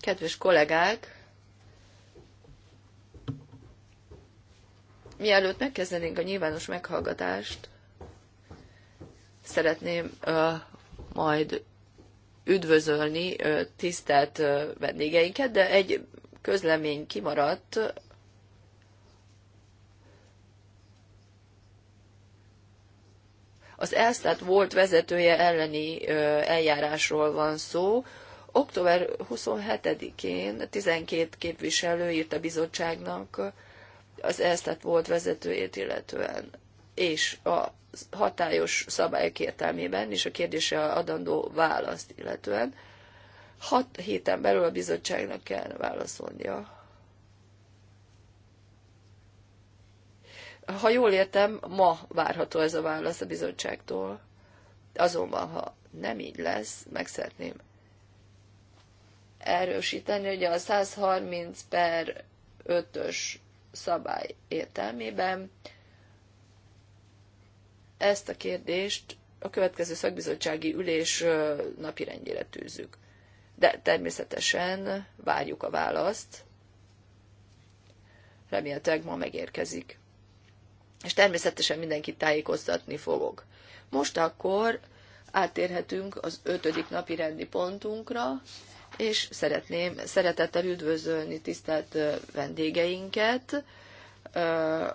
Kedves kollégák, mielőtt megkezdenénk a nyilvános meghallgatást, szeretném majd üdvözölni tisztelt vendégeinket, de egy közlemény kimaradt, Az ELSZTAT volt vezetője elleni eljárásról van szó. Október 27-én 12 képviselő írt a bizottságnak az ELSZTAT volt vezetőjét illetően, és a hatályos szabályok értelmében, és a kérdése adandó választ illetően, hat héten belül a bizottságnak kell válaszolnia Ha jól értem, ma várható ez a válasz a bizottságtól. Azonban, ha nem így lesz, meg szeretném erősíteni, hogy a 130 per 5-ös szabály értelmében ezt a kérdést a következő szakbizottsági ülés napirendjére tűzzük. De természetesen várjuk a választ. Remélhetőleg ma megérkezik és természetesen mindenkit tájékoztatni fogok. Most akkor áttérhetünk az ötödik napi rendi pontunkra, és szeretném szeretettel üdvözölni tisztelt vendégeinket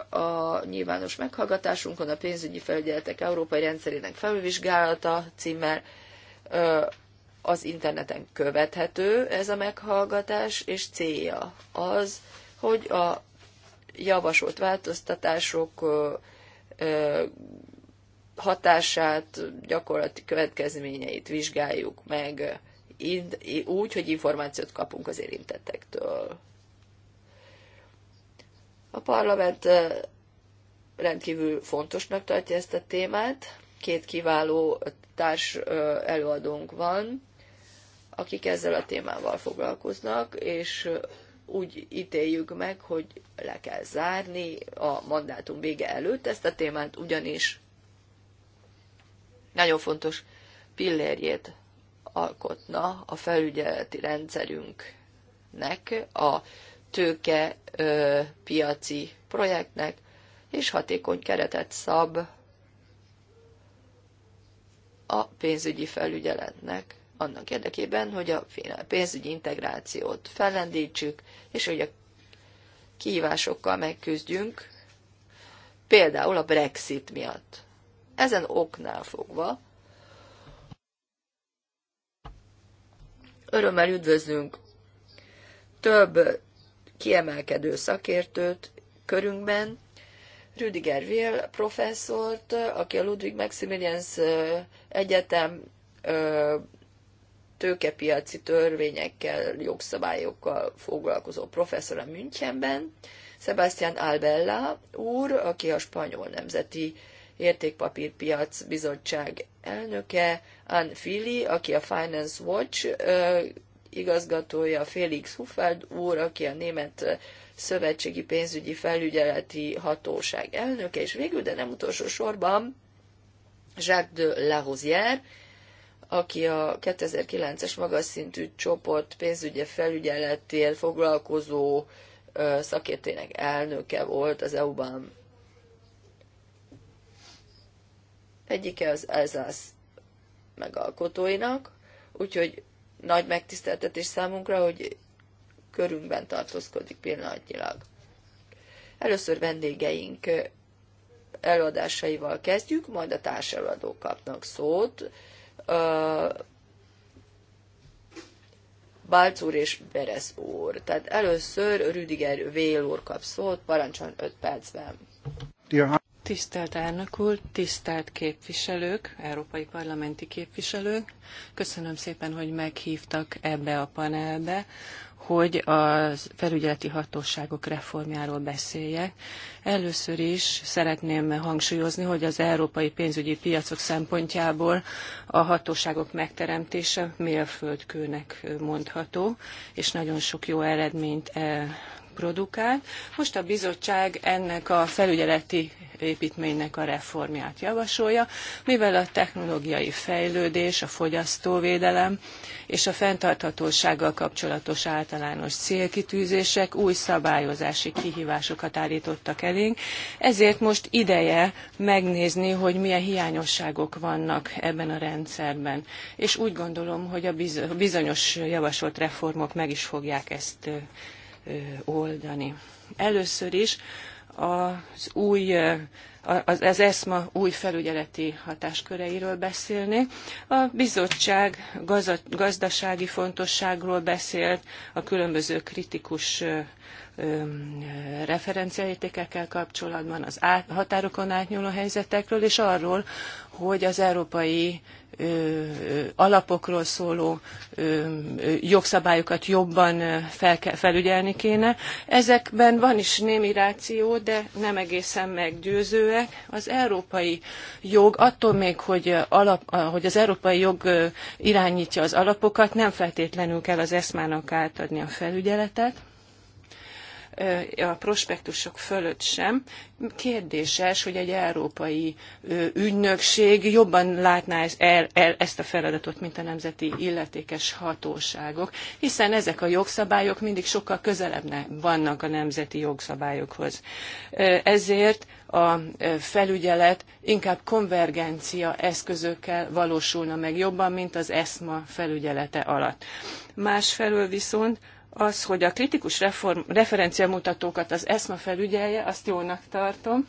a nyilvános meghallgatásunkon a pénzügyi felügyeletek európai rendszerének felülvizsgálata címmel az interneten követhető ez a meghallgatás, és célja az, hogy a javasolt változtatások hatását, gyakorlati következményeit vizsgáljuk meg úgy, hogy információt kapunk az érintettektől. A parlament rendkívül fontosnak tartja ezt a témát. Két kiváló társ előadónk van, akik ezzel a témával foglalkoznak, és úgy ítéljük meg, hogy le kell zárni a mandátum vége előtt ezt a témát, ugyanis nagyon fontos pillérjét alkotna a felügyeleti rendszerünknek, a tőke ö, piaci projektnek, és hatékony keretet szab a pénzügyi felügyeletnek annak érdekében, hogy a pénzügyi integrációt fellendítsük, és hogy a kihívásokkal megküzdjünk, például a Brexit miatt. Ezen oknál fogva örömmel üdvözlünk több kiemelkedő szakértőt körünkben, Rüdiger Will professzort, aki a Ludwig Maximilians Egyetem tőkepiaci törvényekkel, jogszabályokkal foglalkozó professzor a Münchenben, Sebastian Albella úr, aki a Spanyol Nemzeti Értékpapírpiac Bizottság elnöke, Ann Fili, aki a Finance Watch igazgatója, Felix Hufeld úr, aki a Német Szövetségi Pénzügyi Felügyeleti Hatóság elnöke, és végül, de nem utolsó sorban, Jacques de Larosière, aki a 2009-es magas szintű csoport pénzügye felügyelettél foglalkozó szakértének elnöke volt az EU-ban. Egyike az Elzász megalkotóinak, úgyhogy nagy megtiszteltetés számunkra, hogy körünkben tartózkodik pillanatnyilag. Először vendégeink előadásaival kezdjük, majd a társadalmadók kapnak szót, Balc úr és Beres úr. Tehát először Rüdiger Vél úr kap szót, parancsoljon 5 percben. Tisztelt elnök úr, tisztelt képviselők, európai parlamenti képviselők, köszönöm szépen, hogy meghívtak ebbe a panelbe, hogy a felügyeleti hatóságok reformjáról beszéljek. Először is szeretném hangsúlyozni, hogy az európai pénzügyi piacok szempontjából a hatóságok megteremtése mérföldkőnek mondható, és nagyon sok jó eredményt eh, produkált. Most a bizottság ennek a felügyeleti építménynek a reformját javasolja, mivel a technológiai fejlődés, a fogyasztóvédelem és a fenntarthatósággal kapcsolatos általános célkitűzések új szabályozási kihívásokat állítottak elénk, ezért most ideje megnézni, hogy milyen hiányosságok vannak ebben a rendszerben. És úgy gondolom, hogy a bizonyos javasolt reformok meg is fogják ezt oldani. Először is az új az ESMA új felügyeleti hatásköreiről beszélni. A bizottság gazdasági fontosságról beszélt, a különböző kritikus referenciaértékekkel kapcsolatban, az át, határokon átnyúló helyzetekről, és arról, hogy az európai alapokról szóló jogszabályokat jobban fel, felügyelni kéne. Ezekben van is némi ráció, de nem egészen meggyőzőek. Az európai jog attól még, hogy, alap, hogy az európai jog irányítja az alapokat, nem feltétlenül kell az eszmának átadni a felügyeletet a prospektusok fölött sem. Kérdéses, hogy egy európai ügynökség jobban látná el, el ezt a feladatot, mint a nemzeti illetékes hatóságok, hiszen ezek a jogszabályok mindig sokkal közelebb vannak a nemzeti jogszabályokhoz. Ezért a felügyelet inkább konvergencia eszközökkel valósulna meg jobban, mint az ESMA felügyelete alatt. Másfelől viszont az, hogy a kritikus reform, referenciamutatókat az ESMA felügyelje, azt jónak tartom,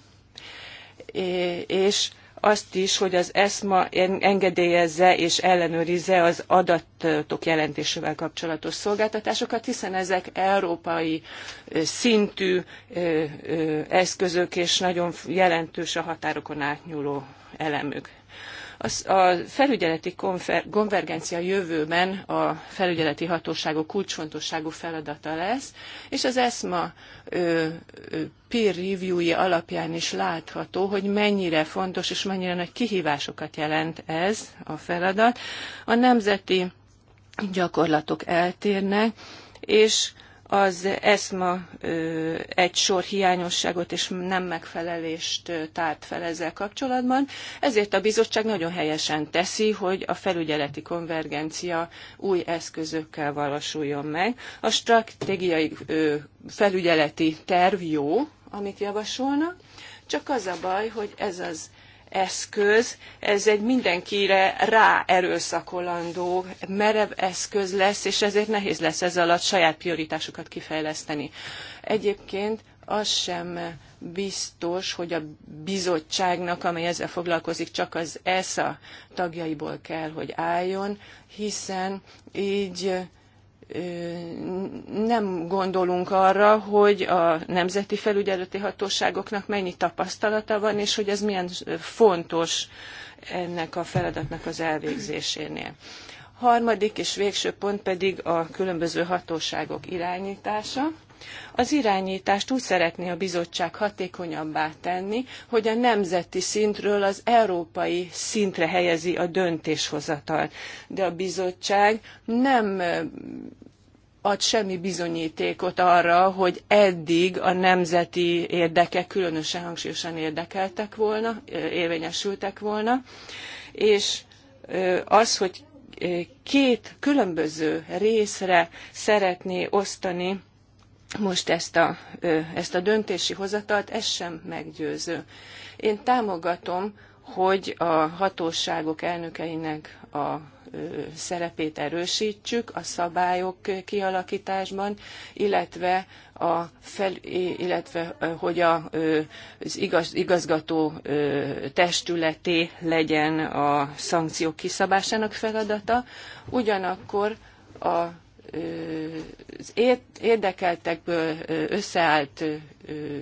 és azt is, hogy az ESMA engedélyezze és ellenőrizze az adatok jelentésével kapcsolatos szolgáltatásokat, hiszen ezek európai szintű eszközök és nagyon jelentős a határokon átnyúló elemük. A felügyeleti konvergencia jövőben a felügyeleti hatóságok kulcsfontosságú feladata lesz, és az ESMA peer review-ja alapján is látható, hogy mennyire fontos és mennyire nagy kihívásokat jelent ez a feladat. A nemzeti gyakorlatok eltérnek, és az ESMA egy sor hiányosságot és nem megfelelést tárt fel ezzel kapcsolatban, ezért a bizottság nagyon helyesen teszi, hogy a felügyeleti konvergencia új eszközökkel valósuljon meg. A stratégiai felügyeleti terv jó, amit javasolnak, csak az a baj, hogy ez az eszköz, ez egy mindenkire ráerőszakolandó, merev eszköz lesz, és ezért nehéz lesz ezzel alatt saját prioritásukat kifejleszteni. Egyébként az sem biztos, hogy a bizottságnak, amely ezzel foglalkozik, csak az ESA tagjaiból kell, hogy álljon, hiszen így nem gondolunk arra, hogy a nemzeti felügyelőti hatóságoknak mennyi tapasztalata van, és hogy ez milyen fontos ennek a feladatnak az elvégzésénél. Harmadik és végső pont pedig a különböző hatóságok irányítása. Az irányítást úgy szeretné a bizottság hatékonyabbá tenni, hogy a nemzeti szintről az európai szintre helyezi a döntéshozatal. De a bizottság nem ad semmi bizonyítékot arra, hogy eddig a nemzeti érdekek különösen hangsúlyosan érdekeltek volna, érvényesültek volna, és az, hogy két különböző részre szeretné osztani most ezt a, ezt a döntési hozatalt, ez sem meggyőző. Én támogatom, hogy a hatóságok elnökeinek a szerepét erősítsük a szabályok kialakításban, illetve, a fel, illetve hogy a, az igaz, igazgató testületé legyen a szankciók kiszabásának feladata, ugyanakkor a az érdekeltekből összeállt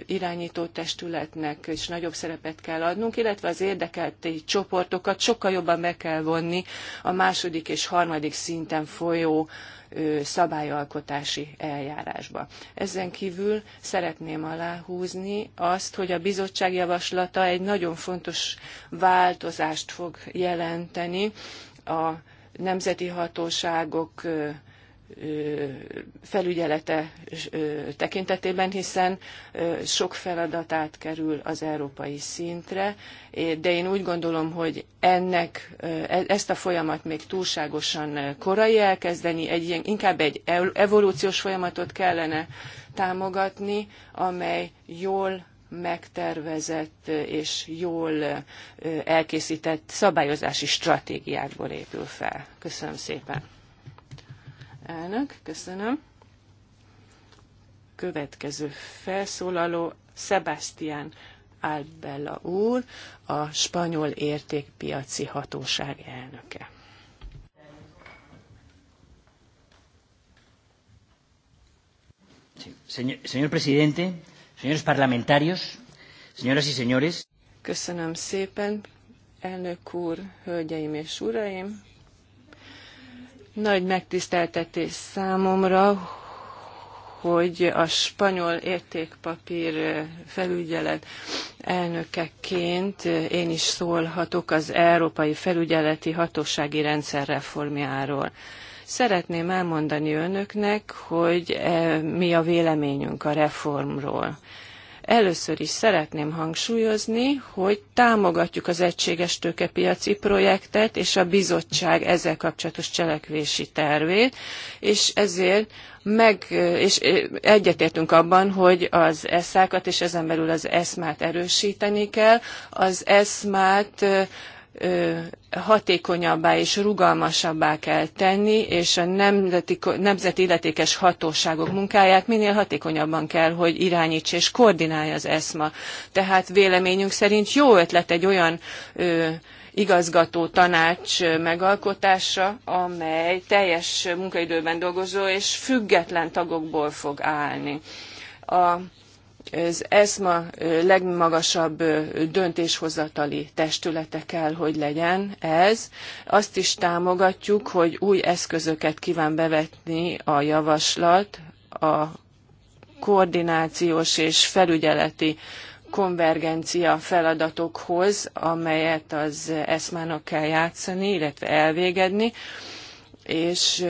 irányító testületnek is nagyobb szerepet kell adnunk, illetve az érdekelt csoportokat sokkal jobban be kell vonni a második és harmadik szinten folyó szabályalkotási eljárásba. Ezen kívül szeretném aláhúzni azt, hogy a bizottság javaslata egy nagyon fontos változást fog jelenteni a nemzeti hatóságok felügyelete tekintetében, hiszen sok feladatát kerül az európai szintre, de én úgy gondolom, hogy ennek, e, ezt a folyamat még túlságosan korai elkezdeni, egy ilyen, inkább egy evolúciós folyamatot kellene támogatni, amely jól megtervezett és jól elkészített szabályozási stratégiákból épül fel. Köszönöm szépen! Elnök, köszönöm. Következő felszólaló Sebastián Albella úr, a spanyol értékpiaci hatóság elnöke. Señor presidente, señores parlamentarios, señoras y señores. Köszönöm szépen, elnök úr, hölgyeim és uraim, nagy megtiszteltetés számomra, hogy a spanyol értékpapír felügyelet elnökeként én is szólhatok az Európai Felügyeleti Hatósági Rendszer reformjáról. Szeretném elmondani önöknek, hogy eh, mi a véleményünk a reformról. Először is szeretném hangsúlyozni, hogy támogatjuk az egységes tőkepiaci projektet és a bizottság ezzel kapcsolatos cselekvési tervét, és ezért meg, és egyetértünk abban, hogy az eszákat és ezen belül az eszmát erősíteni kell. Az eszmát hatékonyabbá és rugalmasabbá kell tenni, és a nemzeti, nemzeti illetékes hatóságok munkáját minél hatékonyabban kell, hogy irányítsa és koordinálja az ESMA. Tehát véleményünk szerint jó ötlet egy olyan ö, igazgató tanács megalkotása, amely teljes munkaidőben dolgozó és független tagokból fog állni. A az ESMA legmagasabb döntéshozatali testülete kell, hogy legyen ez. Azt is támogatjuk, hogy új eszközöket kíván bevetni a javaslat a koordinációs és felügyeleti konvergencia feladatokhoz, amelyet az ESMA-nak kell játszani, illetve elvégedni, és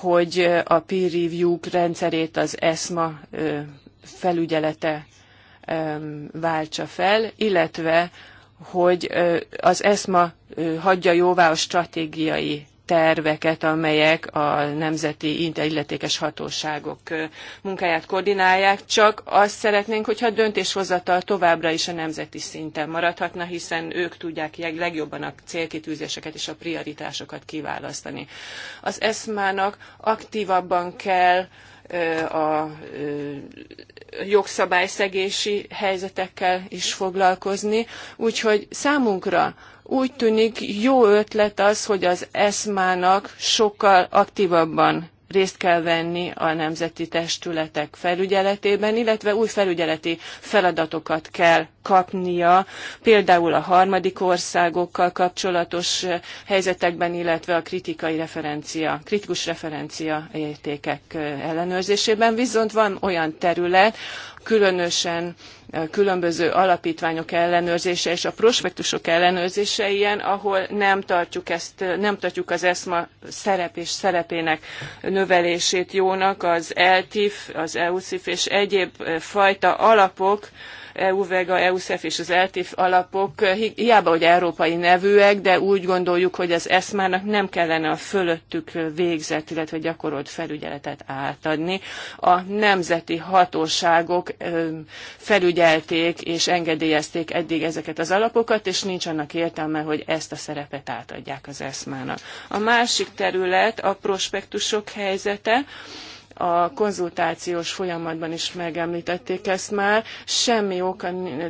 hogy a peer review rendszerét az ESMA felügyelete váltsa fel, illetve hogy az ESMA hagyja jóvá a stratégiai terveket, amelyek a nemzeti illetékes hatóságok munkáját koordinálják, csak azt szeretnénk, hogyha a döntéshozatal továbbra is a nemzeti szinten maradhatna, hiszen ők tudják legjobban a célkitűzéseket és a prioritásokat kiválasztani. Az ESMA-nak aktívabban kell a jogszabályszegési helyzetekkel is foglalkozni. Úgyhogy számunkra úgy tűnik jó ötlet az, hogy az ESMA-nak sokkal aktívabban részt kell venni a nemzeti testületek felügyeletében, illetve új felügyeleti feladatokat kell kapnia, például a harmadik országokkal kapcsolatos helyzetekben, illetve a kritikai referencia, kritikus referencia értékek ellenőrzésében. Viszont van olyan terület, különösen különböző alapítványok ellenőrzése és a prospektusok ellenőrzése ilyen, ahol nem tartjuk, ezt, nem tartjuk az ESMA szerep és szerepének növelését jónak, az ELTIF, az EUCIF és egyéb fajta alapok, EU-VEGA, EU-SZEF és az ELTIF alapok, eh, hiába, hogy európai nevűek, de úgy gondoljuk, hogy az ESMA-nak nem kellene a fölöttük eh, végzett, illetve gyakorolt felügyeletet átadni. A nemzeti hatóságok eh, felügyelték és engedélyezték eddig ezeket az alapokat, és nincs annak értelme, hogy ezt a szerepet átadják az ESMA-nak. A másik terület a prospektusok helyzete a konzultációs folyamatban is megemlítették ezt már, semmi oka,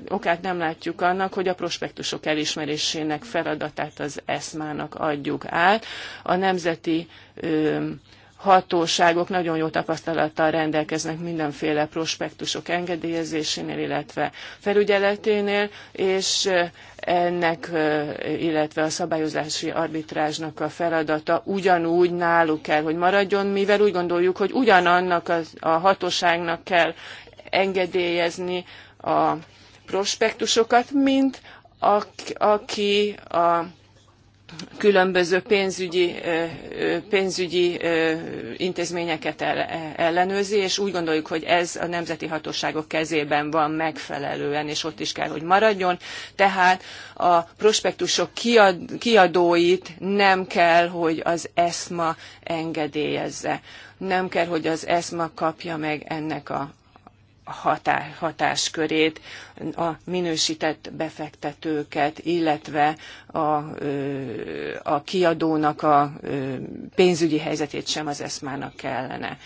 okát nem látjuk annak, hogy a prospektusok elismerésének feladatát az ESMA-nak adjuk át. A nemzeti ö, hatóságok nagyon jó tapasztalattal rendelkeznek mindenféle prospektusok engedélyezésénél, illetve felügyeleténél, és ennek, illetve a szabályozási arbitrázsnak a feladata ugyanúgy náluk kell, hogy maradjon, mivel úgy gondoljuk, hogy ugyanannak a, a hatóságnak kell engedélyezni a prospektusokat, mint aki a különböző pénzügyi, pénzügyi intézményeket e, ellenőrzi, és úgy gondoljuk, hogy ez a nemzeti hatóságok kezében van megfelelően, és ott is kell, hogy maradjon. Tehát a prospektusok kiad, kiadóit nem kell, hogy az ESMA engedélyezze. Nem kell, hogy az ESMA kapja meg ennek a hatáskörét, a minősített befektetőket, illetve a, a kiadónak a pénzügyi helyzetét sem az eszmának kellene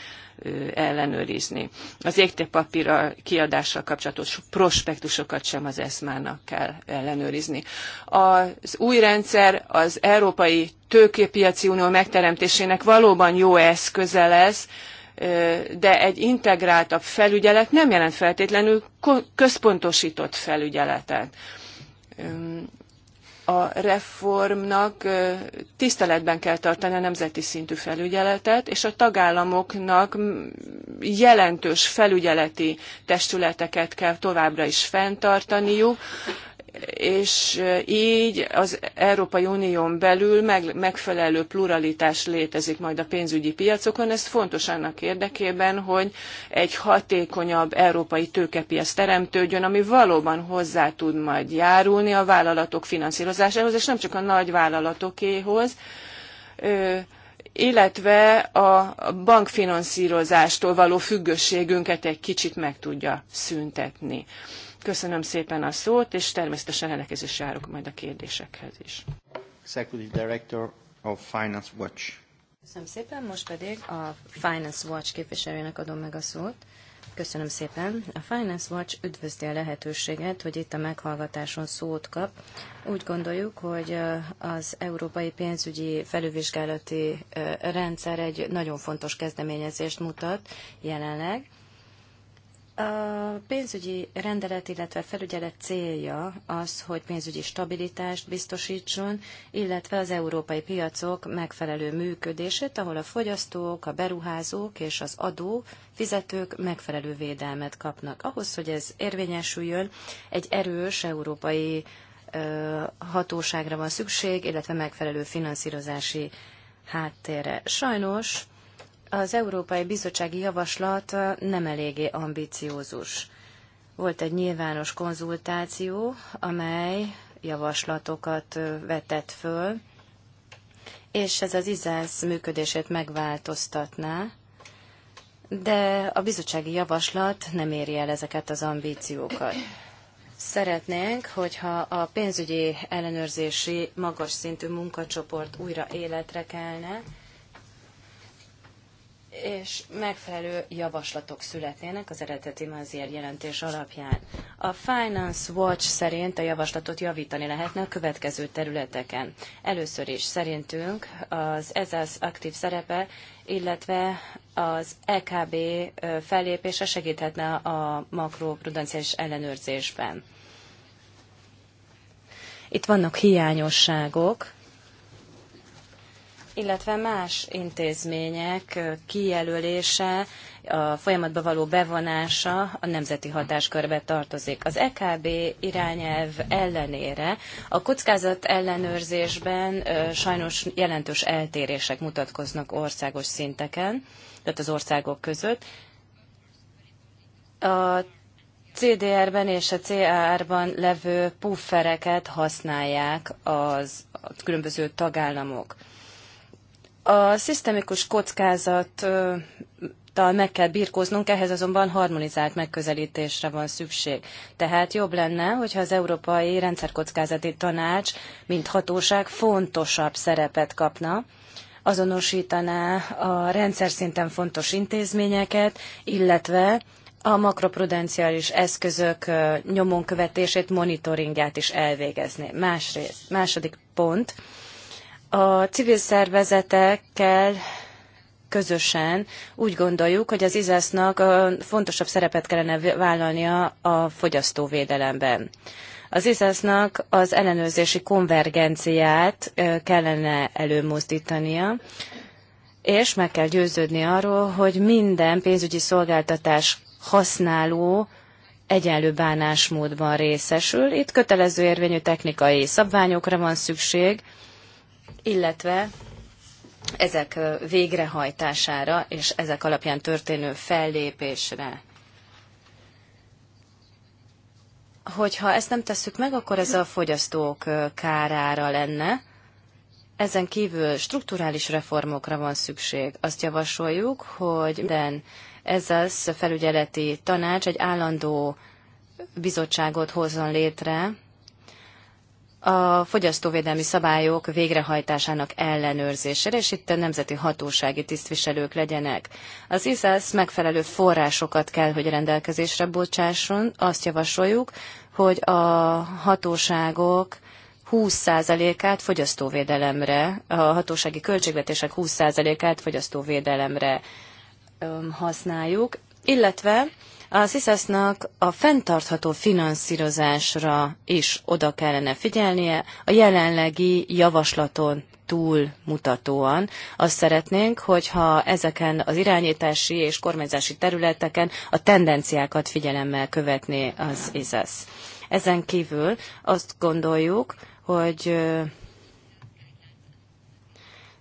ellenőrizni. Az égtépapír kiadással kapcsolatos prospektusokat sem az eszmának kell ellenőrizni. Az új rendszer az Európai Tőképiaci Unió megteremtésének valóban jó eszköze lesz, de egy integráltabb felügyelet nem jelent feltétlenül központosított felügyeletet. A reformnak tiszteletben kell tartani a nemzeti szintű felügyeletet, és a tagállamoknak jelentős felügyeleti testületeket kell továbbra is fenntartaniuk, és így az Európai Unión belül megfelelő pluralitás létezik majd a pénzügyi piacokon. Ez fontos annak érdekében, hogy egy hatékonyabb európai tőkepiac teremtődjön, ami valóban hozzá tud majd járulni a vállalatok finanszírozásához, és nem csak a nagy vállalatokéhoz illetve a bankfinanszírozástól való függőségünket egy kicsit meg tudja szüntetni. Köszönöm szépen a szót, és természetesen rendelkezésre állok majd a kérdésekhez is. Executive Director of Finance Watch. Köszönöm szépen, most pedig a Finance Watch képviselőjének adom meg a szót. Köszönöm szépen. A Finance Watch üdvözli a lehetőséget, hogy itt a meghallgatáson szót kap. Úgy gondoljuk, hogy az európai pénzügyi felülvizsgálati rendszer egy nagyon fontos kezdeményezést mutat jelenleg, a pénzügyi rendelet, illetve felügyelet célja az, hogy pénzügyi stabilitást biztosítson, illetve az európai piacok megfelelő működését, ahol a fogyasztók, a beruházók és az adó fizetők megfelelő védelmet kapnak. Ahhoz, hogy ez érvényesüljön, egy erős európai hatóságra van szükség, illetve megfelelő finanszírozási háttérre. Sajnos az Európai Bizottsági Javaslat nem eléggé ambiciózus. Volt egy nyilvános konzultáció, amely javaslatokat vetett föl, és ez az IZESZ működését megváltoztatná, de a bizottsági javaslat nem éri el ezeket az ambíciókat. Szeretnénk, hogyha a pénzügyi ellenőrzési magas szintű munkacsoport újra életre kelne, és megfelelő javaslatok születnének az eredeti Mazier jelentés alapján. A Finance Watch szerint a javaslatot javítani lehetne a következő területeken. Először is szerintünk az ESAS aktív szerepe, illetve az EKB fellépése segíthetne a makroprudenciális ellenőrzésben. Itt vannak hiányosságok, illetve más intézmények kijelölése, a folyamatba való bevonása a nemzeti hatáskörbe tartozik. Az EKB irányelv ellenére a kockázat ellenőrzésben sajnos jelentős eltérések mutatkoznak országos szinteken, tehát az országok között. A CDR-ben és a CAR-ban levő puffereket használják az a különböző tagállamok. A szisztemikus kockázattal meg kell birkóznunk, ehhez azonban harmonizált megközelítésre van szükség. Tehát jobb lenne, hogyha az Európai Rendszerkockázati Tanács, mint hatóság fontosabb szerepet kapna, azonosítaná a rendszer szinten fontos intézményeket, illetve a makroprudenciális eszközök nyomon követését, monitoringját is elvégezni. Másrészt, második pont, a civil szervezetekkel közösen úgy gondoljuk, hogy az ISASZ-nak fontosabb szerepet kellene vállalnia a fogyasztóvédelemben. Az ISASZ-nak az ellenőrzési konvergenciát kellene előmozdítania, és meg kell győződni arról, hogy minden pénzügyi szolgáltatás használó egyenlő bánásmódban részesül. Itt kötelező érvényű technikai szabványokra van szükség, illetve ezek végrehajtására és ezek alapján történő fellépésre. Hogyha ezt nem tesszük meg, akkor ez a fogyasztók kárára lenne. Ezen kívül strukturális reformokra van szükség. Azt javasoljuk, hogy minden ez az felügyeleti tanács egy állandó bizottságot hozzon létre, a fogyasztóvédelmi szabályok végrehajtásának ellenőrzésére, és itt a nemzeti hatósági tisztviselők legyenek. Az ISASZ megfelelő forrásokat kell, hogy rendelkezésre bocsásson. Azt javasoljuk, hogy a hatóságok 20%-át fogyasztóvédelemre, a hatósági költségvetések 20%-át fogyasztóvédelemre használjuk, illetve a SZISZASZ-nak a fenntartható finanszírozásra is oda kellene figyelnie, a jelenlegi javaslaton túl mutatóan Azt szeretnénk, hogyha ezeken az irányítási és kormányzási területeken a tendenciákat figyelemmel követné az ISASZ. Ezen kívül azt gondoljuk, hogy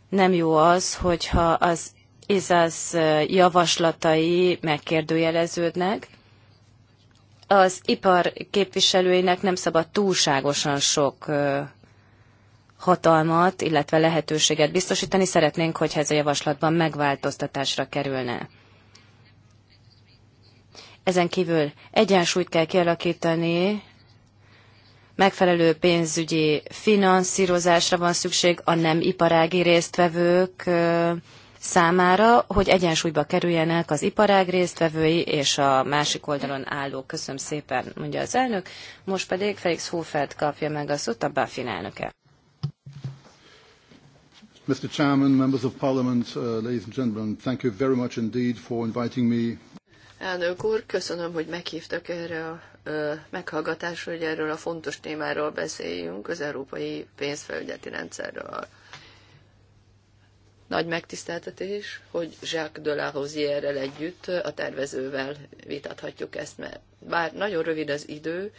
nem jó az, hogyha az Izász javaslatai megkérdőjeleződnek. Az ipar képviselőinek nem szabad túlságosan sok hatalmat, illetve lehetőséget biztosítani. Szeretnénk, hogyha ez a javaslatban megváltoztatásra kerülne. Ezen kívül egyensúlyt kell kialakítani, megfelelő pénzügyi finanszírozásra van szükség a nem iparági résztvevők számára, hogy egyensúlyba kerüljenek az iparág résztvevői és a másik oldalon álló. Köszönöm szépen, mondja az elnök. Most pedig Felix Hofeld kapja meg a szót, a Buffin elnöke. Mr. Chairman, members of Parliament, uh, ladies and gentlemen, thank you very much indeed for inviting me. Elnök úr, köszönöm, hogy meghívtak erre a meghallgatásra, hogy erről a fontos témáról beszéljünk, az európai pénzfelügyeti rendszerről. Nagy megtiszteltetés, hogy Jacques de la Rosierrel együtt a tervezővel vitathatjuk ezt, mert bár nagyon rövid az idő,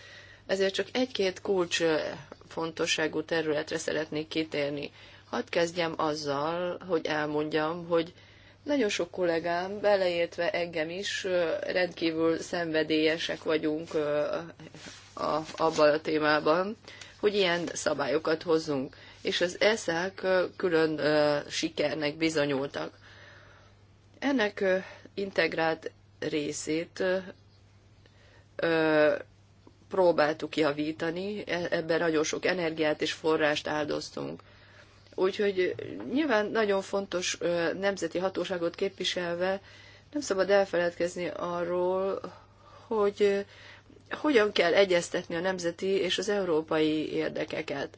ezért csak egy-két kulcs fontosságú területre szeretnék kitérni. Hadd kezdjem azzal, hogy elmondjam, hogy nagyon sok kollégám, beleértve engem is, rendkívül szenvedélyesek vagyunk a, abban a témában, hogy ilyen szabályokat hozzunk és az eszák külön sikernek bizonyultak. Ennek integrált részét próbáltuk javítani, e, ebben nagyon sok energiát és forrást áldoztunk. Úgyhogy nyilván nagyon fontos nemzeti hatóságot képviselve nem szabad elfeledkezni arról, hogy hogyan kell egyeztetni a nemzeti és az európai érdekeket.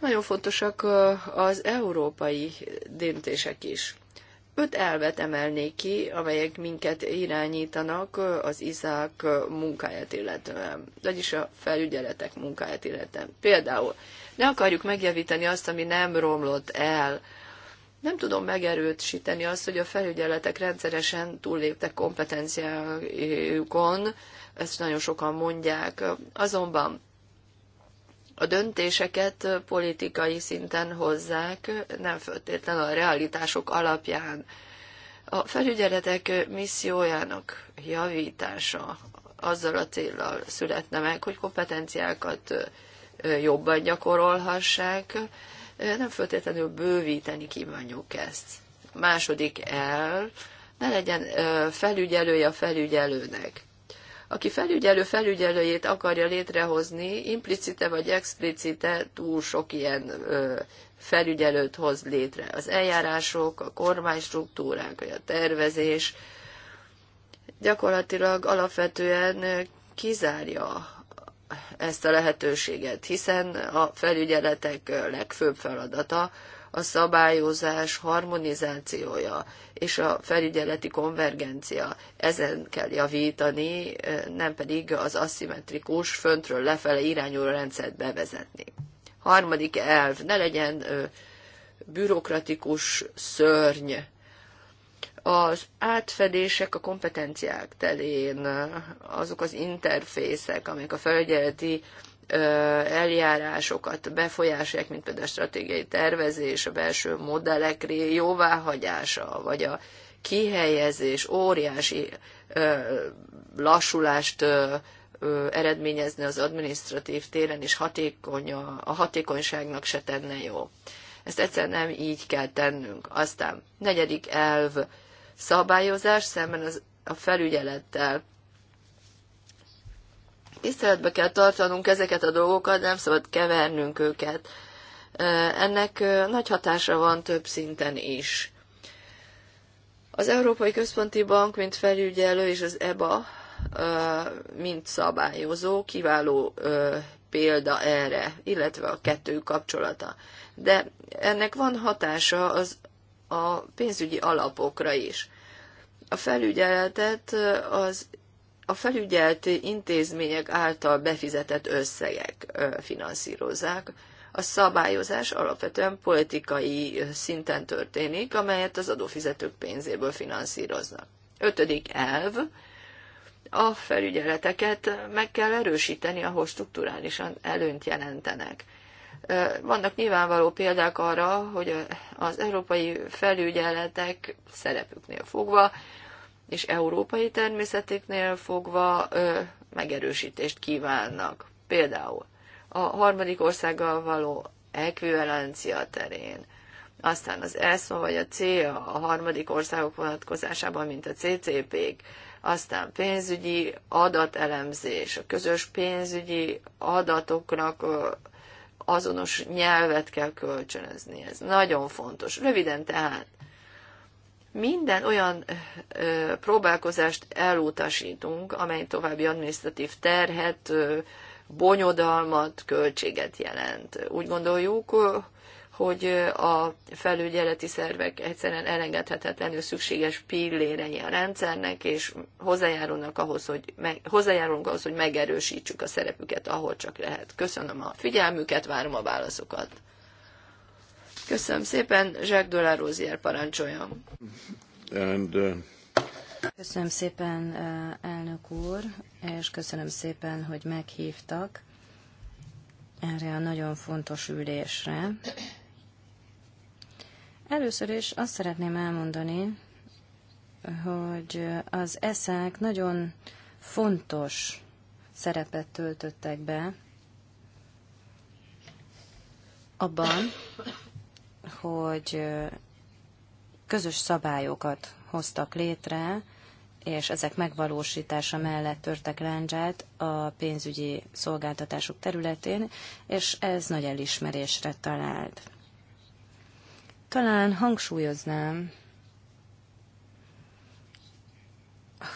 Nagyon fontosak az európai döntések is. Öt elvet emelnék ki, amelyek minket irányítanak az izák munkáját illetően, vagyis a felügyeletek munkáját illetően. Például ne akarjuk megjavítani azt, ami nem romlott el. Nem tudom megerősíteni azt, hogy a felügyeletek rendszeresen túlléptek kompetenciájukon, ezt nagyon sokan mondják. Azonban a döntéseket politikai szinten hozzák, nem föltétlen a realitások alapján. A felügyeletek missziójának javítása azzal a célral születne meg, hogy kompetenciákat jobban gyakorolhassák, nem föltétlenül bővíteni kívánjuk ezt. második el, ne legyen felügyelője a felügyelőnek aki felügyelő felügyelőjét akarja létrehozni, implicite vagy explicite túl sok ilyen ö, felügyelőt hoz létre. Az eljárások, a kormánystruktúrák, a tervezés gyakorlatilag alapvetően kizárja ezt a lehetőséget, hiszen a felügyeletek legfőbb feladata a szabályozás harmonizációja és a felügyeleti konvergencia. Ezen kell javítani, nem pedig az aszimmetrikus, föntről lefele irányuló rendszert bevezetni. Harmadik elv, ne legyen bürokratikus szörny. Az átfedések a kompetenciák terén, azok az interfészek, amelyek a felügyeleti eljárásokat befolyásolják, mint például a stratégiai tervezés, a belső modellek jóváhagyása, vagy a kihelyezés óriási lassulást eredményezne az administratív téren, és hatékony a, a hatékonyságnak se tenne jó. Ezt egyszerűen nem így kell tennünk. Aztán negyedik elv, szabályozás szemben az, a felügyelettel tiszteletbe kell tartanunk ezeket a dolgokat, nem szabad kevernünk őket. Ennek nagy hatása van több szinten is. Az Európai Központi Bank, mint felügyelő, és az EBA, mint szabályozó, kiváló példa erre, illetve a kettő kapcsolata. De ennek van hatása az a pénzügyi alapokra is. A felügyeletet az a felügyelt intézmények által befizetett összegek finanszírozzák. A szabályozás alapvetően politikai szinten történik, amelyet az adófizetők pénzéből finanszíroznak. Ötödik elv, a felügyeleteket meg kell erősíteni, ahol strukturálisan előnyt jelentenek. Vannak nyilvánvaló példák arra, hogy az európai felügyeletek szerepüknél fogva és európai természetéknél fogva ö, megerősítést kívánnak. Például a harmadik országgal való ekvivalencia terén, aztán az ESMA vagy a C a harmadik országok vonatkozásában, mint a CCP-k, aztán pénzügyi adatelemzés, a közös pénzügyi adatoknak azonos nyelvet kell kölcsönözni. Ez nagyon fontos. Röviden tehát, minden olyan ö, próbálkozást elutasítunk, amely további administratív terhet, ö, bonyodalmat, költséget jelent. Úgy gondoljuk, hogy a felügyeleti szervek egyszerűen elengedhetetlenül szükséges pillérei a rendszernek, és hozzájárulnak ahhoz, hogy meg, hozzájárulunk ahhoz, hogy megerősítsük a szerepüket, ahol csak lehet. Köszönöm a figyelmüket, várom a válaszokat. Köszönöm szépen, Jacques de la And, uh... Köszönöm szépen, uh, elnök úr, és köszönöm szépen, hogy meghívtak erre a nagyon fontos ülésre. Először is azt szeretném elmondani, hogy az eszák nagyon fontos szerepet töltöttek be abban, hogy közös szabályokat hoztak létre, és ezek megvalósítása mellett törtek láncsát a pénzügyi szolgáltatások területén, és ez nagy elismerésre talált. Talán hangsúlyoznám,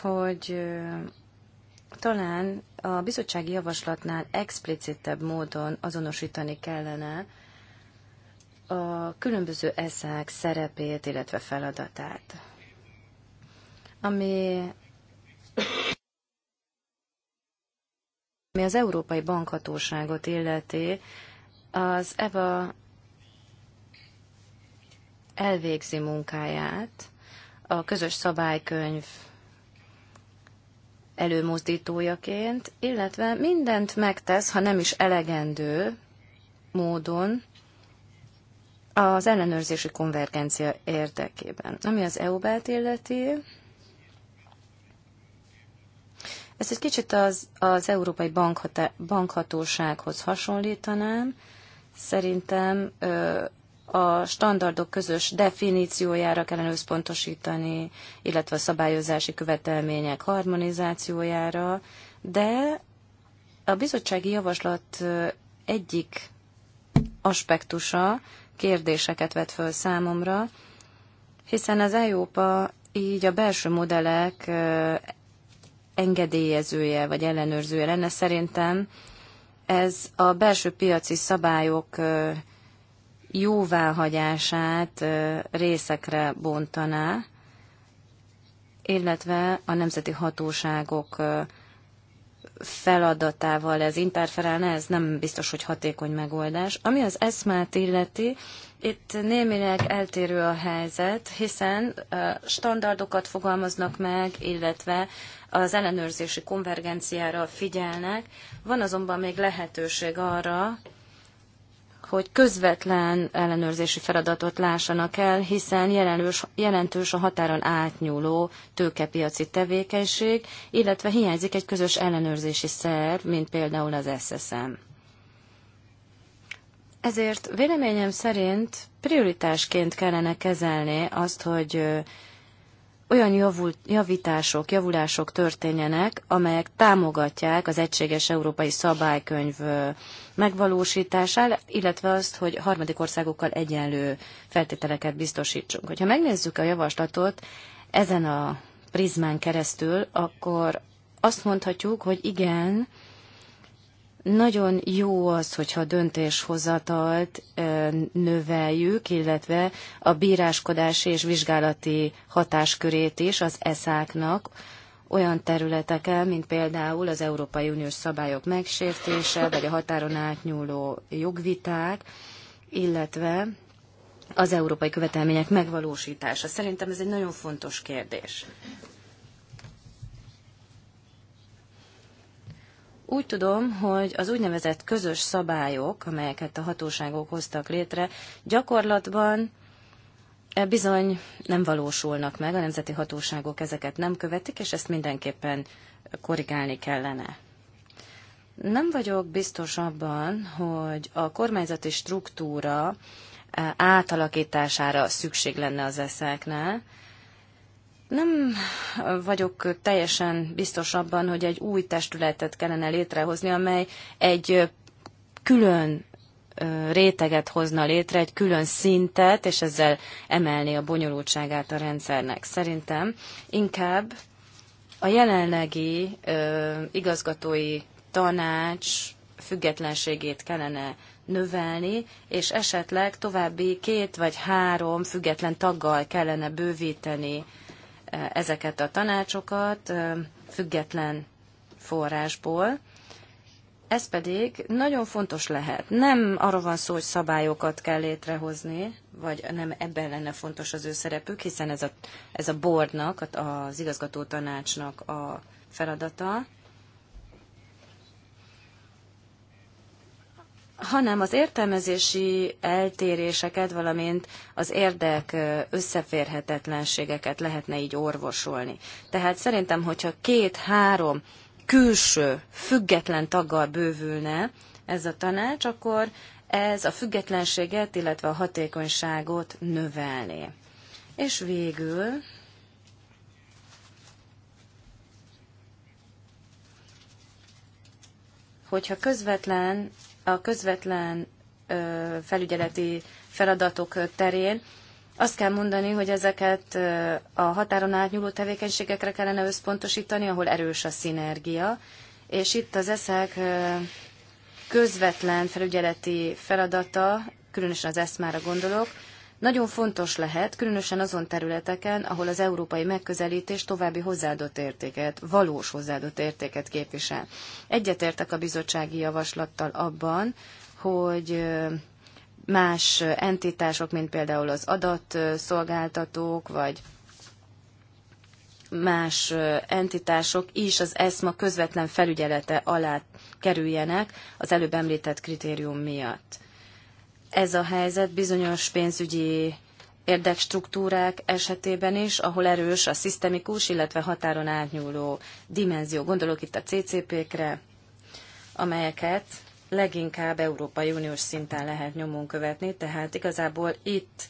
hogy talán a bizottsági javaslatnál explicitebb módon azonosítani kellene, a különböző eszák szerepét, illetve feladatát. Ami ami az Európai Bankhatóságot illeti, az EVA elvégzi munkáját, a közös szabálykönyv előmozdítójaként, illetve mindent megtesz, ha nem is elegendő módon, az ellenőrzési konvergencia érdekében. Ami az EU-bát illeti, ezt egy kicsit az, az Európai Bankhata, Bankhatósághoz hasonlítanám. Szerintem ö, a standardok közös definíciójára kellene összpontosítani, illetve a szabályozási követelmények harmonizációjára, de a bizottsági javaslat egyik aspektusa kérdéseket vet föl számomra, hiszen az EIOPA így a belső modellek engedélyezője vagy ellenőrzője lenne. Szerintem ez a belső piaci szabályok jóváhagyását részekre bontaná, illetve a nemzeti hatóságok feladatával ez interferálna, ez nem biztos, hogy hatékony megoldás. Ami az eszmát illeti, itt némileg eltérő a helyzet, hiszen standardokat fogalmaznak meg, illetve az ellenőrzési konvergenciára figyelnek. Van azonban még lehetőség arra, hogy közvetlen ellenőrzési feladatot lássanak el, hiszen jelentős, jelentős a határon átnyúló tőkepiaci tevékenység, illetve hiányzik egy közös ellenőrzési szerv, mint például az SSM. Ezért véleményem szerint prioritásként kellene kezelni azt, hogy olyan javult, javítások, javulások történjenek, amelyek támogatják az egységes európai szabálykönyv megvalósítását, illetve azt, hogy harmadik országokkal egyenlő feltételeket biztosítsunk. Hogyha megnézzük a javaslatot ezen a prizmán keresztül, akkor azt mondhatjuk, hogy igen, nagyon jó az, hogyha a döntéshozatalt növeljük, illetve a bíráskodási és vizsgálati hatáskörét is az eszáknak, olyan területeken, mint például az Európai Uniós szabályok megsértése, vagy a határon átnyúló jogviták, illetve az európai követelmények megvalósítása. Szerintem ez egy nagyon fontos kérdés. Úgy tudom, hogy az úgynevezett közös szabályok, amelyeket a hatóságok hoztak létre, gyakorlatban e, bizony nem valósulnak meg, a nemzeti hatóságok ezeket nem követik, és ezt mindenképpen korrigálni kellene. Nem vagyok biztos abban, hogy a kormányzati struktúra e, átalakítására szükség lenne az eszeknál, nem vagyok teljesen biztos abban, hogy egy új testületet kellene létrehozni, amely egy külön réteget hozna létre, egy külön szintet, és ezzel emelni a bonyolultságát a rendszernek. Szerintem inkább a jelenlegi ö, igazgatói tanács függetlenségét kellene növelni, és esetleg további két vagy három független taggal kellene bővíteni ezeket a tanácsokat független forrásból. Ez pedig nagyon fontos lehet. Nem arról van szó, hogy szabályokat kell létrehozni, vagy nem ebben lenne fontos az ő szerepük, hiszen ez a, ez a boardnak, az igazgató tanácsnak a feladata. hanem az értelmezési eltéréseket, valamint az érdek összeférhetetlenségeket lehetne így orvosolni. Tehát szerintem, hogyha két-három külső, független taggal bővülne ez a tanács, akkor ez a függetlenséget, illetve a hatékonyságot növelné. És végül hogyha közvetlen a közvetlen felügyeleti feladatok terén azt kell mondani, hogy ezeket a határon átnyúló tevékenységekre kellene összpontosítani, ahol erős a szinergia, és itt az eszek közvetlen felügyeleti feladata, különösen az eszmára gondolok, nagyon fontos lehet, különösen azon területeken, ahol az európai megközelítés további hozzáadott értéket, valós hozzáadott értéket képvisel. Egyetértek a bizottsági javaslattal abban, hogy más entitások, mint például az adatszolgáltatók, vagy más entitások is az ESMA közvetlen felügyelete alá kerüljenek az előbb említett kritérium miatt ez a helyzet bizonyos pénzügyi érdekstruktúrák esetében is, ahol erős a szisztemikus, illetve határon átnyúló dimenzió. Gondolok itt a CCP-kre, amelyeket leginkább Európai Uniós szinten lehet nyomon követni, tehát igazából itt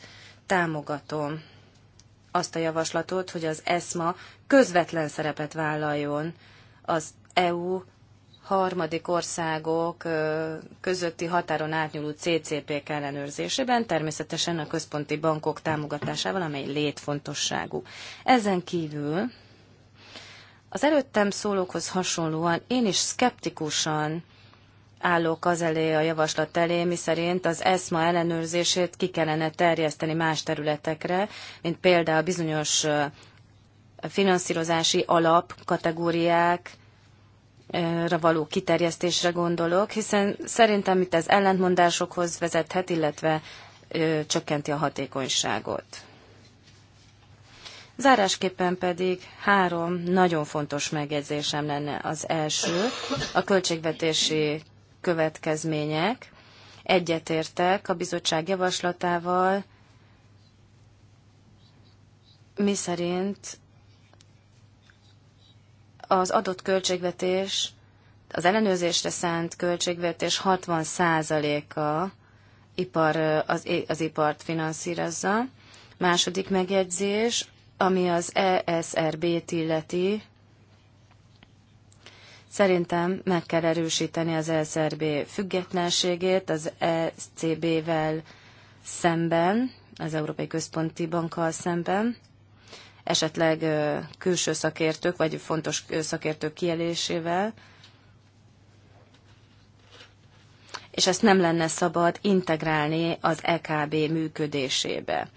támogatom azt a javaslatot, hogy az ESMA közvetlen szerepet vállaljon az EU harmadik országok közötti határon átnyúló CCP-k ellenőrzésében, természetesen a központi bankok támogatásával, amely létfontosságú. Ezen kívül az előttem szólókhoz hasonlóan én is szkeptikusan állok az elé a javaslat elé, miszerint az ESMA ellenőrzését ki kellene terjeszteni más területekre, mint például bizonyos finanszírozási alapkategóriák, való kiterjesztésre gondolok, hiszen szerintem itt ez ellentmondásokhoz vezethet, illetve ö, csökkenti a hatékonyságot. Zárásképpen pedig három nagyon fontos megjegyzésem lenne az első, a költségvetési következmények. Egyetértek a bizottság javaslatával, Mi szerint? az adott költségvetés, az ellenőrzésre szánt költségvetés 60%-a ipar, az, az ipart finanszírozza. Második megjegyzés, ami az ESRB-t illeti, Szerintem meg kell erősíteni az ESRB függetlenségét az ECB-vel szemben, az Európai Központi Bankkal szemben esetleg külső szakértők, vagy fontos szakértők kijelésével, és ezt nem lenne szabad integrálni az EKB működésébe.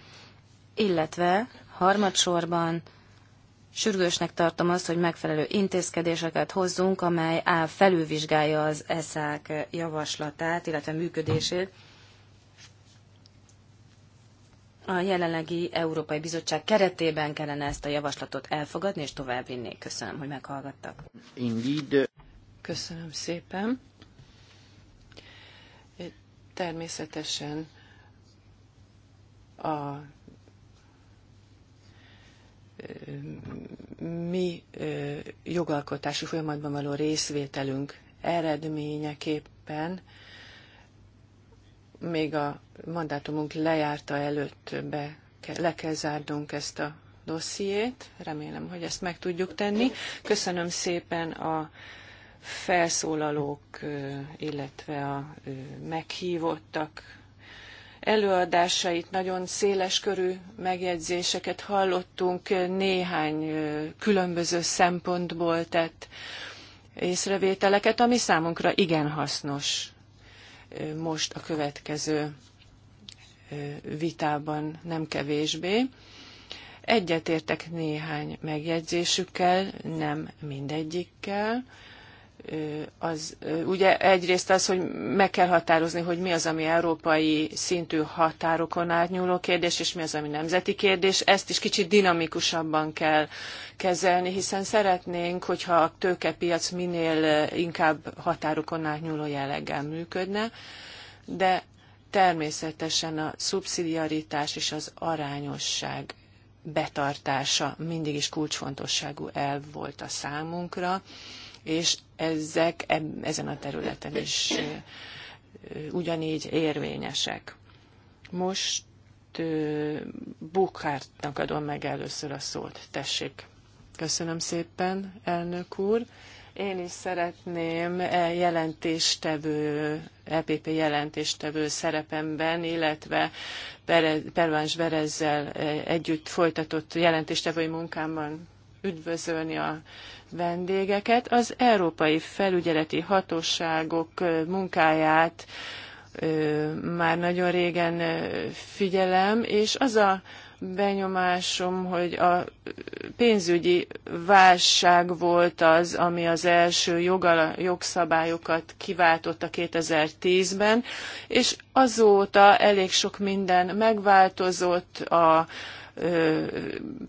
Illetve harmadsorban sürgősnek tartom azt, hogy megfelelő intézkedéseket hozzunk, amely felülvizsgálja az ESZÁK javaslatát, illetve működését, a jelenlegi Európai Bizottság keretében kellene ezt a javaslatot elfogadni és továbbvinni. Köszönöm, hogy meghallgattak. Indeed. Köszönöm szépen. Természetesen a mi jogalkotási folyamatban való részvételünk eredményeképpen még a mandátumunk lejárta előtt be, le kell zárnunk ezt a dossziét. Remélem, hogy ezt meg tudjuk tenni. Köszönöm szépen a felszólalók, illetve a meghívottak előadásait, nagyon széles körű megjegyzéseket hallottunk, néhány különböző szempontból tett észrevételeket, ami számunkra igen hasznos most a következő vitában nem kevésbé. Egyetértek néhány megjegyzésükkel, nem mindegyikkel az ugye egyrészt az, hogy meg kell határozni, hogy mi az, ami európai szintű határokon átnyúló kérdés, és mi az, ami nemzeti kérdés. Ezt is kicsit dinamikusabban kell kezelni, hiszen szeretnénk, hogyha a tőkepiac minél inkább határokon átnyúló jelleggel működne, de természetesen a szubszidiaritás és az arányosság betartása mindig is kulcsfontosságú elv volt a számunkra és ezek ezen a területen is ugyanígy érvényesek. Most Bukhártnak adom meg először a szót. Tessék. Köszönöm szépen, elnök úr. Én is szeretném e jelentéstevő, EPP jelentéstevő szerepemben, illetve Pervans Berezzel e, együtt folytatott jelentéstevői munkámban üdvözölni a vendégeket. Az Európai Felügyeleti Hatóságok munkáját már nagyon régen figyelem, és az a benyomásom, hogy a pénzügyi válság volt az, ami az első jogala, jogszabályokat kiváltotta 2010-ben, és azóta elég sok minden megváltozott, a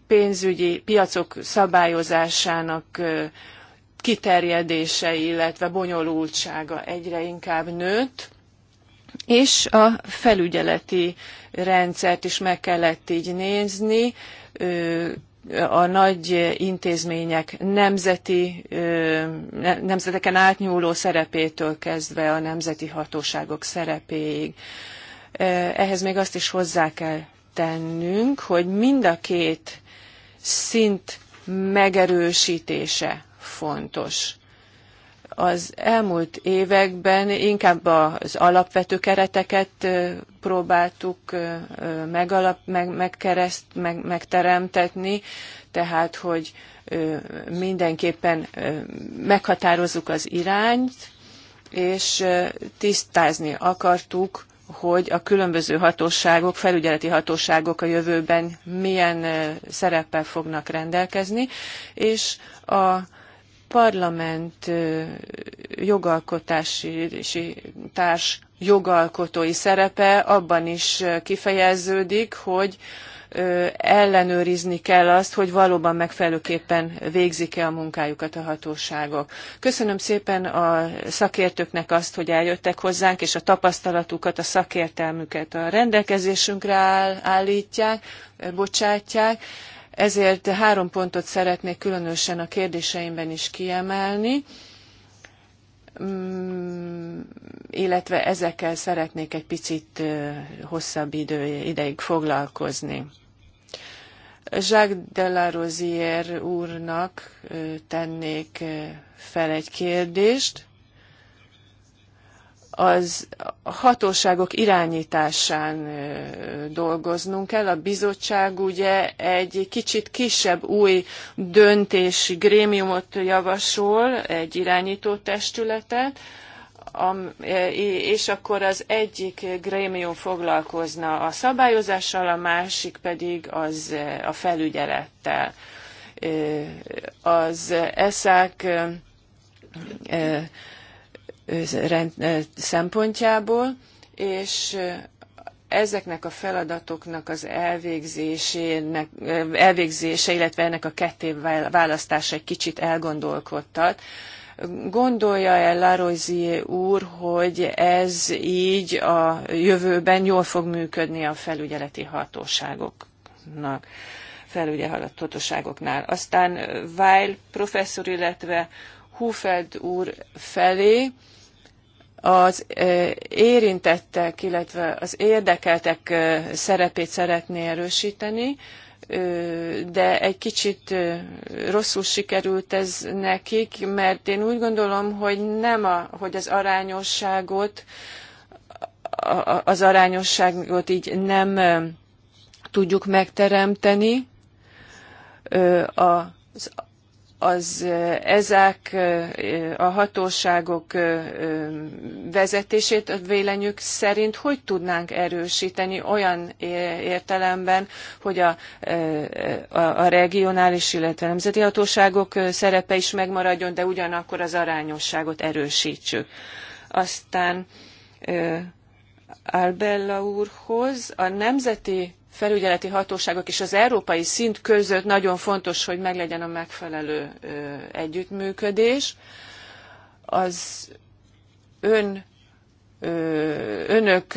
pénzügyi piacok szabályozásának kiterjedése, illetve bonyolultsága egyre inkább nőtt, és a felügyeleti rendszert is meg kellett így nézni. A nagy intézmények nemzeti, nemzeteken átnyúló szerepétől kezdve a nemzeti hatóságok szerepéig. Ehhez még azt is hozzá kell tennünk, hogy mind a két szint megerősítése fontos. Az elmúlt években inkább az alapvető kereteket próbáltuk megalap, meg, megkereszt, meg, megteremtetni, tehát hogy mindenképpen meghatározzuk az irányt, és tisztázni akartuk, hogy a különböző hatóságok, felügyeleti hatóságok a jövőben milyen szereppel fognak rendelkezni, és a parlament jogalkotási társ jogalkotói szerepe abban is kifejeződik, hogy ellenőrizni kell azt, hogy valóban megfelelőképpen végzik-e a munkájukat a hatóságok. Köszönöm szépen a szakértőknek azt, hogy eljöttek hozzánk, és a tapasztalatukat, a szakértelmüket a rendelkezésünkre áll, állítják, bocsátják. Ezért három pontot szeretnék különösen a kérdéseimben is kiemelni. Mm, illetve ezekkel szeretnék egy picit hosszabb idő, ideig foglalkozni. Jacques Rosière úrnak tennék fel egy kérdést az hatóságok irányításán dolgoznunk kell. A bizottság ugye egy kicsit kisebb új döntési grémiumot javasol, egy irányító testületet, és akkor az egyik grémium foglalkozna a szabályozással, a másik pedig az a felügyelettel. Az ESZÁK szempontjából, és ezeknek a feladatoknak az elvégzésének, elvégzése, illetve ennek a ketté választása egy kicsit elgondolkodtat. Gondolja el Larozi úr, hogy ez így a jövőben jól fog működni a felügyeleti hatóságoknak? hatóságoknál. Aztán Weil professzor, illetve Hufeld úr felé az érintettek, illetve az érdekeltek szerepét szeretné erősíteni, de egy kicsit rosszul sikerült ez nekik, mert én úgy gondolom, hogy nem a, hogy az arányosságot, az arányosságot így nem tudjuk megteremteni, az az eh, ezek eh, a hatóságok eh, vezetését véleményük szerint hogy tudnánk erősíteni olyan értelemben, hogy a, a, a regionális, illetve nemzeti hatóságok szerepe is megmaradjon, de ugyanakkor az arányosságot erősítsük. Aztán Albella úrhoz a nemzeti felügyeleti hatóságok és az európai szint között nagyon fontos, hogy meglegyen a megfelelő együttműködés. Az ön önök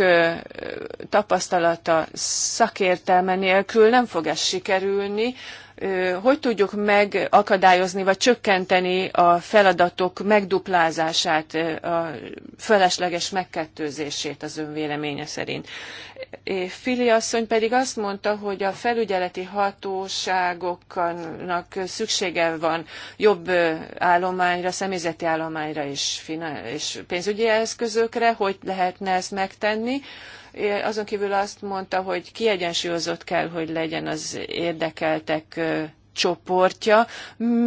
tapasztalata szakértelme nélkül nem fog ez sikerülni. Hogy tudjuk megakadályozni vagy csökkenteni a feladatok megduplázását, a felesleges megkettőzését az ön véleménye szerint? Fili asszony pedig azt mondta, hogy a felügyeleti hatóságoknak szüksége van jobb állományra, személyzeti állományra és, és pénzügyi eszközökre, hogy lehetne ezt megtenni. Azon kívül azt mondta, hogy kiegyensúlyozott kell, hogy legyen az érdekeltek csoportja.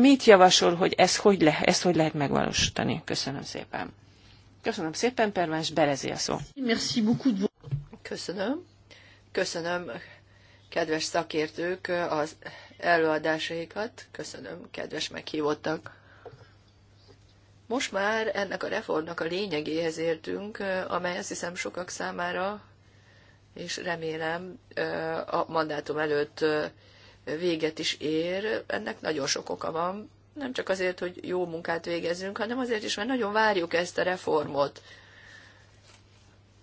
Mit javasol, hogy ez hogy, le, ezt hogy lehet megvalósítani? Köszönöm szépen. Köszönöm szépen, Pervens Berezi a szó. Köszönöm. Köszönöm, kedves szakértők, az előadásaikat. Köszönöm, kedves meghívottak. Most már ennek a reformnak a lényegéhez értünk, amely azt hiszem sokak számára, és remélem a mandátum előtt véget is ér. Ennek nagyon sok oka van, nem csak azért, hogy jó munkát végezzünk, hanem azért is, mert nagyon várjuk ezt a reformot.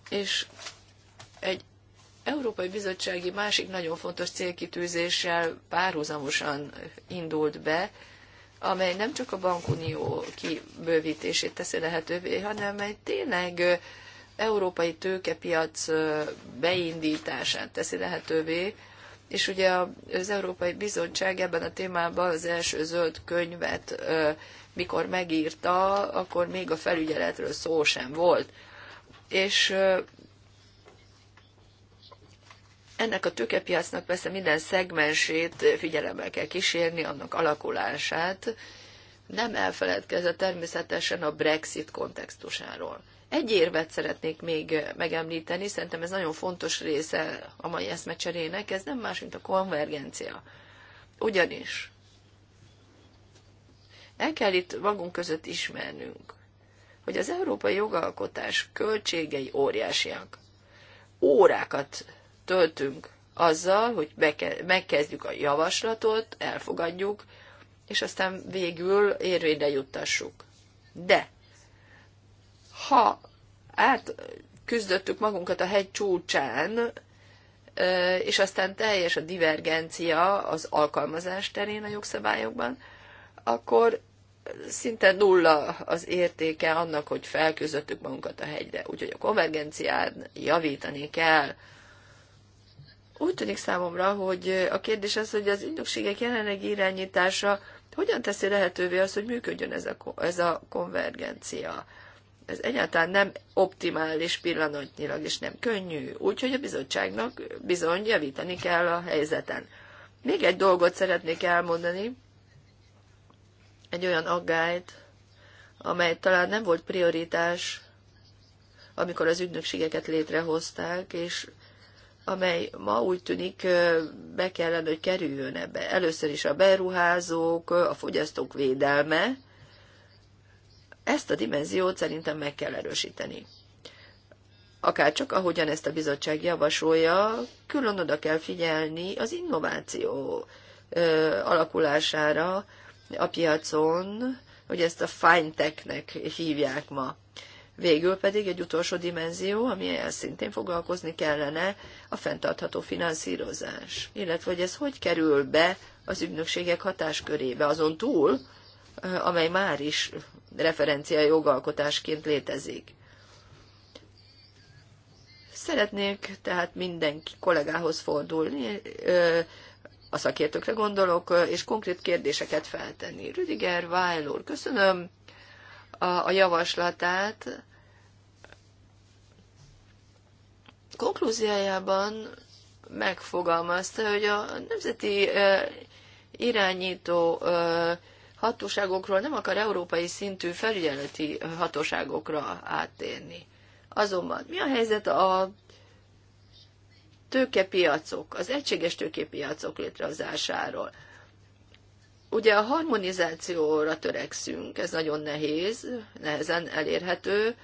És egy Európai Bizottsági másik nagyon fontos célkitűzéssel párhuzamosan indult be, amely nem csak a bankunió kibővítését teszi lehetővé, hanem egy tényleg európai tőkepiac beindítását teszi lehetővé, és ugye az Európai Bizottság ebben a témában az első zöld könyvet, mikor megírta, akkor még a felügyeletről szó sem volt. És ennek a tőkepiacnak persze minden szegmensét figyelemmel kell kísérni, annak alakulását. Nem elfeledkezve természetesen a Brexit kontextusáról. Egy érvet szeretnék még megemlíteni, szerintem ez nagyon fontos része a mai eszmecserének, ez nem más, mint a konvergencia. Ugyanis el kell itt magunk között ismernünk, hogy az európai jogalkotás költségei óriásiak. Órákat töltünk azzal, hogy megkezdjük a javaslatot, elfogadjuk, és aztán végül érvényre juttassuk. De ha átküzdöttük magunkat a hegy csúcsán, és aztán teljes a divergencia az alkalmazás terén a jogszabályokban, akkor szinte nulla az értéke annak, hogy felküzdöttük magunkat a hegyre. Úgyhogy a konvergencián javítani kell úgy tűnik számomra, hogy a kérdés az, hogy az ügynökségek jelenlegi irányítása hogyan teszi lehetővé azt, hogy működjön ez a, ez a konvergencia. Ez egyáltalán nem optimális pillanatnyilag, és nem könnyű. Úgyhogy a bizottságnak bizony javítani kell a helyzeten. Még egy dolgot szeretnék elmondani, egy olyan aggályt, amely talán nem volt prioritás, amikor az ügynökségeket létrehozták, és amely ma úgy tűnik be kellene, hogy kerüljön ebbe. Először is a beruházók, a fogyasztók védelme. Ezt a dimenziót szerintem meg kell erősíteni. Akár csak ahogyan ezt a bizottság javasolja, külön oda kell figyelni az innováció alakulására a piacon, hogy ezt a fintechnek hívják ma. Végül pedig egy utolsó dimenzió, amivel szintén foglalkozni kellene, a fenntartható finanszírozás. Illetve, hogy ez hogy kerül be az ügynökségek hatáskörébe, azon túl, eh, amely már is referencia jogalkotásként létezik. Szeretnék tehát mindenki kollégához fordulni, eh, a szakértőkre gondolok, eh, és konkrét kérdéseket feltenni. Rüdiger Weil úr, köszönöm a, a javaslatát. Konklúziájában megfogalmazta, hogy a nemzeti irányító hatóságokról nem akar európai szintű felügyeleti hatóságokra áttérni. Azonban mi a helyzet a tőkepiacok, az egységes tőkepiacok létrehozásáról? Ugye a harmonizációra törekszünk, ez nagyon nehéz, nehezen elérhető.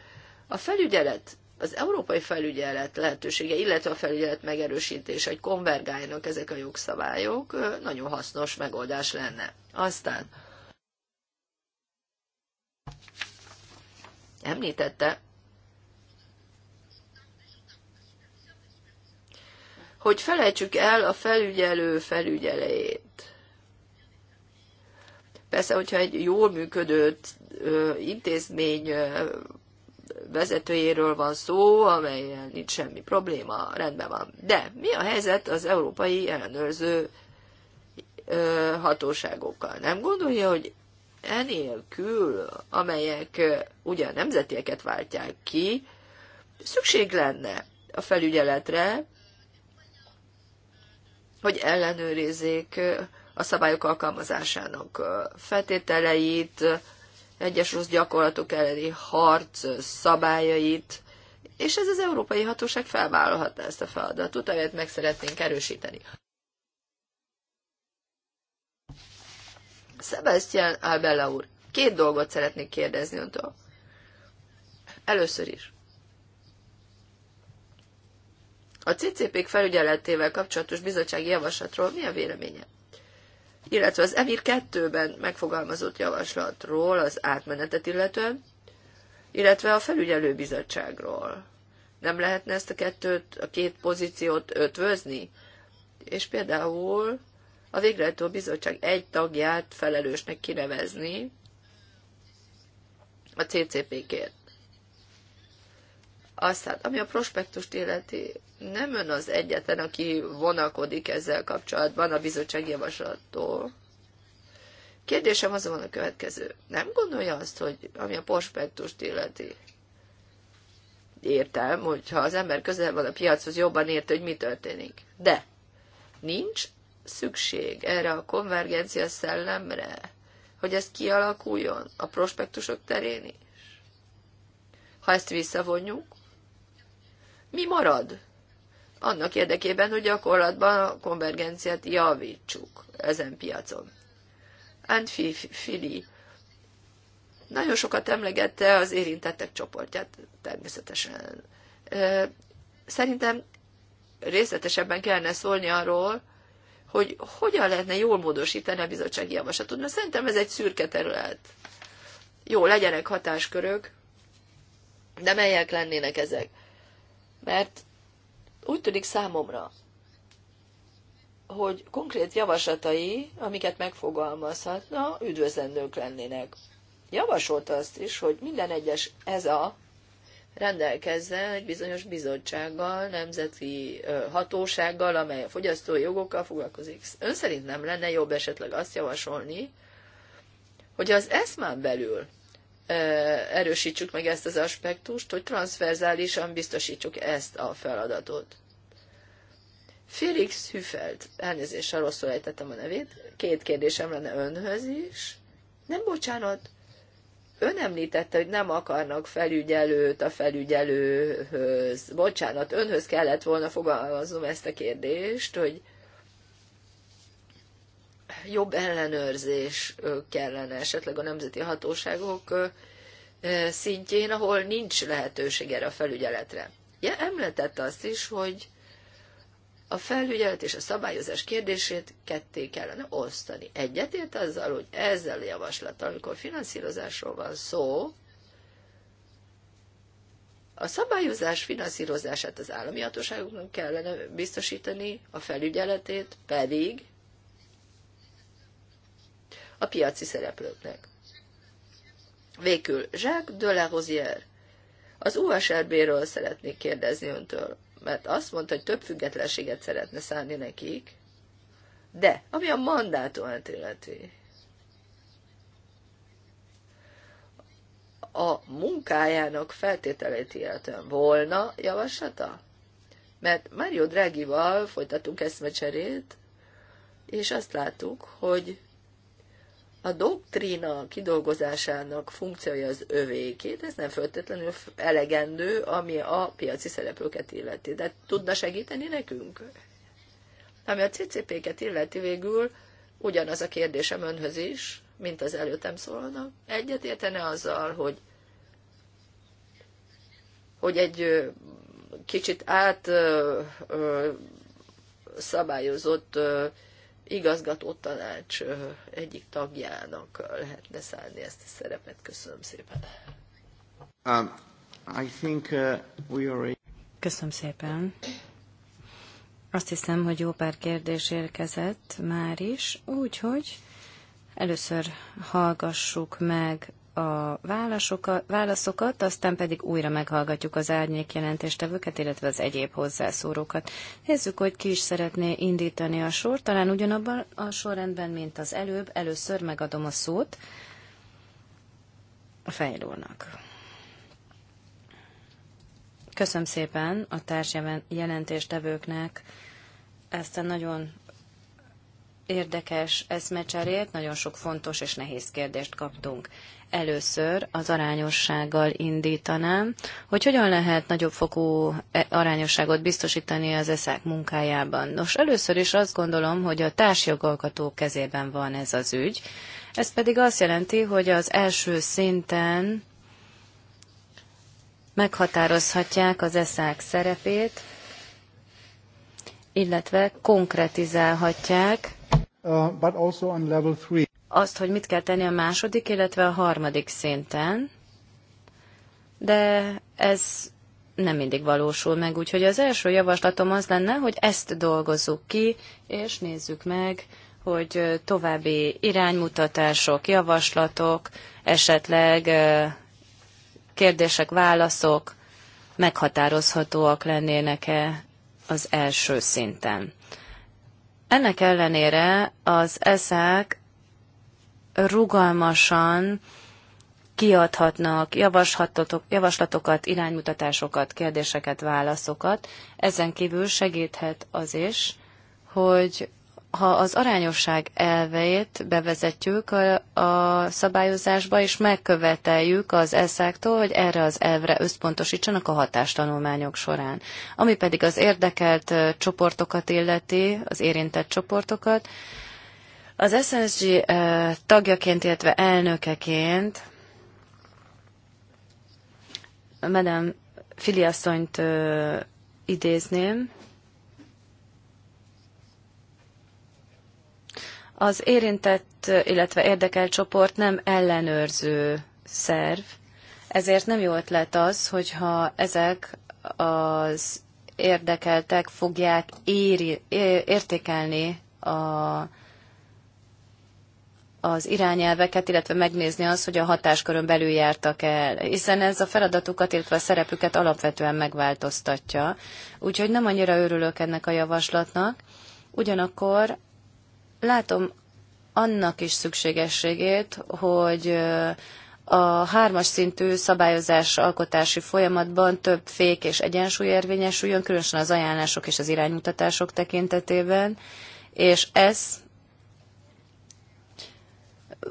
A felügyelet, az európai felügyelet lehetősége, illetve a felügyelet megerősítése, hogy konvergáljanak ezek a jogszabályok, nagyon hasznos megoldás lenne. Aztán említette, hogy felejtsük el a felügyelő felügyelejét. Persze, hogyha egy jól működő intézmény vezetőjéről van szó, amelyen nincs semmi probléma, rendben van. De mi a helyzet az európai ellenőrző hatóságokkal? Nem gondolja, hogy enélkül, amelyek ugye nemzetieket váltják ki, szükség lenne a felügyeletre, hogy ellenőrizzék a szabályok alkalmazásának feltételeit, egyes rossz gyakorlatok elleni harc szabályait, és ez az európai hatóság felvállalhatná ezt a feladatot, amelyet meg szeretnénk erősíteni. Sebastian Albella úr, két dolgot szeretnék kérdezni öntől. Először is. A ccp felügyeletével kapcsolatos bizottsági javaslatról mi a véleménye? illetve az EMIR 2-ben megfogalmazott javaslatról az átmenetet illetően, illetve a felügyelőbizottságról. Nem lehetne ezt a kettőt, a két pozíciót ötvözni? És például a végrehajtó bizottság egy tagját felelősnek kinevezni a CCP-kért hát, ami a prospektust illeti, nem ön az egyetlen, aki vonakodik ezzel kapcsolatban a bizottság javaslattól. Kérdésem azonban a következő. Nem gondolja azt, hogy ami a prospektust illeti, értem, hogyha az ember közel van a piachoz, jobban ért, hogy mi történik. De nincs szükség erre a konvergencia szellemre, hogy ez kialakuljon a prospektusok terén is. Ha ezt visszavonjuk, mi marad? Annak érdekében, hogy gyakorlatban a konvergenciát javítsuk ezen piacon. And Fili nagyon sokat emlegette az érintettek csoportját természetesen. Szerintem részletesebben kellene szólni arról, hogy hogyan lehetne jól módosítani a bizottsági javaslatot, mert szerintem ez egy szürke terület. Jó, legyenek hatáskörök, de melyek lennének ezek? mert úgy tűnik számomra, hogy konkrét javaslatai, amiket megfogalmazhatna, üdvözlendők lennének. Javasolt azt is, hogy minden egyes ez a rendelkezzen egy bizonyos bizottsággal, nemzeti hatósággal, amely a fogyasztói jogokkal foglalkozik. Ön szerint nem lenne jobb esetleg azt javasolni, hogy az eszmán belül erősítsük meg ezt az aspektust, hogy transzverzálisan biztosítsuk ezt a feladatot. Félix Hüfeld, elnézéssel rosszul ejtettem a nevét, két kérdésem lenne önhöz is. Nem bocsánat, ön említette, hogy nem akarnak felügyelőt a felügyelőhöz. Bocsánat, önhöz kellett volna fogalmaznom ezt a kérdést, hogy jobb ellenőrzés kellene esetleg a nemzeti hatóságok szintjén, ahol nincs lehetőség erre a felügyeletre. Ja, említette azt is, hogy a felügyelet és a szabályozás kérdését ketté kellene osztani. Egyetért azzal, hogy ezzel a javaslattal, amikor finanszírozásról van szó, a szabályozás finanszírozását az állami hatóságoknak kellene biztosítani, a felügyeletét pedig a piaci szereplőknek. Végül Jacques de la Rosière. Az USRB-ről szeretnék kérdezni öntől, mert azt mondta, hogy több függetlenséget szeretne szállni nekik, de ami a mandátumát illeti, a munkájának feltételeit illetően volna javaslata? Mert Mário dragival folytatunk eszmecserét, és azt láttuk, hogy a doktrína kidolgozásának funkciója az övékét, ez nem feltétlenül elegendő, ami a piaci szereplőket illeti. De tudna segíteni nekünk? Ami a CCP-ket illeti végül, ugyanaz a kérdésem önhöz is, mint az előttem szólna. Egyet értene azzal, hogy, hogy egy kicsit át szabályozott igazgató tanács egyik tagjának lehetne szállni ezt a szerepet. Köszönöm szépen. Um, I think, uh, we already... Köszönöm szépen. Azt hiszem, hogy jó pár kérdés érkezett már is, úgyhogy először hallgassuk meg a válaszokat, aztán pedig újra meghallgatjuk az árnyék jelentéstevőket, illetve az egyéb hozzászórókat. Nézzük, hogy ki is szeretné indítani a sor, talán ugyanabban a sorrendben, mint az előbb. Először megadom a szót a fejlónak. Köszönöm szépen a társ jelentéstevőknek ezt a nagyon érdekes eszmecserét, nagyon sok fontos és nehéz kérdést kaptunk. Először az arányossággal indítanám, hogy hogyan lehet nagyobb fokú e, arányosságot biztosítani az eszák munkájában. Nos, először is azt gondolom, hogy a társjogalkató kezében van ez az ügy. Ez pedig azt jelenti, hogy az első szinten meghatározhatják az eszák szerepét, illetve konkretizálhatják. Uh, but also on level three azt, hogy mit kell tenni a második, illetve a harmadik szinten, de ez nem mindig valósul meg, úgyhogy az első javaslatom az lenne, hogy ezt dolgozzuk ki, és nézzük meg, hogy további iránymutatások, javaslatok, esetleg kérdések, válaszok meghatározhatóak lennének-e az első szinten. Ennek ellenére az eszák rugalmasan kiadhatnak javaslatokat, iránymutatásokat, kérdéseket, válaszokat. Ezen kívül segíthet az is, hogy ha az arányosság elveit bevezetjük a, a szabályozásba, és megköveteljük az eszáktól, hogy erre az elvre összpontosítsanak a hatástanulmányok során. Ami pedig az érdekelt csoportokat illeti, az érintett csoportokat, az SSG eh, tagjaként, illetve elnökeként Madame uh, idézném. Az érintett, illetve érdekelt csoport nem ellenőrző szerv, ezért nem jó ötlet az, hogyha ezek az érdekeltek fogják éri, értékelni a az irányelveket, illetve megnézni azt, hogy a hatáskörön belül jártak el, hiszen ez a feladatukat, illetve a szerepüket alapvetően megváltoztatja. Úgyhogy nem annyira örülök ennek a javaslatnak, ugyanakkor látom annak is szükségességét, hogy a hármas szintű szabályozás alkotási folyamatban több fék és egyensúly érvényesüljön, különösen az ajánlások és az iránymutatások tekintetében, és ez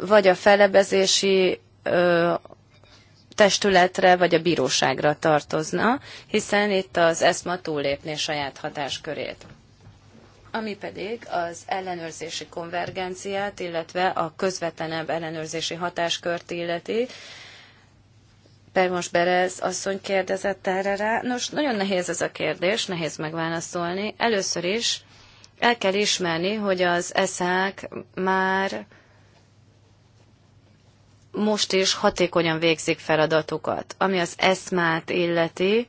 vagy a felebezési ö, testületre, vagy a bíróságra tartozna, hiszen itt az ESMA túllépné saját hatáskörét. Ami pedig az ellenőrzési konvergenciát, illetve a közvetlenebb ellenőrzési hatáskört illeti, Permos Berez asszony kérdezett erre rá. Nos, nagyon nehéz ez a kérdés, nehéz megválaszolni. Először is el kell ismerni, hogy az eszák már most is hatékonyan végzik feladatukat. Ami az eszmát illeti,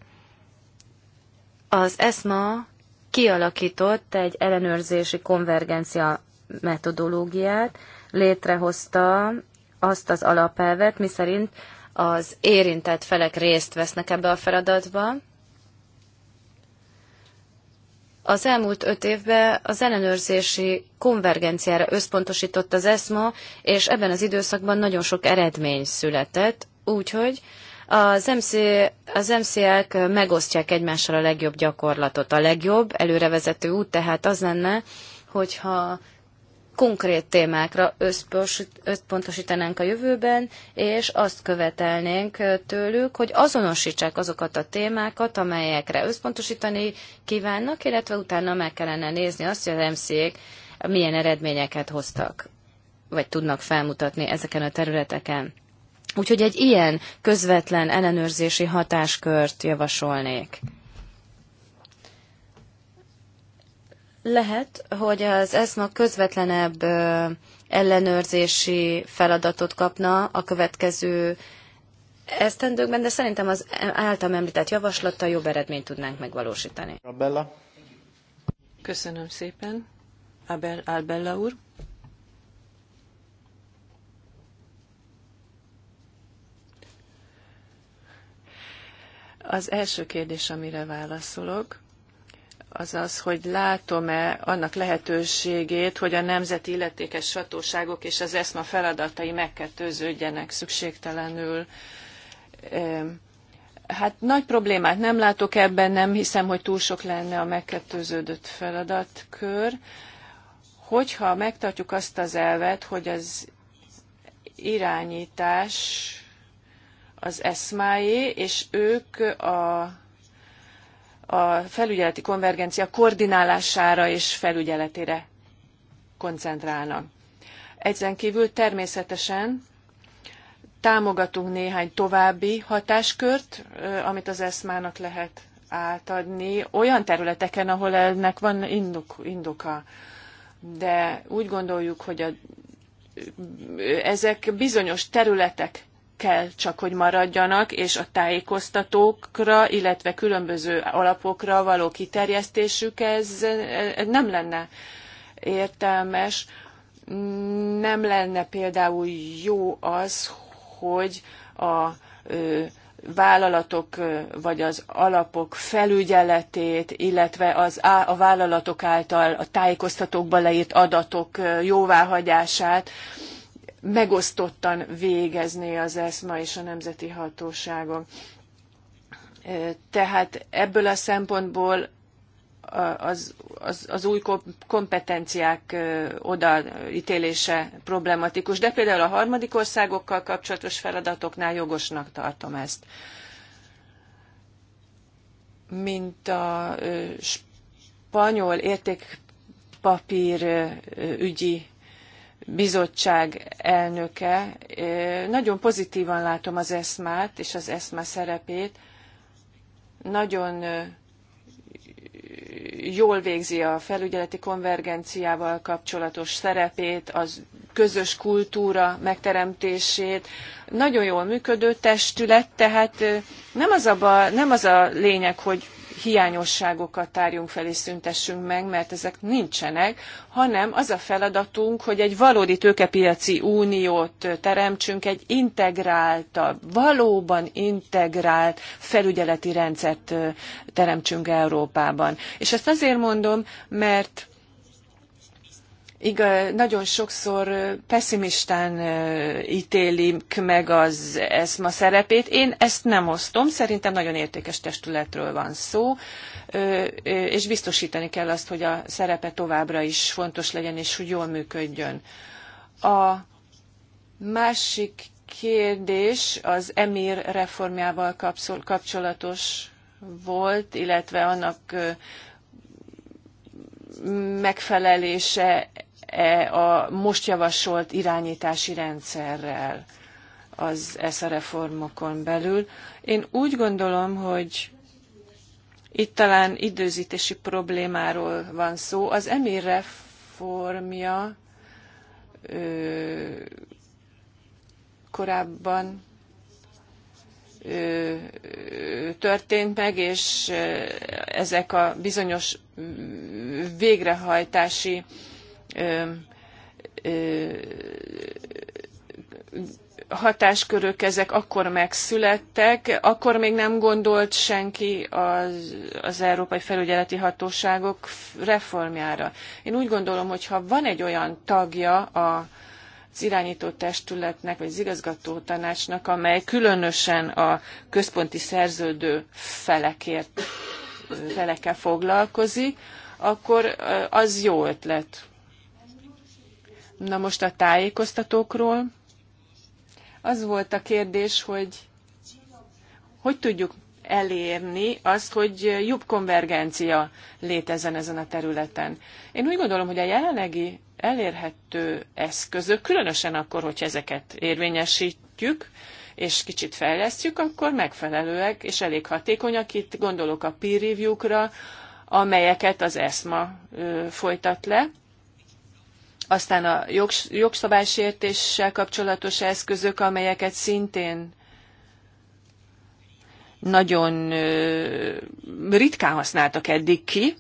az ESMA kialakított egy ellenőrzési konvergencia metodológiát, létrehozta azt az alapelvet, miszerint az érintett felek részt vesznek ebbe a feladatba, az elmúlt öt évben az ellenőrzési konvergenciára összpontosított az ESMA, és ebben az időszakban nagyon sok eredmény született, úgyhogy az, MC, az MC-ek megosztják egymással a legjobb gyakorlatot. A legjobb előrevezető út tehát az lenne, hogyha konkrét témákra összpontosítanánk a jövőben, és azt követelnénk tőlük, hogy azonosítsák azokat a témákat, amelyekre összpontosítani kívánnak, illetve utána meg kellene nézni azt, hogy az mc milyen eredményeket hoztak, vagy tudnak felmutatni ezeken a területeken. Úgyhogy egy ilyen közvetlen ellenőrzési hatáskört javasolnék. Lehet, hogy az ESMA közvetlenebb ellenőrzési feladatot kapna a következő esztendőkben, de szerintem az által említett javaslattal jobb eredményt tudnánk megvalósítani. Abella. Köszönöm szépen. Abel, Albella úr. Az első kérdés, amire válaszolok, azaz hogy látom-e annak lehetőségét, hogy a nemzeti illetékes hatóságok és az ESMA feladatai megkettőződjenek szükségtelenül. Hát nagy problémát nem látok ebben, nem hiszem, hogy túl sok lenne a megkettőződött feladatkör. Hogyha megtartjuk azt az elvet, hogy az irányítás az eszmáé, és ők a a felügyeleti konvergencia koordinálására és felügyeletére koncentrálnak. Ezen kívül természetesen támogatunk néhány további hatáskört, amit az eszmának lehet átadni olyan területeken, ahol ennek van indok, indoka. De úgy gondoljuk, hogy a, ezek bizonyos területek kell csak, hogy maradjanak, és a tájékoztatókra, illetve különböző alapokra való kiterjesztésük, ez nem lenne értelmes. Nem lenne például jó az, hogy a vállalatok vagy az alapok felügyeletét, illetve az a vállalatok által a tájékoztatókba leírt adatok jóváhagyását megosztottan végezné az ESMA és a nemzeti hatóságok. Tehát ebből a szempontból az, az, az új kompetenciák odaítélése problematikus, de például a harmadik országokkal kapcsolatos feladatoknál jogosnak tartom ezt. Mint a spanyol értékpapír ügyi bizottság elnöke. Nagyon pozitívan látom az ESMA-t és az esma szerepét. Nagyon jól végzi a felügyeleti konvergenciával kapcsolatos szerepét, az közös kultúra megteremtését. Nagyon jól működő testület, tehát nem az a, ba, nem az a lényeg, hogy hiányosságokat tárjunk fel és szüntessünk meg, mert ezek nincsenek, hanem az a feladatunk, hogy egy valódi tőkepiaci uniót teremtsünk, egy integráltabb, valóban integrált felügyeleti rendszert teremtsünk Európában. És ezt azért mondom, mert igaz, nagyon sokszor pessimistán ítélik meg az eszma szerepét. Én ezt nem osztom, szerintem nagyon értékes testületről van szó, és biztosítani kell azt, hogy a szerepe továbbra is fontos legyen, és hogy jól működjön. A másik kérdés az EMIR reformjával kapcsolatos volt, illetve annak megfelelése -e a most javasolt irányítási rendszerrel az ESZA reformokon belül. Én úgy gondolom, hogy itt talán időzítési problémáról van szó. Az EMIR reformja ö, korábban ö, történt meg, és ezek a bizonyos végrehajtási hatáskörök ezek akkor megszülettek, akkor még nem gondolt senki az, az Európai Felügyeleti Hatóságok reformjára. Én úgy gondolom, hogy ha van egy olyan tagja a, az irányító testületnek, vagy az igazgató tanácsnak, amely különösen a központi szerződő felekért, felekkel foglalkozik, akkor az jó ötlet Na most a tájékoztatókról. Az volt a kérdés, hogy hogy tudjuk elérni azt, hogy jobb konvergencia létezzen ezen a területen. Én úgy gondolom, hogy a jelenlegi elérhető eszközök, különösen akkor, hogy ezeket érvényesítjük, és kicsit fejlesztjük, akkor megfelelőek és elég hatékonyak. Itt gondolok a peer review-kra, amelyeket az ESMA folytat le, aztán a jogs, jogszabálysértéssel kapcsolatos eszközök, amelyeket szintén nagyon ritkán használtak eddig ki.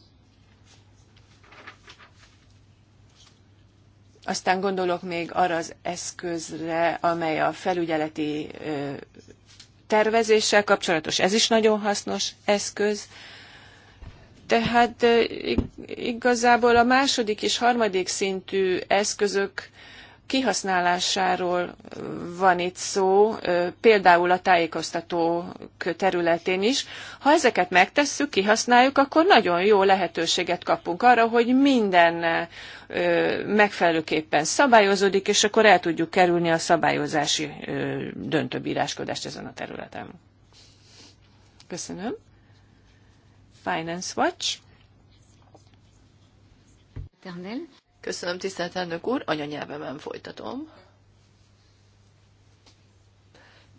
Aztán gondolok még arra az eszközre, amely a felügyeleti tervezéssel kapcsolatos. Ez is nagyon hasznos eszköz. Tehát igazából a második és harmadik szintű eszközök kihasználásáról van itt szó, például a tájékoztatók területén is. Ha ezeket megtesszük, kihasználjuk, akkor nagyon jó lehetőséget kapunk arra, hogy minden megfelelőképpen szabályozódik, és akkor el tudjuk kerülni a szabályozási döntőbíráskodást ezen a területen. Köszönöm. Finance Watch. Köszönöm, tisztelt elnök úr, anyanyelvemen folytatom.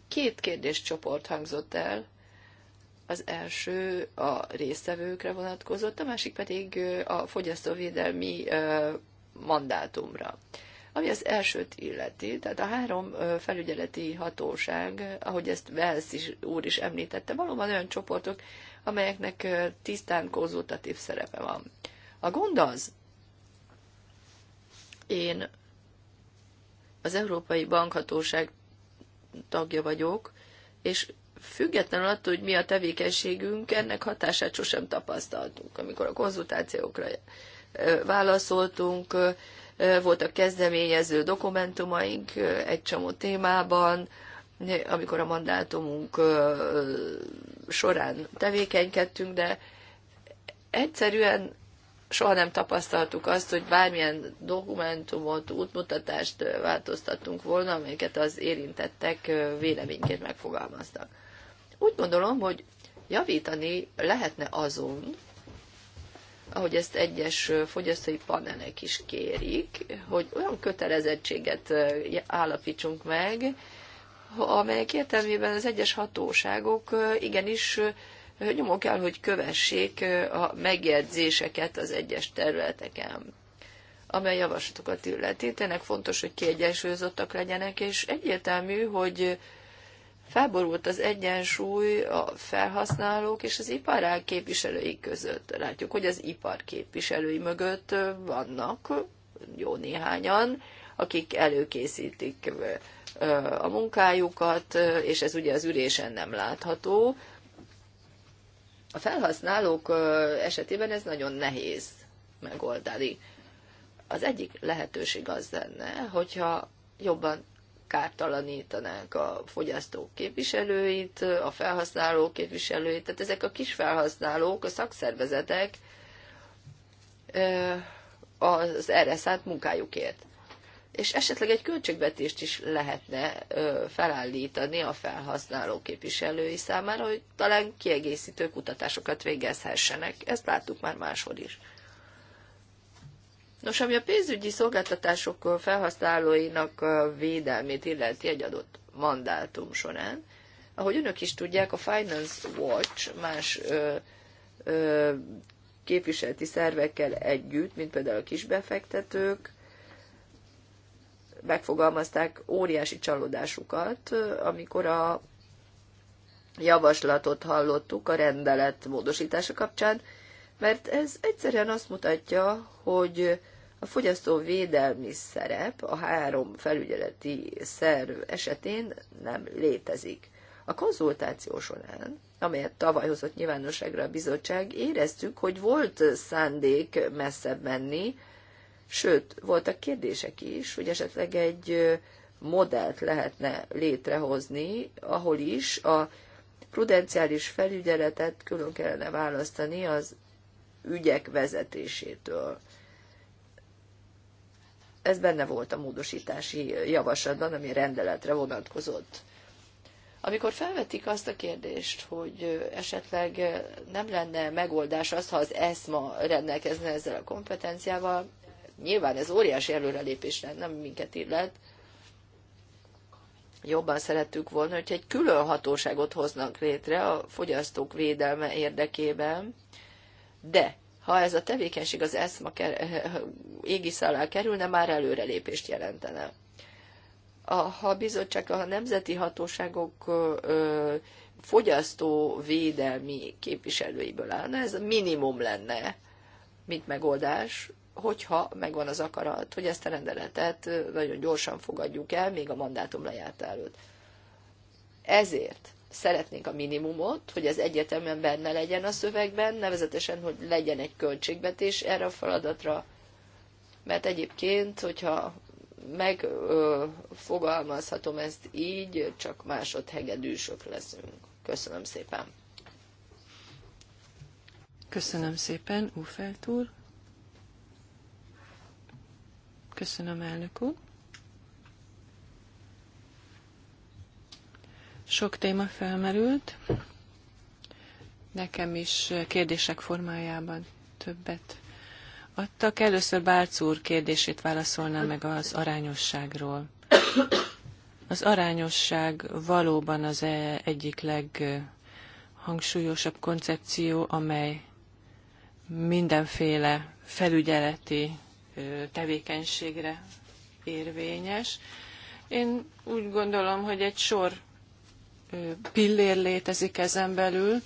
Két kérdéscsoport hangzott el. Az első a résztvevőkre vonatkozott, a másik pedig a fogyasztóvédelmi mandátumra. Ami az elsőt illeti, tehát a három felügyeleti hatóság, ahogy ezt Velsz is, úr is említette, valóban olyan csoportok, amelyeknek tisztán konzultatív szerepe van. A gond az, én az Európai Bankhatóság tagja vagyok, és függetlenül attól, hogy mi a tevékenységünk, ennek hatását sosem tapasztaltunk. Amikor a konzultációkra válaszoltunk, voltak kezdeményező dokumentumaink egy csomó témában, amikor a mandátumunk során tevékenykedtünk, de egyszerűen soha nem tapasztaltuk azt, hogy bármilyen dokumentumot, útmutatást változtattunk volna, amelyeket az érintettek véleményként megfogalmaztak. Úgy gondolom, hogy javítani lehetne azon, ahogy ezt egyes fogyasztói panelek is kérik, hogy olyan kötelezettséget állapítsunk meg, amelyek értelmében az egyes hatóságok igenis nyomon kell, hogy kövessék a megjegyzéseket az egyes területeken, amely javaslatokat illeti. Tényleg fontos, hogy kiegyensúlyozottak legyenek, és egyértelmű, hogy felborult az egyensúly a felhasználók és az iparág képviselői között. Látjuk, hogy az ipar képviselői mögött vannak jó néhányan, akik előkészítik a munkájukat, és ez ugye az ülésen nem látható. A felhasználók esetében ez nagyon nehéz megoldani. Az egyik lehetőség az lenne, hogyha jobban kártalanítanánk a fogyasztók képviselőit, a felhasználók képviselőit, tehát ezek a kis felhasználók, a szakszervezetek az erre szánt munkájukért és esetleg egy költségvetést is lehetne ö, felállítani a felhasználó képviselői számára, hogy talán kiegészítő kutatásokat végezhessenek. Ezt láttuk már máshol is. Nos, ami a pénzügyi szolgáltatások felhasználóinak védelmét illeti egy adott mandátum során, ahogy önök is tudják, a Finance Watch más ö, ö, képviseleti szervekkel együtt, mint például a kisbefektetők, megfogalmazták óriási csalódásukat, amikor a javaslatot hallottuk a rendelet módosítása kapcsán, mert ez egyszerűen azt mutatja, hogy a fogyasztó védelmi szerep a három felügyeleti szerv esetén nem létezik. A konzultáció során, amelyet tavaly hozott nyilvánosságra a bizottság, éreztük, hogy volt szándék messzebb menni, Sőt, voltak kérdések is, hogy esetleg egy modellt lehetne létrehozni, ahol is a prudenciális felügyeletet külön kellene választani az ügyek vezetésétől. Ez benne volt a módosítási javaslatban, ami rendeletre vonatkozott. Amikor felvetik azt a kérdést, hogy esetleg nem lenne megoldás az, ha az ESMA rendelkezne ezzel a kompetenciával, Nyilván ez óriási előrelépés lenne, ami minket illet. Jobban szerettük volna, hogy egy külön hatóságot hoznak létre a fogyasztók védelme érdekében, de ha ez a tevékenység az ESMA égisz alá kerülne, már előrelépést jelentene. A, ha a bizottság a nemzeti hatóságok ö, fogyasztóvédelmi képviselőiből állna, ez a minimum lenne, mint megoldás, hogyha megvan az akarat, hogy ezt a rendeletet nagyon gyorsan fogadjuk el, még a mandátum lejárt előtt. Ezért szeretnénk a minimumot, hogy ez egyetemen benne legyen a szövegben, nevezetesen, hogy legyen egy költségvetés erre a feladatra, mert egyébként, hogyha megfogalmazhatom ezt így, csak másodhegedűsök leszünk. Köszönöm szépen. Köszönöm szépen, Ufeltúr! Köszönöm, elnök úr. Sok téma felmerült. Nekem is kérdések formájában többet adtak. Először Bárc úr kérdését válaszolná meg az arányosságról. Az arányosság valóban az e- egyik leghangsúlyosabb koncepció, amely mindenféle felügyeleti tevékenységre érvényes. Én úgy gondolom, hogy egy sor pillér létezik ezen belül.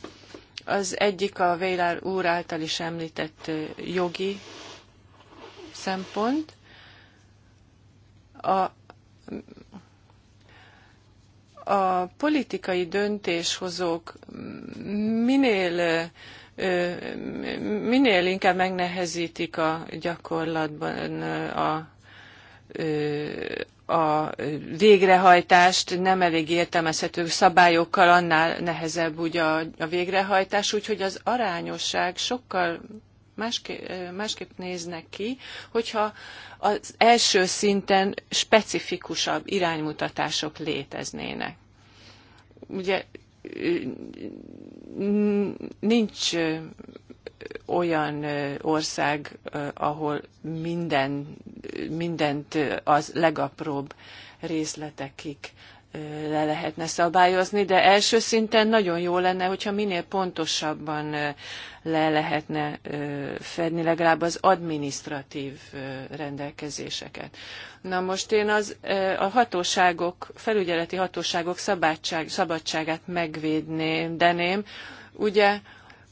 Az egyik a Vélár úr által is említett jogi szempont. A a politikai döntéshozók minél minél inkább megnehezítik a gyakorlatban a, a végrehajtást nem elég értelmezhető szabályokkal, annál nehezebb ugye a, a végrehajtás, úgyhogy az arányosság sokkal másképp, másképp néznek ki, hogyha az első szinten specifikusabb iránymutatások léteznének. Ugye nincs olyan ország, ahol minden, mindent az legapróbb részletekig le lehetne szabályozni, de első szinten nagyon jó lenne, hogyha minél pontosabban le lehetne fedni legalább az administratív rendelkezéseket. Na most én az, a hatóságok, felügyeleti hatóságok szabadság, szabadságát megvédném, deném. Ugye,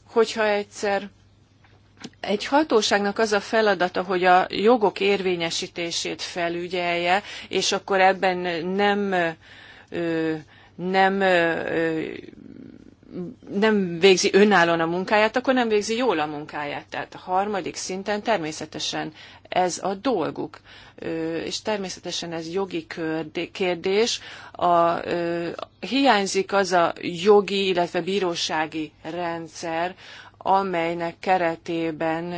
hogyha egyszer egy hatóságnak az a feladata, hogy a jogok érvényesítését felügyelje, és akkor ebben nem nem, nem végzi önállóan a munkáját, akkor nem végzi jól a munkáját. Tehát a harmadik szinten természetesen ez a dolguk. És természetesen ez jogi kérdés. A, hiányzik az a jogi, illetve bírósági rendszer, amelynek keretében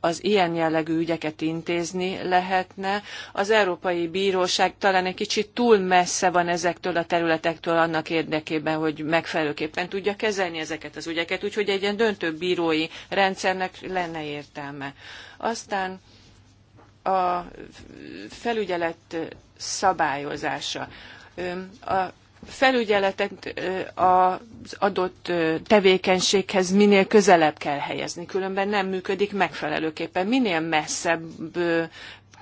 az ilyen jellegű ügyeket intézni lehetne. Az Európai Bíróság talán egy kicsit túl messze van ezektől a területektől annak érdekében, hogy megfelelőképpen tudja kezelni ezeket az ügyeket, úgyhogy egy ilyen döntő bírói rendszernek lenne értelme. Aztán a felügyelet szabályozása. A felügyeletet az adott tevékenységhez minél közelebb kell helyezni, különben nem működik megfelelőképpen. Minél messzebb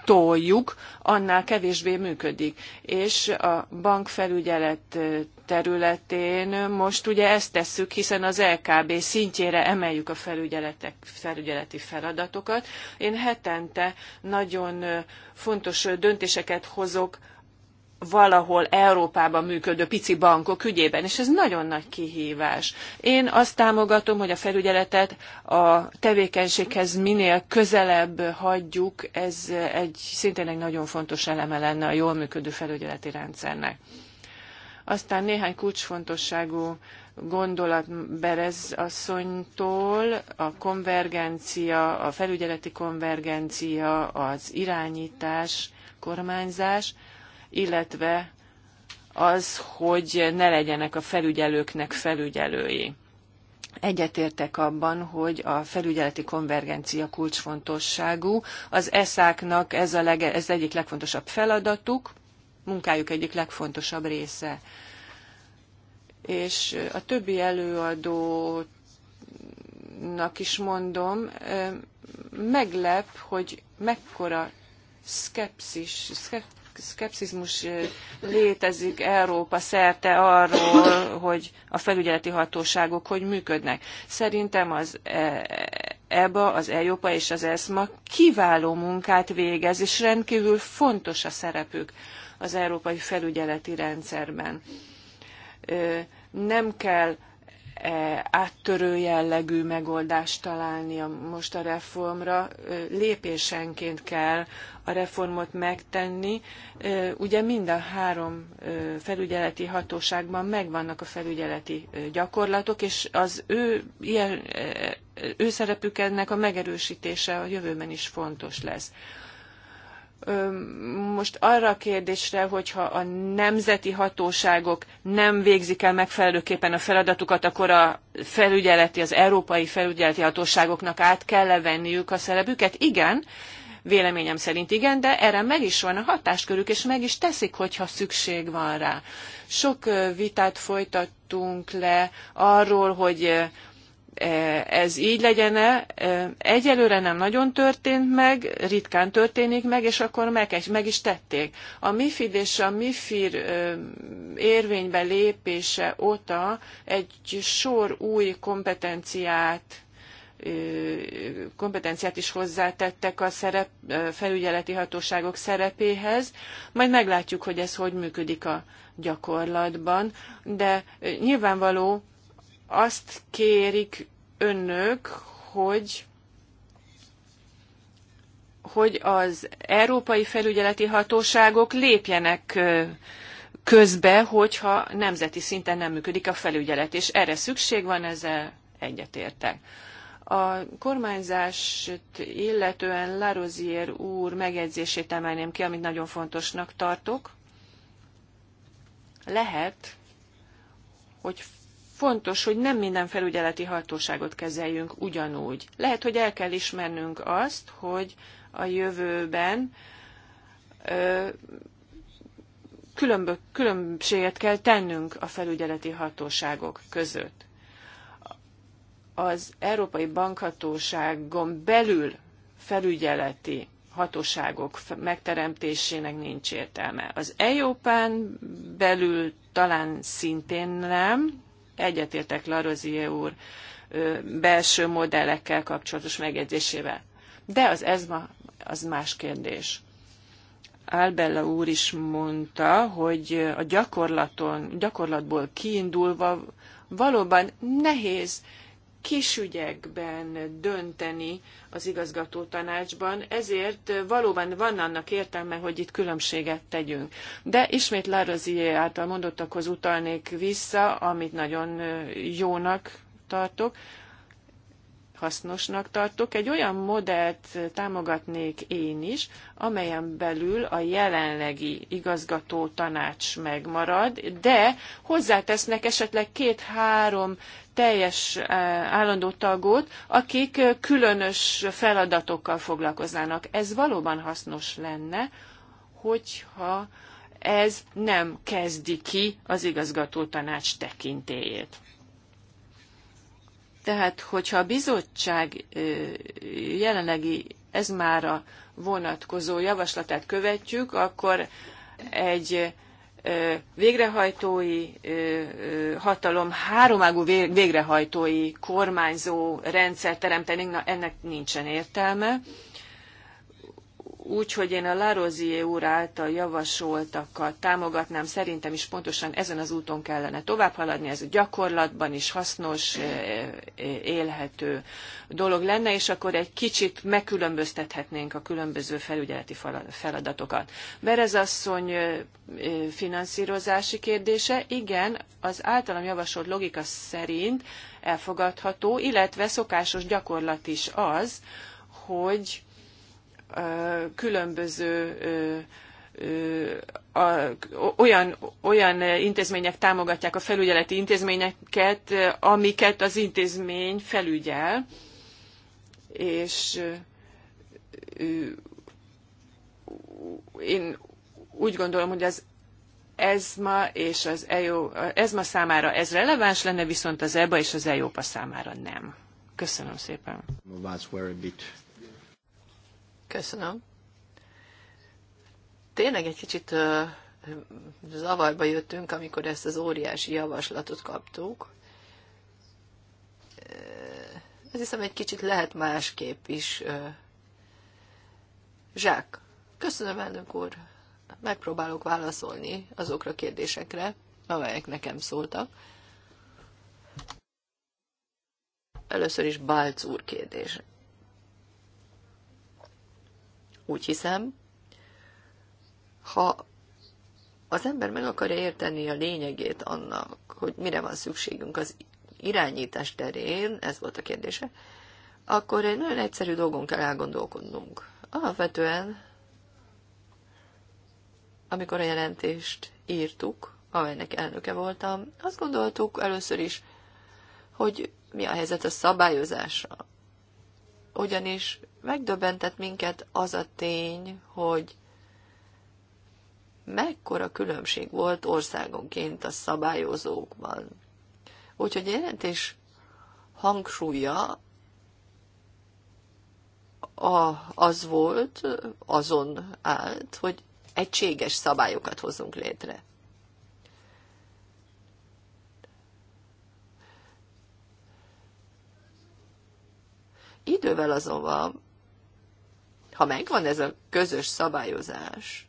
toljuk, annál kevésbé működik. És a bankfelügyelet területén most ugye ezt tesszük, hiszen az LKB szintjére emeljük a felügyeletek, felügyeleti feladatokat. Én hetente nagyon fontos döntéseket hozok valahol Európában működő pici bankok ügyében, és ez nagyon nagy kihívás. Én azt támogatom, hogy a felügyeletet a tevékenységhez minél közelebb hagyjuk, ez egy szintén egy nagyon fontos eleme lenne a jól működő felügyeleti rendszernek. Aztán néhány kulcsfontosságú gondolat Berez asszonytól, a konvergencia, a felügyeleti konvergencia, az irányítás, kormányzás, illetve az, hogy ne legyenek a felügyelőknek felügyelői. Egyetértek abban, hogy a felügyeleti konvergencia kulcsfontosságú. Az eszáknak ez, a lege, ez egyik legfontosabb feladatuk, munkájuk egyik legfontosabb része. És a többi előadónak is mondom, meglep, hogy mekkora szkepszis, szkep, szkepszizmus létezik Európa szerte arról, hogy a felügyeleti hatóságok hogy működnek. Szerintem az EBA, e az EJOPA és az ESMA kiváló munkát végez, és rendkívül fontos a szerepük az európai felügyeleti rendszerben. Nem kell E, áttörő jellegű megoldást találni a, most a reformra. E, lépésenként kell a reformot megtenni. E, ugye mind a három felügyeleti hatóságban megvannak a felügyeleti gyakorlatok, és az ő, ilyen, ő szerepük ennek a megerősítése a jövőben is fontos lesz most arra a kérdésre, hogyha a nemzeti hatóságok nem végzik el megfelelőképpen a feladatukat, akkor a felügyeleti, az európai felügyeleti hatóságoknak át kell -e venniük a szerepüket? Igen, véleményem szerint igen, de erre meg is van a hatáskörük, és meg is teszik, hogyha szükség van rá. Sok vitát folytattunk le arról, hogy ez így legyen-e. Egyelőre nem nagyon történt meg, ritkán történik meg, és akkor meg, meg is tették. A MIFID és a MIFIR érvénybe lépése óta egy sor új kompetenciát kompetenciát is hozzátettek a szerep, felügyeleti hatóságok szerepéhez. Majd meglátjuk, hogy ez hogy működik a gyakorlatban, de nyilvánvaló azt kérik önök, hogy hogy az európai felügyeleti hatóságok lépjenek közbe, hogyha nemzeti szinten nem működik a felügyelet, és erre szükség van, ezzel egyetértek. A kormányzást illetően Larozier úr megjegyzését emelném ki, amit nagyon fontosnak tartok. Lehet, hogy fontos, hogy nem minden felügyeleti hatóságot kezeljünk ugyanúgy. Lehet, hogy el kell ismernünk azt, hogy a jövőben ö, különbö, különbséget kell tennünk a felügyeleti hatóságok között. Az Európai Bankhatóságon belül felügyeleti hatóságok megteremtésének nincs értelme. Az EIOPÁN belül talán szintén nem, egyetértek Larozie úr belső modellekkel kapcsolatos megjegyzésével. De az ez ma, az más kérdés. Albella úr is mondta, hogy a gyakorlaton, gyakorlatból kiindulva valóban nehéz kisügyekben dönteni az igazgató tanácsban, ezért valóban van annak értelme, hogy itt különbséget tegyünk. De ismét Larozier által mondottakhoz utalnék vissza, amit nagyon jónak tartok hasznosnak tartok. Egy olyan modellt támogatnék én is, amelyen belül a jelenlegi igazgató tanács megmarad, de hozzátesznek esetleg két-három teljes eh, állandó tagot, akik eh, különös feladatokkal foglalkoznának. Ez valóban hasznos lenne, hogyha ez nem kezdi ki az igazgató tanács tekintélyét. Tehát, hogyha a bizottság jelenlegi ez már a vonatkozó javaslatát követjük, akkor egy végrehajtói hatalom, háromágú végrehajtói kormányzó rendszer teremtenénk, na ennek nincsen értelme úgy, hogy én a Larozier úr által javasoltakat támogatnám, szerintem is pontosan ezen az úton kellene továbbhaladni, ez a gyakorlatban is hasznos, eh, eh, élhető dolog lenne, és akkor egy kicsit megkülönböztethetnénk a különböző felügyeleti feladatokat. Berez asszony eh, finanszírozási kérdése, igen, az általam javasolt logika szerint elfogadható, illetve szokásos gyakorlat is az, hogy különböző a, olyan, olyan intézmények támogatják a felügyeleti intézményeket, amiket az intézmény felügyel, és én úgy gondolom, hogy az ESMA és az EO, ESMA számára ez releváns lenne, viszont az EBA és az EIOPA számára nem. Köszönöm szépen. Köszönöm. Tényleg egy kicsit zavarba jöttünk, amikor ezt az óriási javaslatot kaptuk. Ez hiszem egy kicsit lehet másképp is. Zsák, köszönöm elnök úr. Megpróbálok válaszolni azokra a kérdésekre, amelyek nekem szóltak. Először is Balc úr kérdése. Úgy hiszem, ha az ember meg akarja érteni a lényegét annak, hogy mire van szükségünk az irányítás terén, ez volt a kérdése, akkor egy nagyon egyszerű dolgon kell elgondolkodnunk. Alapvetően, amikor a jelentést írtuk, amelynek elnöke voltam, azt gondoltuk először is, hogy mi a helyzet a szabályozása. Ugyanis megdöbbentett minket az a tény, hogy mekkora különbség volt országonként a szabályozókban. Úgyhogy jelentés hangsúlya a, az volt, azon állt, hogy egységes szabályokat hozunk létre. Idővel azonban ha megvan ez a közös szabályozás,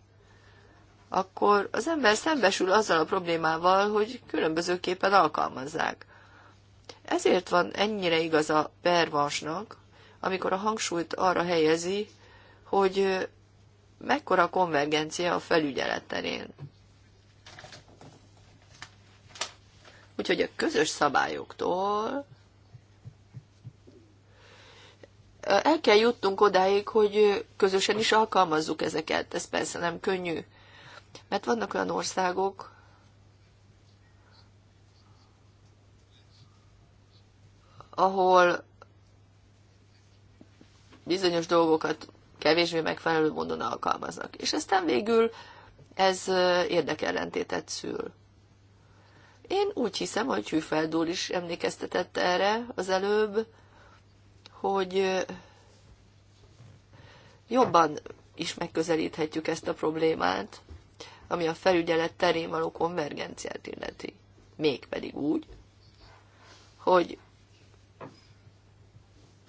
akkor az ember szembesül azzal a problémával, hogy különbözőképpen alkalmazzák. Ezért van ennyire igaz a pervasnak, amikor a hangsúlyt arra helyezi, hogy mekkora konvergencia a felügyelet terén. Úgyhogy a közös szabályoktól el kell jutnunk odáig, hogy közösen is alkalmazzuk ezeket. Ez persze nem könnyű. Mert vannak olyan országok, ahol bizonyos dolgokat kevésbé megfelelő módon alkalmaznak. És aztán végül ez érdekellentétet szül. Én úgy hiszem, hogy Hüfeldúr is emlékeztetett erre az előbb, hogy jobban is megközelíthetjük ezt a problémát, ami a felügyelet terén való konvergenciát illeti. Mégpedig úgy, hogy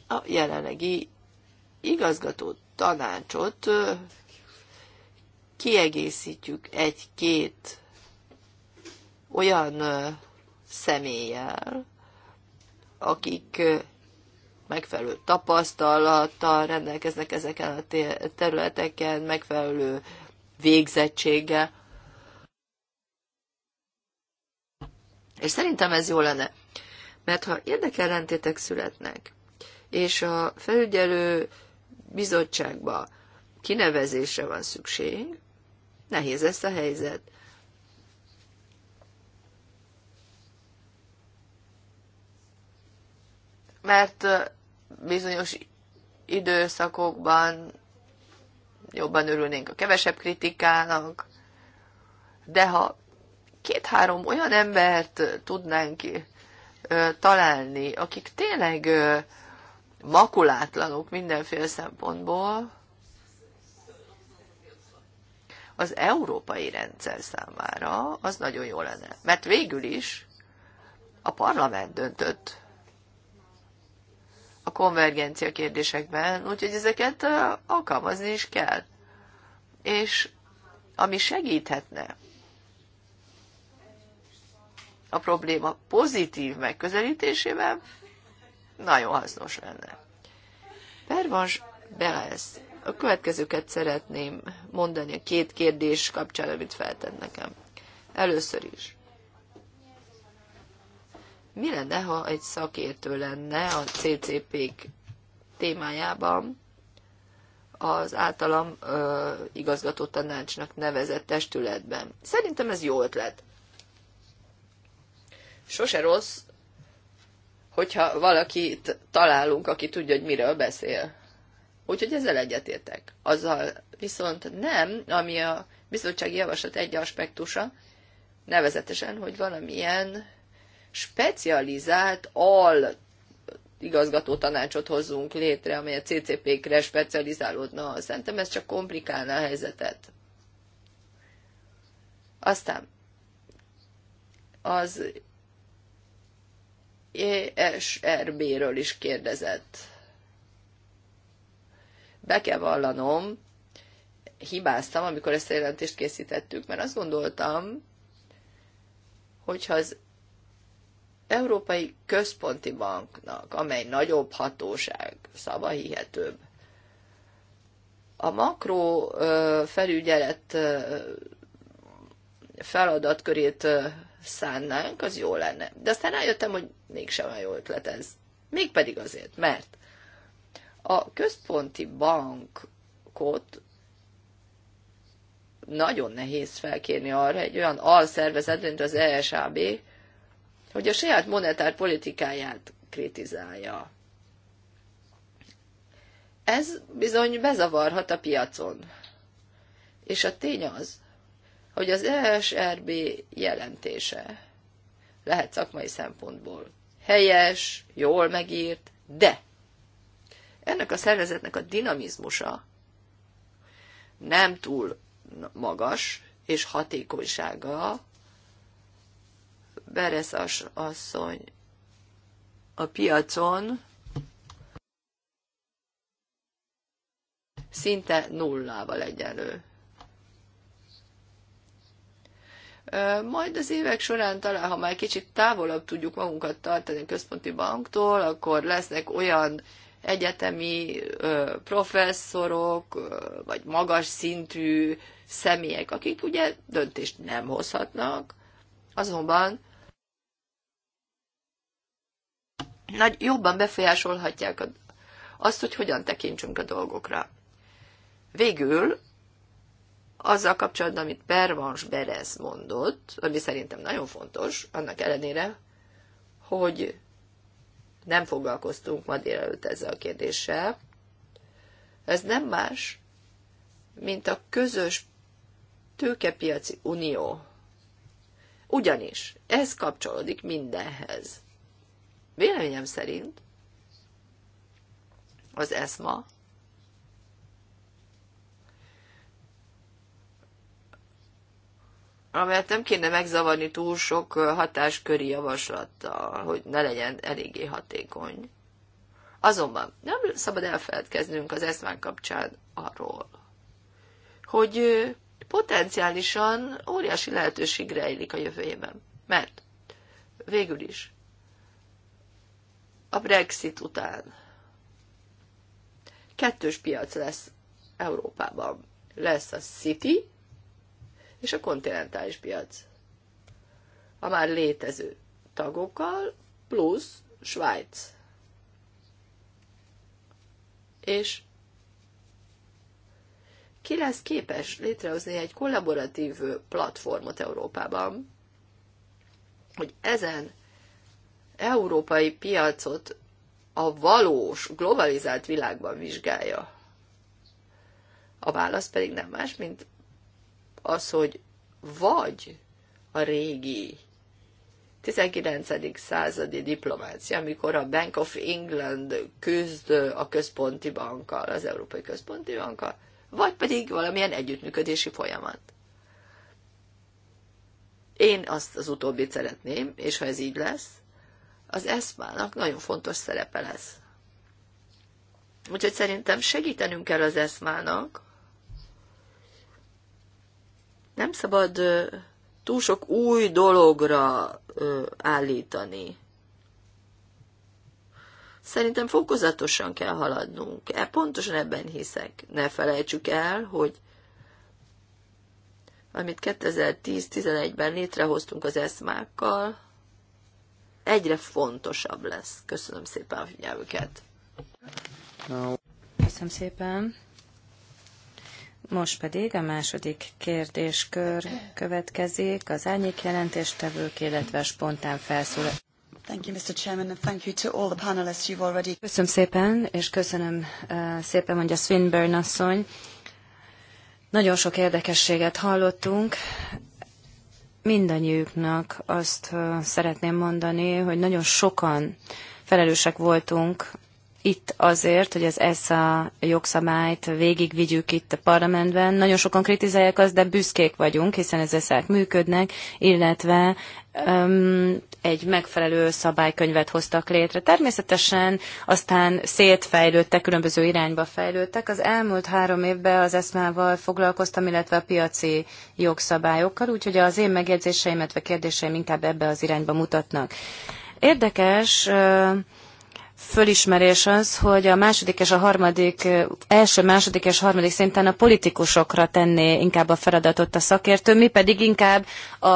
a jelenlegi igazgató tanácsot kiegészítjük egy-két olyan személlyel, akik megfelelő tapasztalattal rendelkeznek ezeken a területeken, megfelelő végzettsége. És szerintem ez jó lenne, mert ha érdekellentétek születnek, és a felügyelő bizottságba kinevezésre van szükség, nehéz ezt a helyzet. mert bizonyos időszakokban jobban örülnénk a kevesebb kritikának, de ha két-három olyan embert tudnánk találni, akik tényleg makulátlanok mindenféle szempontból, az európai rendszer számára az nagyon jó lenne. Mert végül is a parlament döntött a konvergencia kérdésekben, úgyhogy ezeket alkalmazni is kell. És ami segíthetne a probléma pozitív megközelítésében, nagyon hasznos lenne. Pervans belesz. a következőket szeretném mondani a két kérdés kapcsán, amit feltett nekem. Először is mi lenne, ha egy szakértő lenne a ccp témájában az általam ö, igazgató tanácsnak nevezett testületben. Szerintem ez jó ötlet. Sose rossz, hogyha valakit találunk, aki tudja, hogy miről beszél. Úgyhogy ezzel egyetértek. Azzal viszont nem, ami a bizottsági javaslat egy aspektusa, nevezetesen, hogy valamilyen specializált al igazgató tanácsot hozzunk létre, amely a CCP-kre specializálódna. Szerintem ez csak komplikálná a helyzetet. Aztán az ESRB-ről is kérdezett. Be kell vallanom, hibáztam, amikor ezt a jelentést készítettük, mert azt gondoltam, hogyha az Európai Központi Banknak, amely nagyobb hatóság, hihetőbb. a makró felügyelet feladatkörét szánnánk, az jó lenne. De aztán rájöttem, hogy mégsem a jó ötlet ez. Mégpedig azért, mert a központi bankot nagyon nehéz felkérni arra egy olyan alszervezet, mint az ESAB, hogy a saját monetár politikáját kritizálja. Ez bizony bezavarhat a piacon. És a tény az, hogy az ESRB jelentése lehet szakmai szempontból helyes, jól megírt, de ennek a szervezetnek a dinamizmusa nem túl magas, és hatékonysága Bereszas asszony a piacon szinte nullával egyenlő. Majd az évek során talán, ha már kicsit távolabb tudjuk magunkat tartani a központi banktól, akkor lesznek olyan egyetemi ö, professzorok, ö, vagy magas szintű személyek, akik ugye döntést nem hozhatnak, azonban nagy, jobban befolyásolhatják azt, hogy hogyan tekintsünk a dolgokra. Végül azzal kapcsolatban, amit Pervans Berez mondott, ami szerintem nagyon fontos, annak ellenére, hogy nem foglalkoztunk ma délelőtt ezzel a kérdéssel. Ez nem más, mint a közös tőkepiaci unió. Ugyanis ez kapcsolódik mindenhez. Véleményem szerint az eszma amelyet nem kéne megzavarni túl sok hatásköri javaslattal, hogy ne legyen eléggé hatékony. Azonban nem szabad elfeledkeznünk az eszmán kapcsán arról, hogy potenciálisan óriási lehetőség rejlik a jövőjében. Mert végül is a Brexit után. Kettős piac lesz Európában. Lesz a City és a kontinentális piac. A már létező tagokkal plusz Svájc. És ki lesz képes létrehozni egy kollaboratív platformot Európában, hogy ezen európai piacot a valós, globalizált világban vizsgálja. A válasz pedig nem más, mint az, hogy vagy a régi 19. századi diplomácia, amikor a Bank of England küzd a központi bankkal, az Európai Központi Bankkal, vagy pedig valamilyen együttműködési folyamat. Én azt az utóbbit szeretném, és ha ez így lesz, az eszmának nagyon fontos szerepe lesz. Úgyhogy szerintem segítenünk kell az eszmának. Nem szabad túl sok új dologra állítani. Szerintem fokozatosan kell haladnunk. E, pontosan ebben hiszek. Ne felejtsük el, hogy amit 2010-11-ben létrehoztunk az eszmákkal, egyre fontosabb lesz. Köszönöm szépen a figyelmüket. Köszönöm szépen. Most pedig a második kérdéskör következik, az árnyék jelentéstevők, illetve spontán felszólalás. Already... Köszönöm szépen, és köszönöm uh, szépen, mondja Swinburne asszony. Nagyon sok érdekességet hallottunk, mindannyiuknak azt szeretném mondani, hogy nagyon sokan felelősek voltunk itt azért, hogy az ESZA jogszabályt végigvigyük itt a parlamentben. Nagyon sokan kritizálják azt, de büszkék vagyunk, hiszen az ESZA-k működnek, illetve egy megfelelő szabálykönyvet hoztak létre. Természetesen aztán szétfejlődtek, különböző irányba fejlődtek. Az elmúlt három évben az eszmával foglalkoztam, illetve a piaci jogszabályokkal, úgyhogy az én megjegyzéseim, illetve kérdéseim inkább ebbe az irányba mutatnak. Érdekes, fölismerés az, hogy a második és a harmadik, első, második és harmadik szinten a politikusokra tenné inkább a feladatot a szakértő, mi pedig inkább a,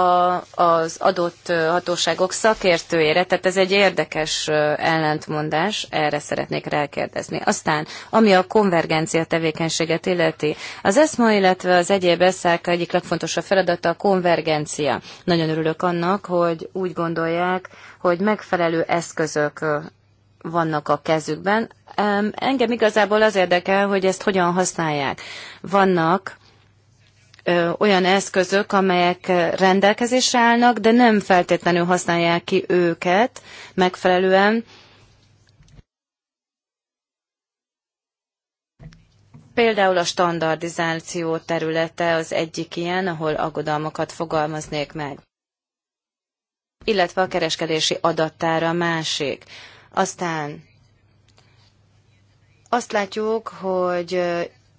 az adott hatóságok szakértőjére, tehát ez egy érdekes ellentmondás, erre szeretnék rákérdezni. Aztán, ami a konvergencia tevékenységet illeti, az ESMA, illetve az egyéb eszák egyik legfontosabb feladata a konvergencia. Nagyon örülök annak, hogy úgy gondolják, hogy megfelelő eszközök vannak a kezükben. Engem igazából az érdekel, hogy ezt hogyan használják. Vannak olyan eszközök, amelyek rendelkezésre állnak, de nem feltétlenül használják ki őket megfelelően. Például a standardizáció területe az egyik ilyen, ahol aggodalmakat fogalmaznék meg illetve a kereskedési adattára másik. Aztán azt látjuk, hogy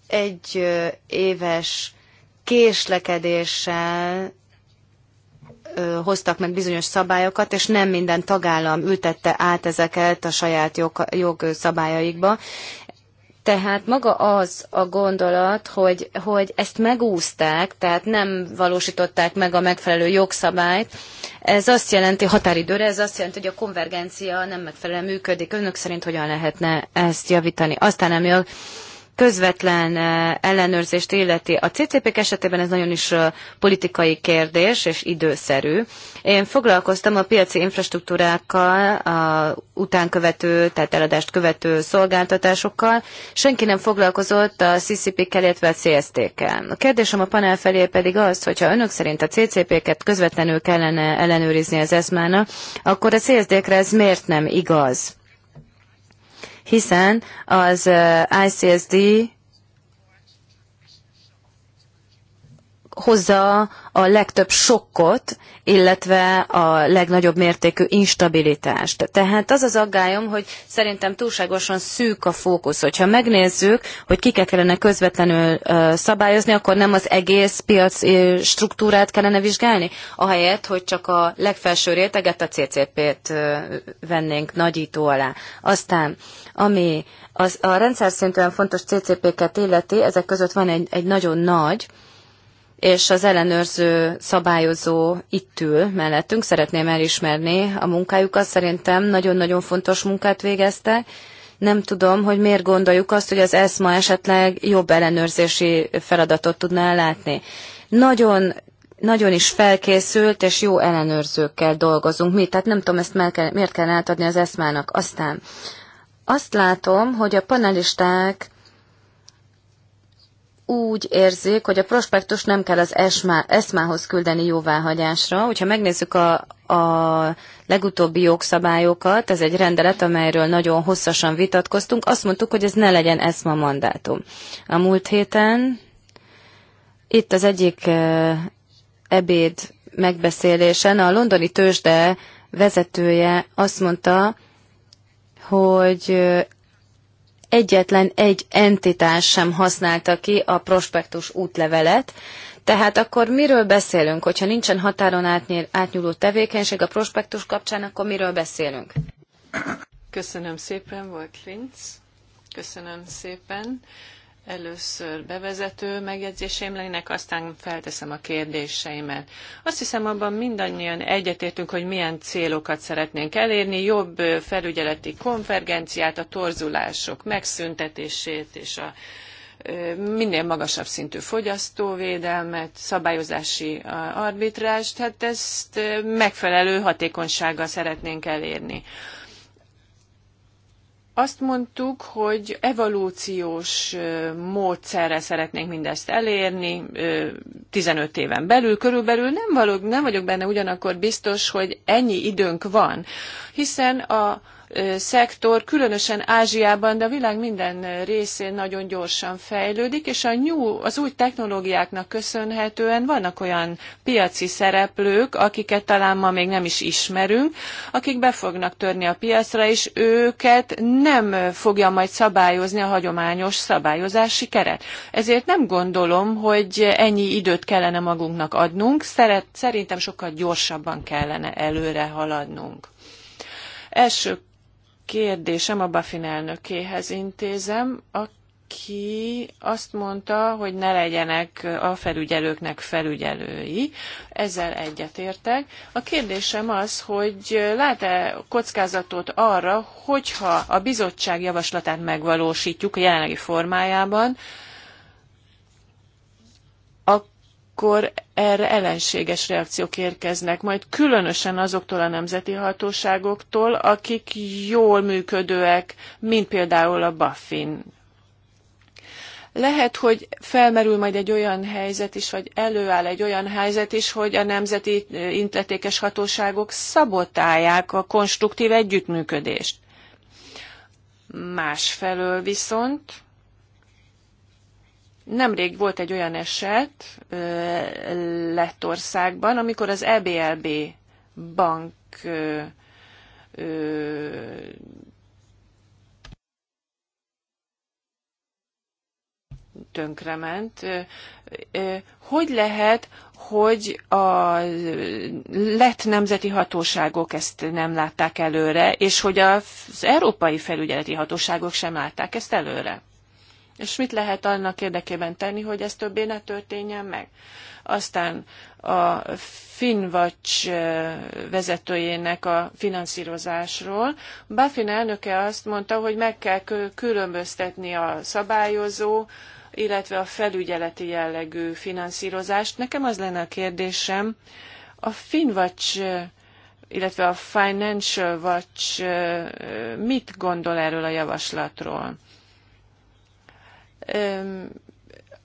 egy éves késlekedéssel hoztak meg bizonyos szabályokat, és nem minden tagállam ültette át ezeket a saját jog, jogszabályaikba, tehát maga az a gondolat, hogy, hogy ezt megúzták, tehát nem valósították meg a megfelelő jogszabályt, ez azt jelenti, határidőre, ez azt jelenti, hogy a konvergencia nem megfelelően működik. Önök szerint hogyan lehetne ezt javítani? Aztán ami a közvetlen ellenőrzést illeti. A ccp esetében ez nagyon is politikai kérdés és időszerű. Én foglalkoztam a piaci infrastruktúrákkal, a utánkövető, tehát eladást követő szolgáltatásokkal. Senki nem foglalkozott a ccp kel illetve a cst kel A kérdésem a panel felé pedig az, hogyha önök szerint a CCP-ket közvetlenül kellene ellenőrizni az eszmának, akkor a CSD-kre ez miért nem igaz? hiszen az ICSD hozza a legtöbb sokkot, illetve a legnagyobb mértékű instabilitást. Tehát az az aggályom, hogy szerintem túlságosan szűk a fókusz. Hogyha megnézzük, hogy kiket kellene közvetlenül szabályozni, akkor nem az egész piac struktúrát kellene vizsgálni, ahelyett, hogy csak a legfelső réteget, a CCP-t vennénk nagyító alá. Aztán, ami az, a rendszer szintűen fontos CCP-ket illeti, ezek között van egy, egy nagyon nagy, és az ellenőrző szabályozó itt ül mellettünk. Szeretném elismerni a munkájukat. Szerintem nagyon-nagyon fontos munkát végeztek. Nem tudom, hogy miért gondoljuk azt, hogy az ESMA esetleg jobb ellenőrzési feladatot tudná látni. Nagyon nagyon is felkészült és jó ellenőrzőkkel dolgozunk mi, tehát nem tudom ezt miért kell átadni az eszmának. Aztán azt látom, hogy a panelisták úgy érzik, hogy a prospektus nem kell az esmá, eszmához küldeni jóváhagyásra. Hogyha megnézzük a, a legutóbbi jogszabályokat, ez egy rendelet, amelyről nagyon hosszasan vitatkoztunk, azt mondtuk, hogy ez ne legyen eszma mandátum. A múlt héten itt az egyik ebéd megbeszélésen a londoni tőzsde vezetője azt mondta, hogy egyetlen egy entitás sem használta ki a prospektus útlevelet, tehát akkor miről beszélünk, hogyha nincsen határon átnyúló tevékenység a prospektus kapcsán, akkor miről beszélünk? Köszönöm szépen, volt Linz. Köszönöm szépen. Először bevezető megjegyzéseim lennének, aztán felteszem a kérdéseimet. Azt hiszem, abban mindannyian egyetértünk, hogy milyen célokat szeretnénk elérni, jobb felügyeleti konvergenciát, a torzulások megszüntetését és a minél magasabb szintű fogyasztóvédelmet, szabályozási arbitrást, hát ezt megfelelő hatékonysággal szeretnénk elérni. Azt mondtuk, hogy evolúciós módszerre szeretnénk mindezt elérni, 15 éven belül körülbelül nem, való, nem vagyok benne ugyanakkor biztos, hogy ennyi időnk van, hiszen a szektor, különösen Ázsiában, de a világ minden részén nagyon gyorsan fejlődik, és a new, az új technológiáknak köszönhetően vannak olyan piaci szereplők, akiket talán ma még nem is ismerünk, akik be fognak törni a piacra, és őket nem fogja majd szabályozni a hagyományos szabályozási keret. Ezért nem gondolom, hogy ennyi időt kellene magunknak adnunk, szeret, szerintem sokkal gyorsabban kellene előre haladnunk. Első kérdésem a Bafin elnökéhez intézem, aki azt mondta, hogy ne legyenek a felügyelőknek felügyelői. Ezzel egyetértek. A kérdésem az, hogy lát-e kockázatot arra, hogyha a bizottság javaslatát megvalósítjuk a jelenlegi formájában, akkor erre ellenséges reakciók érkeznek, majd különösen azoktól a nemzeti hatóságoktól, akik jól működőek, mint például a Buffin. Lehet, hogy felmerül majd egy olyan helyzet is, vagy előáll egy olyan helyzet is, hogy a nemzeti illetékes hatóságok szabotálják a konstruktív együttműködést. Másfelől viszont Nemrég volt egy olyan eset Lettországban, amikor az EBLB bank tönkrement. Hogy lehet, hogy a lett nemzeti hatóságok ezt nem látták előre, és hogy az európai felügyeleti hatóságok sem látták ezt előre? És mit lehet annak érdekében tenni, hogy ez többé ne történjen meg? Aztán a Finvacs vezetőjének a finanszírozásról. Buffin elnöke azt mondta, hogy meg kell különböztetni a szabályozó, illetve a felügyeleti jellegű finanszírozást. Nekem az lenne a kérdésem, a Finvacs illetve a Financial Watch mit gondol erről a javaslatról?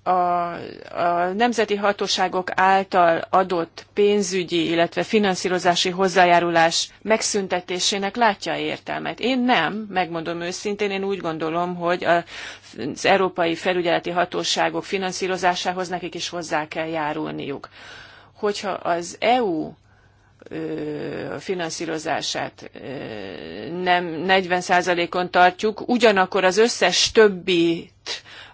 a, a nemzeti hatóságok által adott pénzügyi, illetve finanszírozási hozzájárulás megszüntetésének látja értelmet. Én nem, megmondom őszintén, én úgy gondolom, hogy az európai felügyeleti hatóságok finanszírozásához nekik is hozzá kell járulniuk. Hogyha az EU finanszírozását nem 40%-on tartjuk, ugyanakkor az összes többit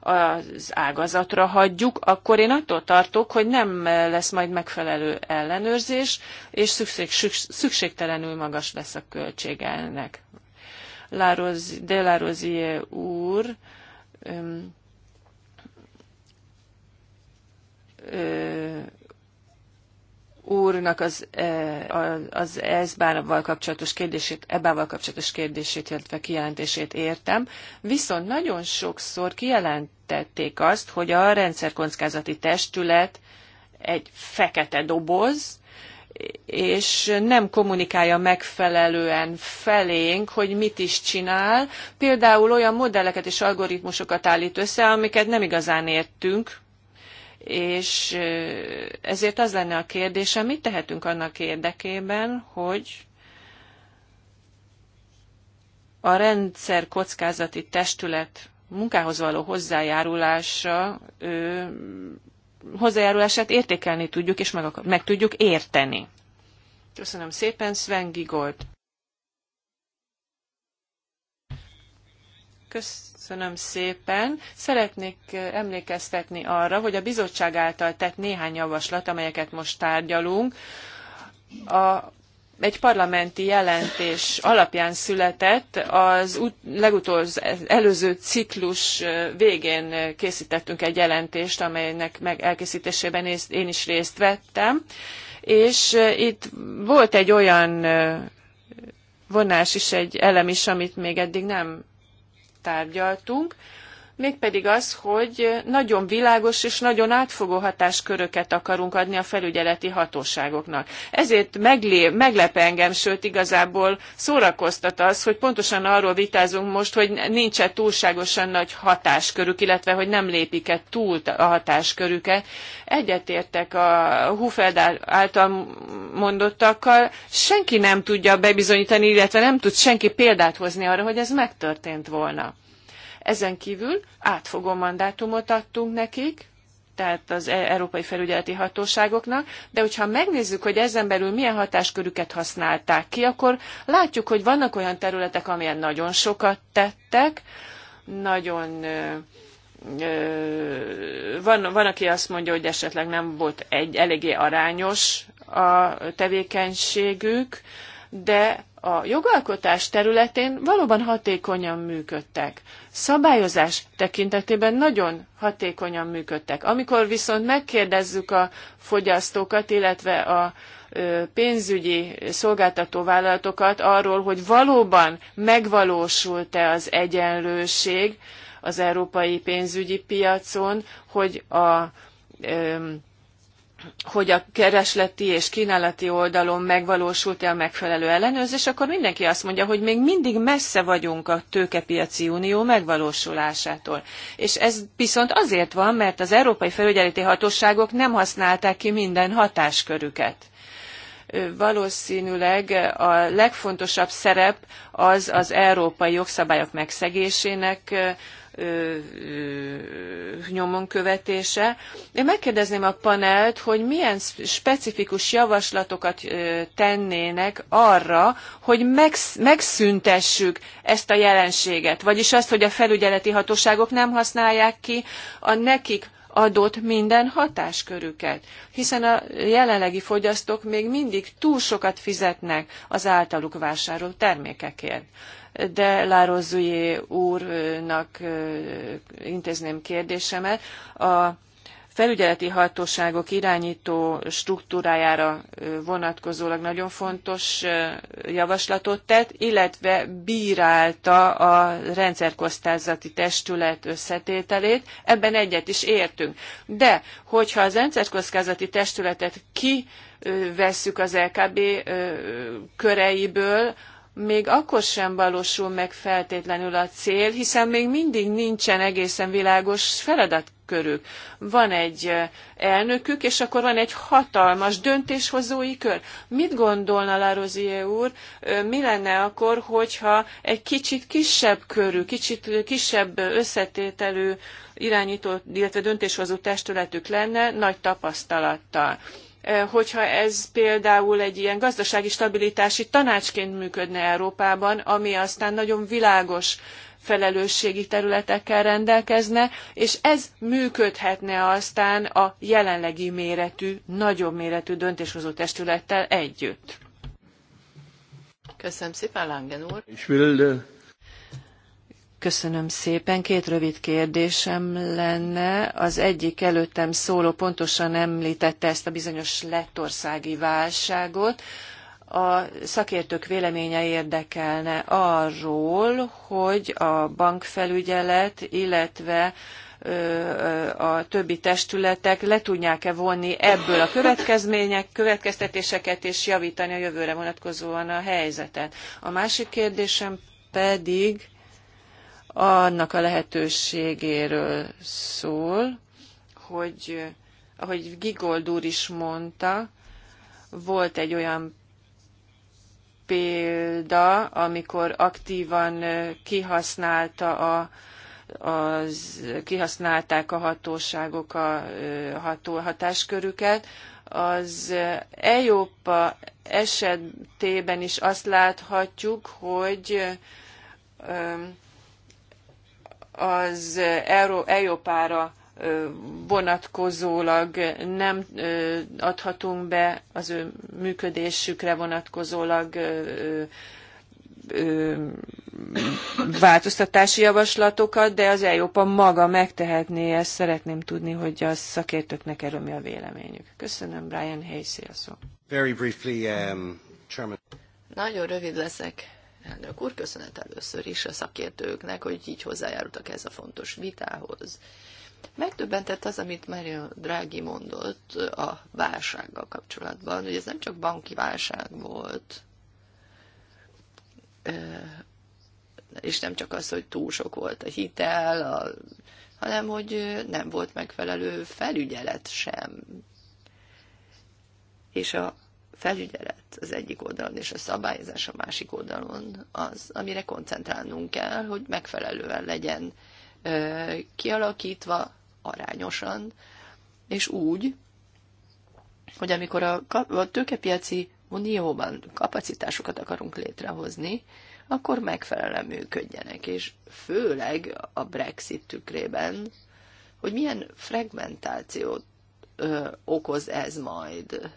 az ágazatra hagyjuk, akkor én attól tartok, hogy nem lesz majd megfelelő ellenőrzés, és szükség, szükségtelenül magas lesz a költség ennek. De Lározie úr öm, ö, úrnak az, e, az ESZ-bával kapcsolatos kérdését, ebával kapcsolatos kérdését, illetve kijelentését értem, viszont nagyon sokszor kijelentették azt, hogy a rendszerkockázati testület egy fekete doboz, és nem kommunikálja megfelelően felénk, hogy mit is csinál. Például olyan modelleket és algoritmusokat állít össze, amiket nem igazán értünk, és ezért az lenne a kérdésem, mit tehetünk annak érdekében, hogy a rendszer kockázati testület munkához való hozzájárulása, hozzájárulását értékelni tudjuk, és meg, meg tudjuk érteni. Köszönöm szépen, Sven Gigold. Köszönöm. Köszönöm szépen. Szeretnék emlékeztetni arra, hogy a bizottság által tett néhány javaslat, amelyeket most tárgyalunk, a egy parlamenti jelentés alapján született, az legutolsó előző ciklus végén készítettünk egy jelentést, amelynek meg elkészítésében én is részt vettem, és itt volt egy olyan vonás is, egy elem is, amit még eddig nem tárgyaltunk, mégpedig az, hogy nagyon világos és nagyon átfogó hatásköröket akarunk adni a felügyeleti hatóságoknak. Ezért meglé, meglep engem, sőt igazából szórakoztat az, hogy pontosan arról vitázunk most, hogy nincs-e túlságosan nagy hatáskörük, illetve hogy nem lépik-e túl a hatáskörüket. Egyetértek a Hufeld által mondottakkal, senki nem tudja bebizonyítani, illetve nem tud senki példát hozni arra, hogy ez megtörtént volna. Ezen kívül átfogó mandátumot adtunk nekik, tehát az e- Európai Felügyeleti Hatóságoknak, de hogyha megnézzük, hogy ezen belül milyen hatáskörüket használták ki, akkor látjuk, hogy vannak olyan területek, amilyen nagyon sokat tettek, nagyon van, van, aki azt mondja, hogy esetleg nem volt egy eléggé arányos a tevékenységük, de a jogalkotás területén valóban hatékonyan működtek. Szabályozás tekintetében nagyon hatékonyan működtek. Amikor viszont megkérdezzük a fogyasztókat, illetve a pénzügyi szolgáltató vállalatokat arról, hogy valóban megvalósult-e az egyenlőség az európai pénzügyi piacon, hogy a hogy a keresleti és kínálati oldalon megvalósult-e a megfelelő ellenőrzés, akkor mindenki azt mondja, hogy még mindig messze vagyunk a tőkepiaci unió megvalósulásától. És ez viszont azért van, mert az európai felügyeleti hatóságok nem használták ki minden hatáskörüket valószínűleg a legfontosabb szerep az az európai jogszabályok megszegésének nyomon követése. Én megkérdezném a panelt, hogy milyen specifikus javaslatokat tennének arra, hogy megszüntessük ezt a jelenséget, vagyis azt, hogy a felügyeleti hatóságok nem használják ki a nekik adott minden hatáskörüket, hiszen a jelenlegi fogyasztók még mindig túl sokat fizetnek az általuk vásárolt termékekért de Lározujé úrnak intézném kérdésemet. A felügyeleti hatóságok irányító struktúrájára vonatkozólag nagyon fontos javaslatot tett, illetve bírálta a rendszerkosztázati testület összetételét. Ebben egyet is értünk. De hogyha az rendszerkosztázati testületet ki vesszük az LKB köreiből, még akkor sem valósul meg feltétlenül a cél, hiszen még mindig nincsen egészen világos feladatkörük. Van egy elnökük, és akkor van egy hatalmas döntéshozói kör. Mit gondolna Larozie úr, mi lenne akkor, hogyha egy kicsit kisebb körű, kicsit kisebb összetételű irányító, illetve döntéshozó testületük lenne nagy tapasztalattal? Eh, hogyha ez például egy ilyen gazdasági stabilitási tanácsként működne Európában, ami aztán nagyon világos felelősségi területekkel rendelkezne, és ez működhetne aztán a jelenlegi méretű, nagyobb méretű döntéshozó testülettel együtt. Köszönöm szépen, Langen úr. Ich will eh, Köszönöm szépen. Két rövid kérdésem lenne. Az egyik előttem szóló pontosan említette ezt a bizonyos lettországi válságot. A szakértők véleménye érdekelne arról, hogy a bankfelügyelet, illetve a többi testületek le tudják-e vonni ebből a következmények, következtetéseket és javítani a jövőre vonatkozóan a helyzetet. A másik kérdésem pedig annak a lehetőségéről szól, hogy ahogy Gigold úr is mondta, volt egy olyan példa, amikor aktívan kihasználta a, az, kihasználták a hatóságok a ható, hatáskörüket, az Európa esetében is azt láthatjuk, hogy az Európára vonatkozólag nem adhatunk be az ő működésükre vonatkozólag változtatási javaslatokat, de az Európa maga megtehetné ezt. Szeretném tudni, hogy a szakértőknek erről mi a véleményük. Köszönöm, Brian Hayes, szó. Very briefly, um, Chairman. Nagyon rövid leszek, Elnök úr, köszönet először is a szakértőknek, hogy így hozzájárultak ez a fontos vitához. Megdöbbentett az, amit Mario Draghi mondott a válsággal kapcsolatban, hogy ez nem csak banki válság volt, és nem csak az, hogy túl sok volt a hitel, a, hanem hogy nem volt megfelelő felügyelet sem. És a felügyelet az egyik oldalon és a szabályozás a másik oldalon az, amire koncentrálnunk kell, hogy megfelelően legyen kialakítva arányosan, és úgy, hogy amikor a, a tőkepiaci unióban kapacitásokat akarunk létrehozni, akkor megfelelően működjenek, és főleg a Brexit tükrében, hogy milyen fragmentációt ö, okoz ez majd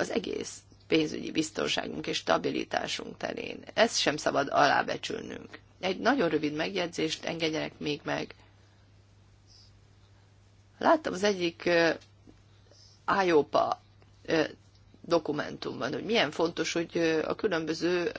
az egész pénzügyi biztonságunk és stabilitásunk terén. Ezt sem szabad alábecsülnünk. Egy nagyon rövid megjegyzést engedjenek még meg. Láttam az egyik IOPA dokumentumban, hogy milyen fontos, hogy a különböző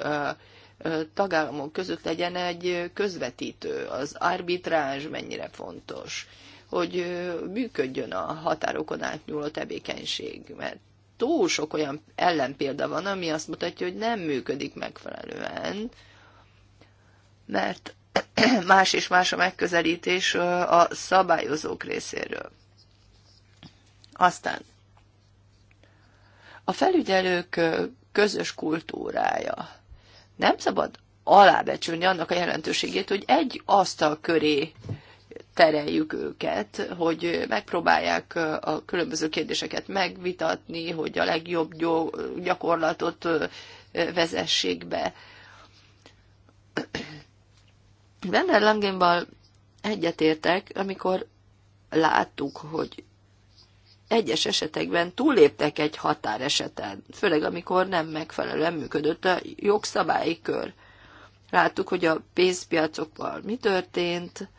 tagállamok között legyen egy közvetítő, az arbitrázs mennyire fontos, hogy működjön a határokon átnyúló tevékenység, mert túl sok olyan ellenpélda van, ami azt mutatja, hogy nem működik megfelelően, mert más és más a megközelítés a szabályozók részéről. Aztán a felügyelők közös kultúrája. Nem szabad alábecsülni annak a jelentőségét, hogy egy asztal köré tereljük őket, hogy megpróbálják a különböző kérdéseket megvitatni, hogy a legjobb gyakorlatot vezessék be. Werner Langenbal egyetértek, amikor láttuk, hogy egyes esetekben túléptek egy határeseten, főleg amikor nem megfelelően működött a jogszabályi kör. Láttuk, hogy a pénzpiacokkal mi történt,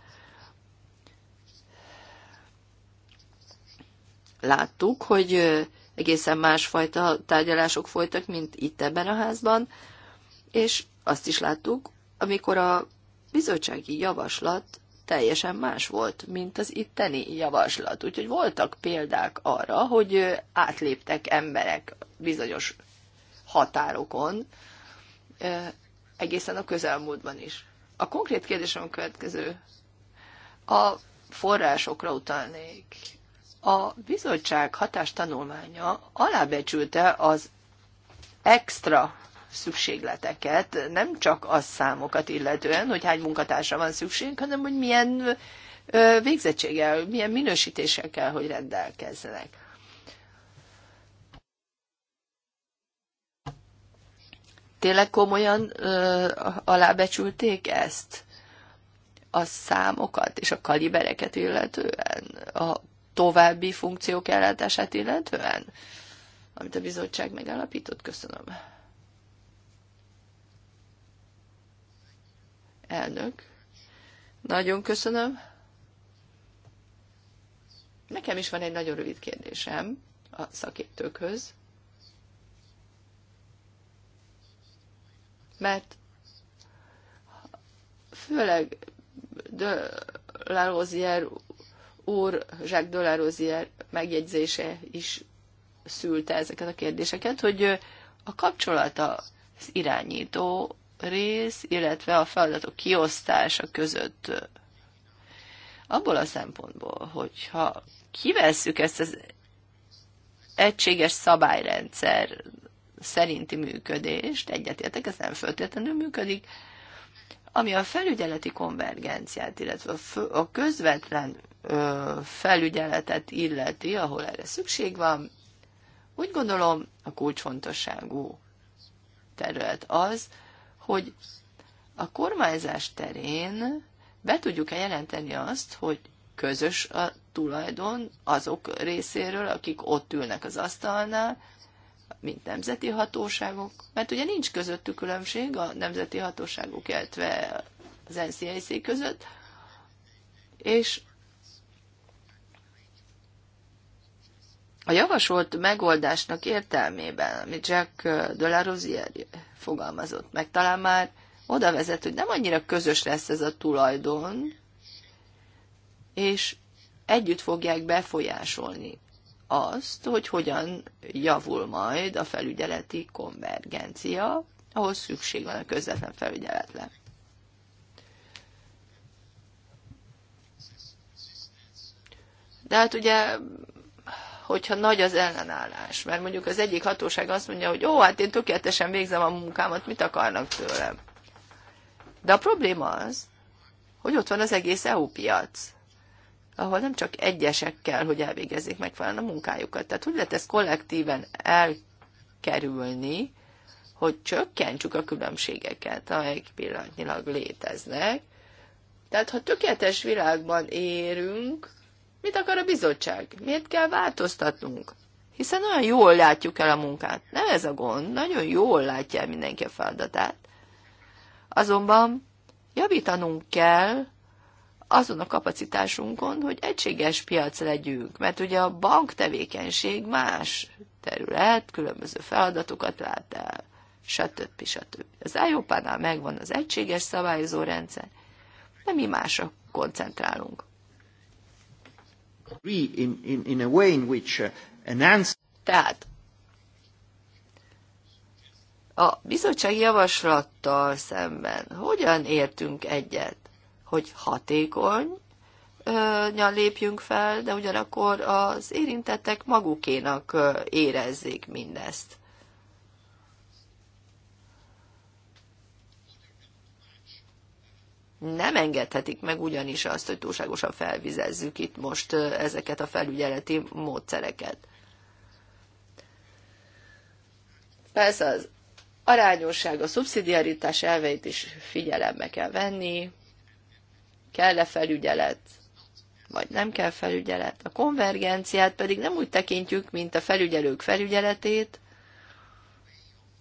láttuk, hogy egészen másfajta tárgyalások folytak, mint itt ebben a házban, és azt is láttuk, amikor a bizottsági javaslat teljesen más volt, mint az itteni javaslat. Úgyhogy voltak példák arra, hogy átléptek emberek bizonyos határokon, egészen a közelmúltban is. A konkrét kérdésem a következő. A forrásokra utalnék. A bizottság hatástanulmánya alábecsülte az extra szükségleteket, nem csak az számokat illetően, hogy hány munkatársra van szükség, hanem hogy milyen végzettséggel, milyen minősítéssel kell, hogy rendelkezzenek. Tényleg komolyan ö, alábecsülték ezt? A számokat és a kalibereket illetően a további funkciók ellátását illetően, amit a bizottság megállapított? Köszönöm. Elnök. Nagyon köszönöm. Nekem is van egy nagyon rövid kérdésem a szakértőkhöz. Mert főleg de Larozier úr Jacques Delarosier megjegyzése is szülte ezeket a kérdéseket, hogy a kapcsolat az irányító rész, illetve a feladatok kiosztása között abból a szempontból, hogyha kivesszük ezt az egységes szabályrendszer szerinti működést, egyetértek, ez nem föltétlenül működik, ami a felügyeleti konvergenciát, illetve a közvetlen felügyeletet illeti, ahol erre szükség van, úgy gondolom a kulcsfontosságú terület az, hogy a kormányzás terén be tudjuk-e jelenteni azt, hogy közös a tulajdon azok részéről, akik ott ülnek az asztalnál, mint nemzeti hatóságok, mert ugye nincs közöttük különbség a nemzeti hatóságok, illetve az NCIC között, és a javasolt megoldásnak értelmében, amit Jack de la Rosière fogalmazott meg, talán már oda vezet, hogy nem annyira közös lesz ez a tulajdon, és együtt fogják befolyásolni azt, hogy hogyan javul majd a felügyeleti konvergencia, ahhoz szükség van a közvetlen felügyeletre. De hát ugye, hogyha nagy az ellenállás, mert mondjuk az egyik hatóság azt mondja, hogy ó, hát én tökéletesen végzem a munkámat, mit akarnak tőlem? De a probléma az, hogy ott van az egész EU piac ahol nem csak egyesek kell, hogy elvégezzék megfelelően a munkájukat. Tehát hogy lehet ezt kollektíven elkerülni, hogy csökkentsük a különbségeket, amelyek pillanatnyilag léteznek. Tehát, ha tökéletes világban érünk, mit akar a bizottság? Miért kell változtatnunk? Hiszen olyan jól látjuk el a munkát. Nem ez a gond, nagyon jól látja el mindenki a feladatát. Azonban javítanunk kell azon a kapacitásunkon, hogy egységes piac legyünk, mert ugye a bank tevékenység más terület, különböző feladatokat lát el, stb. stb. Az IOPA-nál megvan az egységes szabályozó rendszer, de mi másra koncentrálunk. In, a way in which uh, Tehát a bizottsági javaslattal szemben hogyan értünk egyet? hogy hatékony, lépjünk fel, de ugyanakkor az érintettek magukénak érezzék mindezt. Nem engedhetik meg ugyanis azt, hogy túlságosan felvizezzük itt most ezeket a felügyeleti módszereket. Persze az arányosság, a szubszidiaritás elveit is figyelembe kell venni, kell-e felügyelet, vagy nem kell felügyelet. A konvergenciát pedig nem úgy tekintjük, mint a felügyelők felügyeletét,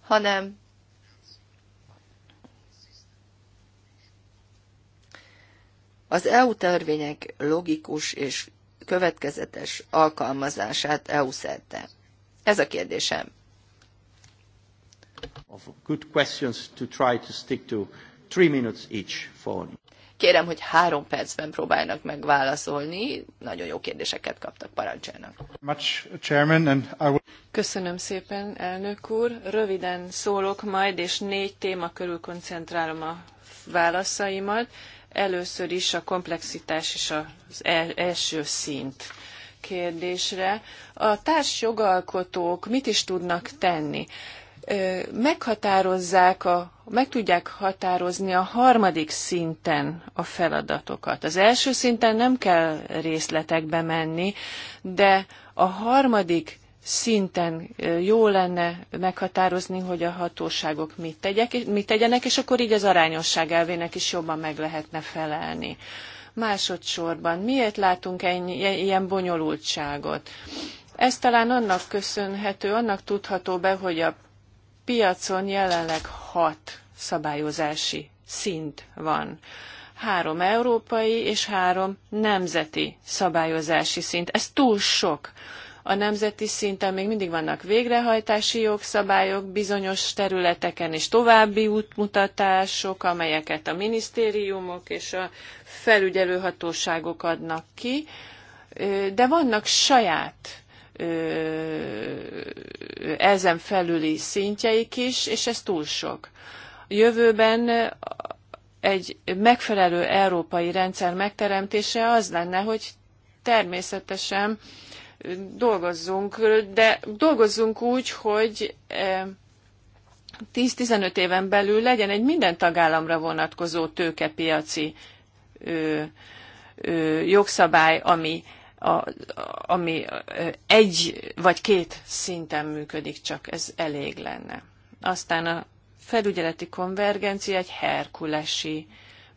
hanem az EU törvények logikus és következetes alkalmazását EU szerte. Ez a kérdésem. Of good questions to try to stick to three minutes each for Kérem, hogy három percben próbálnak meg válaszolni. Nagyon jó kérdéseket kaptak, parancsának. Köszönöm szépen, elnök úr. Röviden szólok majd, és négy téma körül koncentrálom a válaszaimat. Először is a komplexitás és az e- első szint kérdésre. A társjogalkotók mit is tudnak tenni? meghatározzák a, meg tudják határozni a harmadik szinten a feladatokat. Az első szinten nem kell részletekbe menni, de a harmadik szinten jó lenne meghatározni, hogy a hatóságok mit, tegyek, mit tegyenek, és akkor így az arányosság elvének is jobban meg lehetne felelni. Másodszorban, miért látunk ennyi, ilyen bonyolultságot? Ez talán annak köszönhető, annak tudható be, hogy a piacon jelenleg hat szabályozási szint van. Három európai és három nemzeti szabályozási szint. Ez túl sok. A nemzeti szinten még mindig vannak végrehajtási jogszabályok bizonyos területeken, és további útmutatások, amelyeket a minisztériumok és a felügyelőhatóságok adnak ki, de vannak saját ezen felüli szintjeik is, és ez túl sok. Jövőben egy megfelelő európai rendszer megteremtése az lenne, hogy természetesen dolgozzunk, de dolgozzunk úgy, hogy 10-15 éven belül legyen egy minden tagállamra vonatkozó tőkepiaci jogszabály, ami a, ami egy vagy két szinten működik, csak ez elég lenne. Aztán a felügyeleti konvergencia egy herkulesi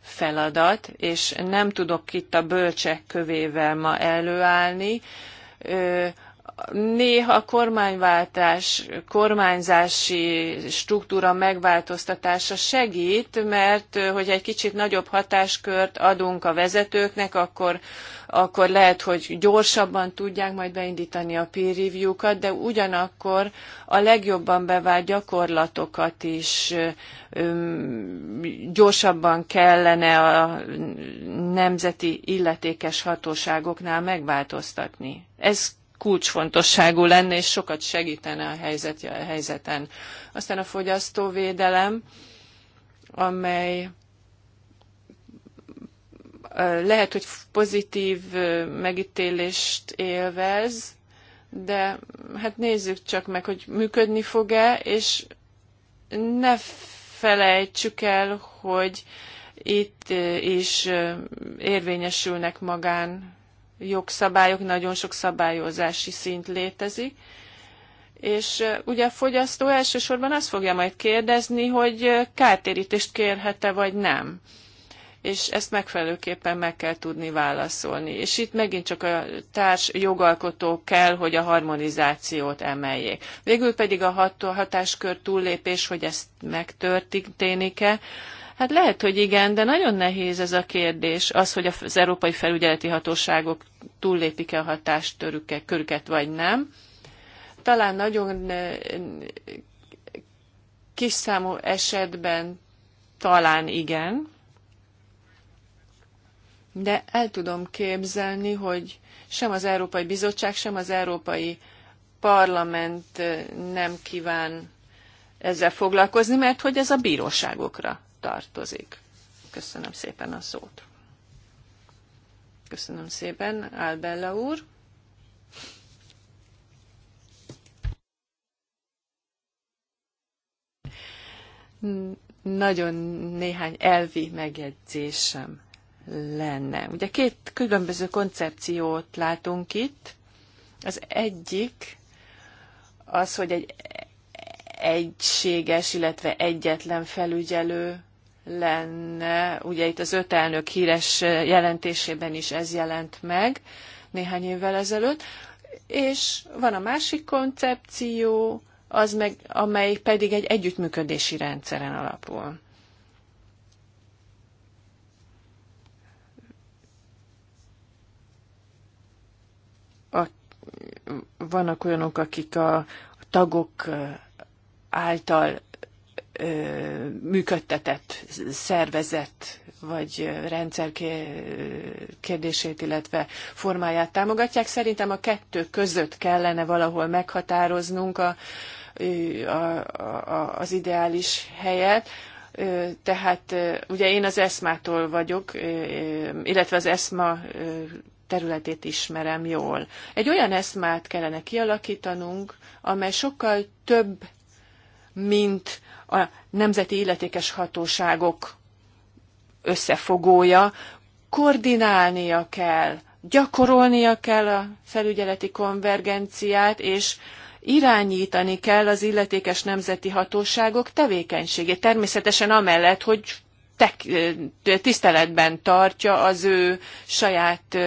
feladat, és nem tudok itt a bölcsek kövével ma előállni néha kormányváltás, kormányzási struktúra megváltoztatása segít, mert hogy egy kicsit nagyobb hatáskört adunk a vezetőknek, akkor, akkor lehet, hogy gyorsabban tudják majd beindítani a peer review-kat, de ugyanakkor a legjobban bevált gyakorlatokat is gyorsabban kellene a nemzeti illetékes hatóságoknál megváltoztatni. Ez kulcsfontosságú lenne, és sokat segítene a, helyzet, a helyzeten. Aztán a fogyasztóvédelem, amely lehet, hogy pozitív megítélést élvez, de hát nézzük csak meg, hogy működni fog-e, és ne felejtsük el, hogy itt is érvényesülnek magán jogszabályok, nagyon sok szabályozási szint létezik. És ugye a fogyasztó elsősorban azt fogja majd kérdezni, hogy kártérítést kérhet-e vagy nem. És ezt megfelelőképpen meg kell tudni válaszolni. És itt megint csak a társ jogalkotó kell, hogy a harmonizációt emeljék. Végül pedig a hatáskör túllépés, hogy ezt megtörténik-e, Hát lehet, hogy igen, de nagyon nehéz ez a kérdés, az, hogy az európai felügyeleti hatóságok túllépik-e a hatáskörüket, vagy nem. Talán nagyon eh, kis számú esetben talán igen, de el tudom képzelni, hogy sem az Európai Bizottság, sem az Európai Parlament eh, nem kíván ezzel foglalkozni, mert hogy ez a bíróságokra tartozik. Köszönöm szépen a szót. Köszönöm szépen, Álbella úr. Nagyon néhány elvi megjegyzésem lenne. Ugye két különböző koncepciót látunk itt. Az egyik az, hogy egy egységes, illetve egyetlen felügyelő lenne, ugye itt az öt elnök híres jelentésében is ez jelent meg néhány évvel ezelőtt, és van a másik koncepció, az meg, amely pedig egy együttműködési rendszeren alapul. A, vannak olyanok, akik a, a tagok által működtetett szervezet vagy rendszer kérdését, illetve formáját támogatják. Szerintem a kettő között kellene valahol meghatároznunk a, a, a, az ideális helyet. Tehát ugye én az eszmától vagyok, illetve az ESMA területét ismerem jól. Egy olyan eszmát kellene kialakítanunk, amely sokkal több mint a nemzeti illetékes hatóságok összefogója, koordinálnia kell, gyakorolnia kell a felügyeleti konvergenciát, és irányítani kell az illetékes nemzeti hatóságok tevékenységét. Természetesen amellett, hogy tiszteletben tartja az ő saját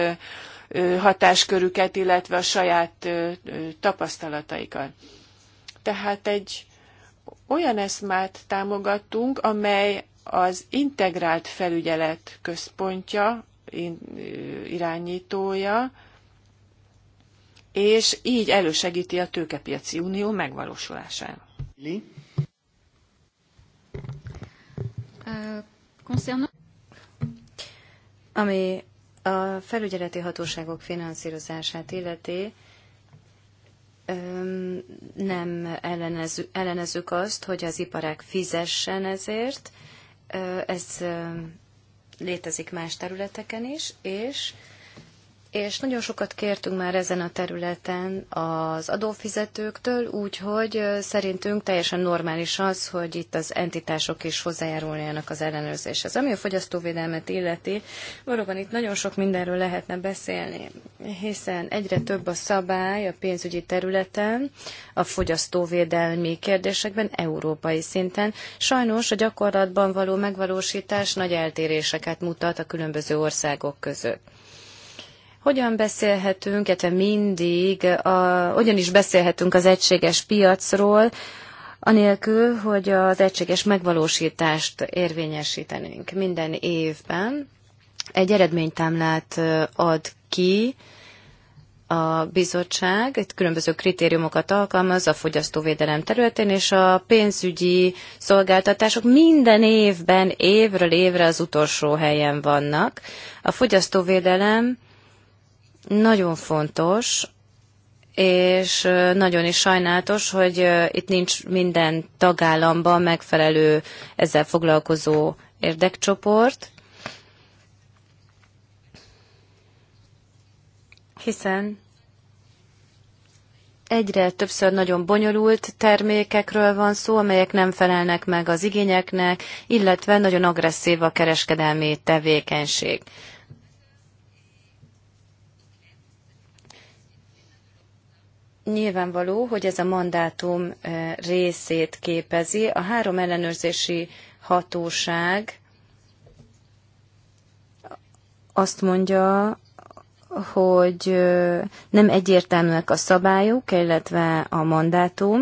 hatáskörüket, illetve a saját tapasztalataikat. Tehát egy olyan eszmát támogattunk, amely az integrált felügyelet központja, irányítója, és így elősegíti a tőkepiaci unió megvalósulását. Ami a felügyeleti hatóságok finanszírozását illeti, nem ellenezzük, ellenezzük azt, hogy az iparák fizessen ezért, ez létezik más területeken is, és és nagyon sokat kértünk már ezen a területen az adófizetőktől, úgyhogy szerintünk teljesen normális az, hogy itt az entitások is hozzájáruljanak az ellenőrzéshez. Ami a fogyasztóvédelmet illeti, valóban itt nagyon sok mindenről lehetne beszélni, hiszen egyre több a szabály a pénzügyi területen, a fogyasztóvédelmi kérdésekben, európai szinten. Sajnos a gyakorlatban való megvalósítás nagy eltéréseket mutat a különböző országok között. Hogyan beszélhetünk, illetve mindig, a, hogyan is beszélhetünk az egységes piacról, anélkül, hogy az egységes megvalósítást érvényesítenénk minden évben. Egy eredménytámlát ad ki a bizottság, itt különböző kritériumokat alkalmaz a fogyasztóvédelem területén, és a pénzügyi szolgáltatások minden évben, évről évre az utolsó helyen vannak. A fogyasztóvédelem nagyon fontos, és nagyon is sajnálatos, hogy itt nincs minden tagállamban megfelelő ezzel foglalkozó érdekcsoport, hiszen egyre többször nagyon bonyolult termékekről van szó, amelyek nem felelnek meg az igényeknek, illetve nagyon agresszív a kereskedelmi tevékenység. Nyilvánvaló, hogy ez a mandátum részét képezi. A három ellenőrzési hatóság azt mondja, hogy nem egyértelműek a szabályok, illetve a mandátum,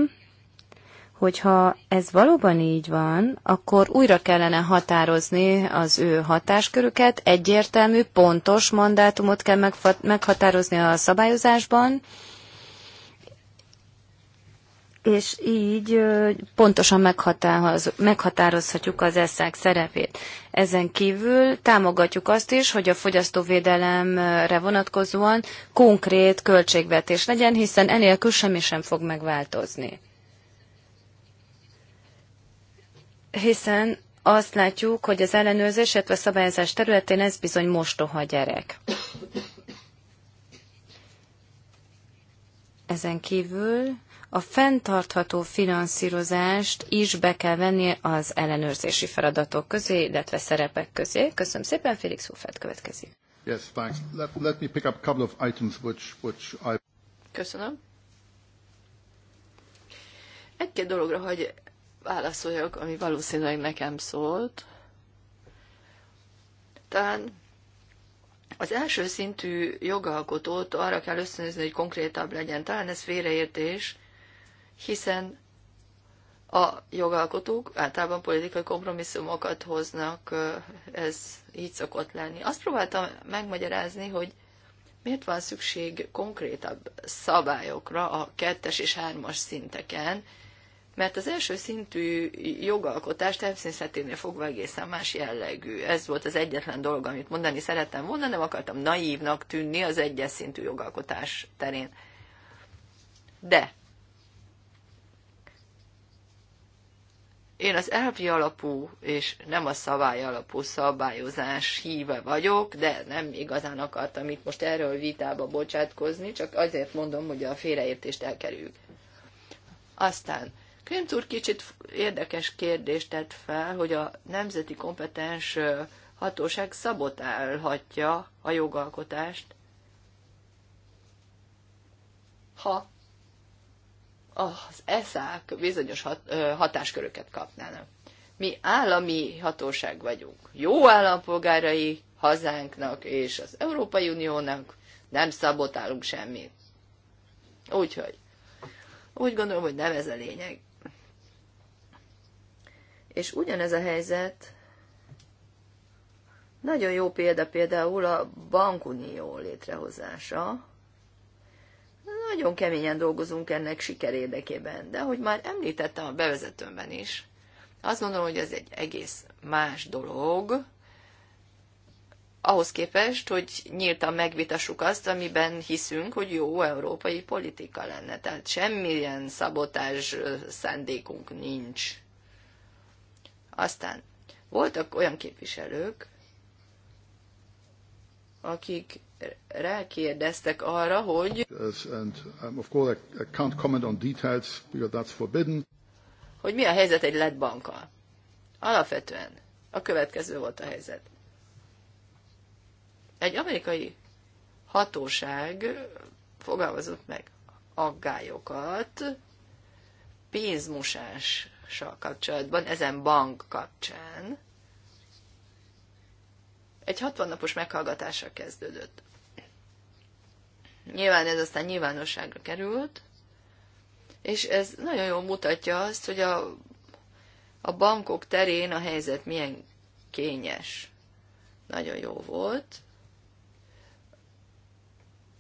hogyha ez valóban így van, akkor újra kellene határozni az ő hatáskörüket, egyértelmű, pontos mandátumot kell meghatározni a szabályozásban, és így pontosan meghatározhatjuk az eszák szerepét. Ezen kívül támogatjuk azt is, hogy a fogyasztóvédelemre vonatkozóan konkrét költségvetés legyen, hiszen enélkül semmi sem fog megváltozni. Hiszen azt látjuk, hogy az ellenőrzés, illetve szabályozás területén ez bizony mostoha gyerek. Ezen kívül a fenntartható finanszírozást is be kell venni az ellenőrzési feladatok közé, illetve szerepek közé. Köszönöm szépen, Félix Hufeld következik. Yes, thanks. Let, let me pick up a couple of items which, which I... Köszönöm. Egy-két dologra, hogy válaszoljak, ami valószínűleg nekem szólt. Talán az első szintű jogalkotót arra kell összenőzni, hogy konkrétabb legyen. Talán ez félreértés, hiszen a jogalkotók általában politikai kompromisszumokat hoznak, ez így szokott lenni. Azt próbáltam megmagyarázni, hogy miért van szükség konkrétabb szabályokra a kettes és hármas szinteken, mert az első szintű jogalkotás természeténél fogva egészen más jellegű. Ez volt az egyetlen dolog, amit mondani szerettem volna, nem akartam naívnak tűnni az egyes szintű jogalkotás terén. De Én az elvi alapú és nem a szabály alapú szabályozás híve vagyok, de nem igazán akartam itt most erről vitába bocsátkozni, csak azért mondom, hogy a félreértést elkerüljük. Aztán Krimc úr kicsit érdekes kérdést tett fel, hogy a nemzeti kompetens hatóság szabotálhatja a jogalkotást, ha az eszák bizonyos hat, hatásköröket kapnának. Mi állami hatóság vagyunk, jó állampolgárai hazánknak és az Európai Uniónak, nem szabotálunk semmit. Úgyhogy úgy gondolom, hogy nem ez a lényeg. És ugyanez a helyzet, nagyon jó példa például a bankunió létrehozása, nagyon keményen dolgozunk ennek siker érdekében, de ahogy már említettem a bevezetőmben is, azt gondolom, hogy ez egy egész más dolog, ahhoz képest, hogy nyíltan megvitassuk azt, amiben hiszünk, hogy jó európai politika lenne. Tehát semmilyen szabotás szándékunk nincs. Aztán voltak olyan képviselők, akik rákérdeztek arra, hogy um, hogy mi a helyzet egy lett bankkal. Alapvetően a következő volt a helyzet. Egy amerikai hatóság fogalmazott meg aggályokat pénzmusással kapcsolatban, ezen bank kapcsán. Egy 60 napos meghallgatással kezdődött. Nyilván ez aztán nyilvánosságra került, és ez nagyon jól mutatja azt, hogy a, a bankok terén a helyzet milyen kényes. Nagyon jó volt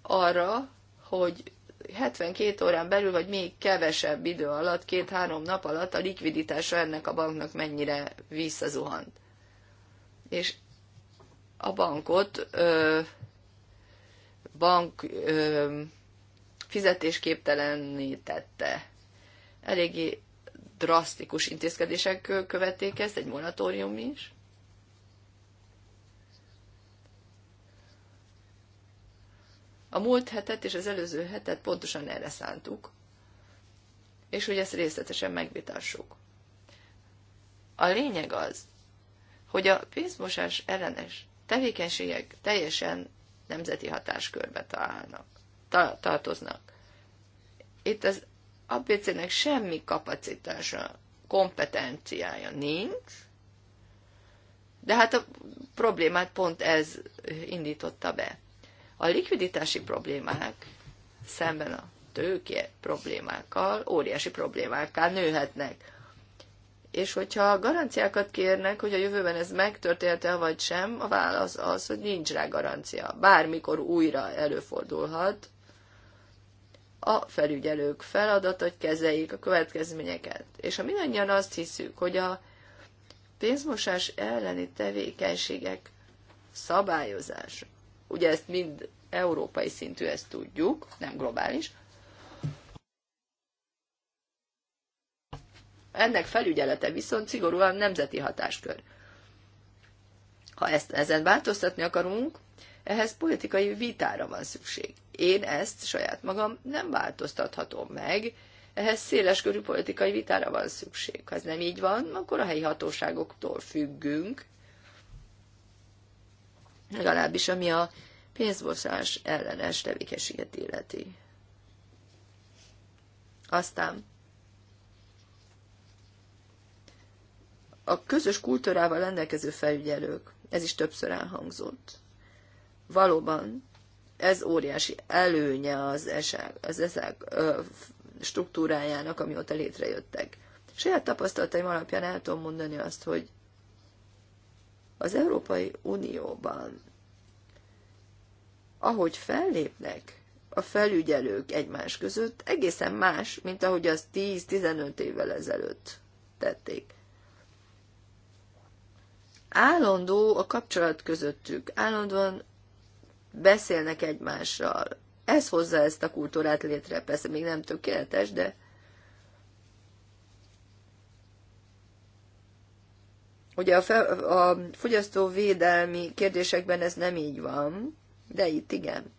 arra, hogy 72 órán belül, vagy még kevesebb idő alatt, két-három nap alatt a likviditása ennek a banknak mennyire visszazuhant. És a bankot ö, bank ö, fizetésképtelenné tette. Eléggé drasztikus intézkedések követték ezt, egy moratórium is. A múlt hetet és az előző hetet pontosan erre szántuk, és hogy ezt részletesen megvitassuk. A lényeg az, hogy a pénzmosás ellenes tevékenységek teljesen nemzeti hatáskörbe találnak, ta, tartoznak. Itt az APC-nek semmi kapacitása, kompetenciája nincs, de hát a problémát pont ez indította be. A likviditási problémák szemben a tőke problémákkal óriási problémákkal nőhetnek és hogyha garanciákat kérnek, hogy a jövőben ez megtörtént-e vagy sem, a válasz az, hogy nincs rá garancia. Bármikor újra előfordulhat. A felügyelők feladat, hogy kezeljék a következményeket. És ha mindannyian azt hiszük, hogy a pénzmosás elleni tevékenységek szabályozása, ugye ezt mind európai szintű, ezt tudjuk, nem globális, ennek felügyelete viszont szigorúan nemzeti hatáskör. Ha ezt, ezen változtatni akarunk, ehhez politikai vitára van szükség. Én ezt saját magam nem változtathatom meg, ehhez széleskörű politikai vitára van szükség. Ha ez nem így van, akkor a helyi hatóságoktól függünk, legalábbis ami a pénzbosszás ellenes tevékenységet illeti. Aztán a közös kultúrával rendelkező felügyelők. Ez is többször elhangzott. Valóban ez óriási előnye az ESEG, az ESEG struktúrájának, amióta létrejöttek. Saját tapasztalataim alapján el tudom mondani azt, hogy az Európai Unióban, ahogy fellépnek a felügyelők egymás között, egészen más, mint ahogy az 10-15 évvel ezelőtt tették állandó a kapcsolat közöttük, állandóan beszélnek egymással. Ez hozza ezt a kultúrát létre, persze még nem tökéletes, de Ugye a, fe, a fogyasztóvédelmi kérdésekben ez nem így van, de itt igen.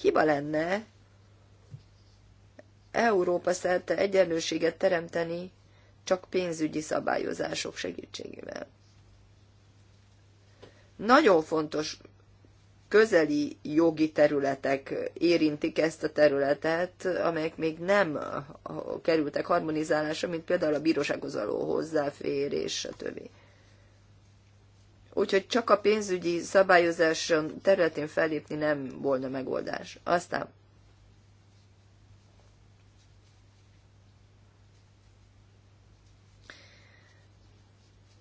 Hiba lenne Európa szerte egyenlőséget teremteni csak pénzügyi szabályozások segítségével. Nagyon fontos közeli jogi területek érintik ezt a területet, amelyek még nem kerültek harmonizálásra, mint például a bírósághoz való hozzáférés, stb. Úgyhogy csak a pénzügyi szabályozás területén fellépni nem volna megoldás. Aztán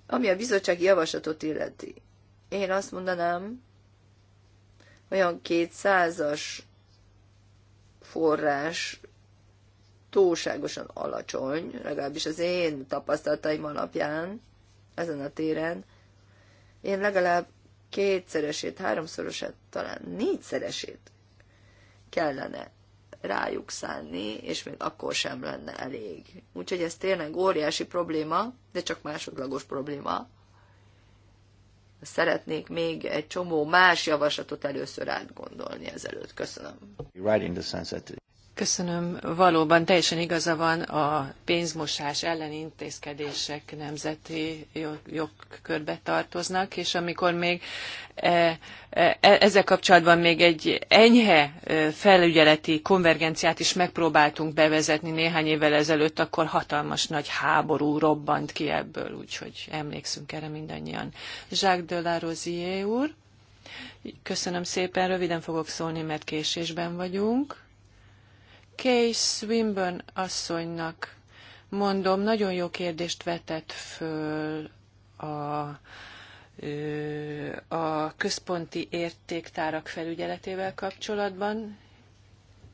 ami a bizottsági javaslatot illeti. Én azt mondanám, olyan kétszázas forrás túlságosan alacsony, legalábbis az én tapasztalataim alapján ezen a téren. Én legalább kétszeresét, háromszorosát, talán négyszeresét kellene rájuk szánni, és még akkor sem lenne elég. Úgyhogy ez tényleg óriási probléma, de csak másodlagos probléma szeretnék még egy csomó más javaslatot először átgondolni ezelőtt. Köszönöm. Köszönöm. Valóban teljesen igaza van, a pénzmosás elleni intézkedések nemzeti jogkörbe tartoznak, és amikor még e, e, e, ezzel kapcsolatban még egy enyhe felügyeleti konvergenciát is megpróbáltunk bevezetni néhány évvel ezelőtt, akkor hatalmas nagy háború robbant ki ebből, úgyhogy emlékszünk erre mindannyian. Jacques de la Rosier úr, köszönöm szépen, röviden fogok szólni, mert késésben vagyunk Kay Swinburne asszonynak mondom, nagyon jó kérdést vetett föl a, a központi értéktárak felügyeletével kapcsolatban.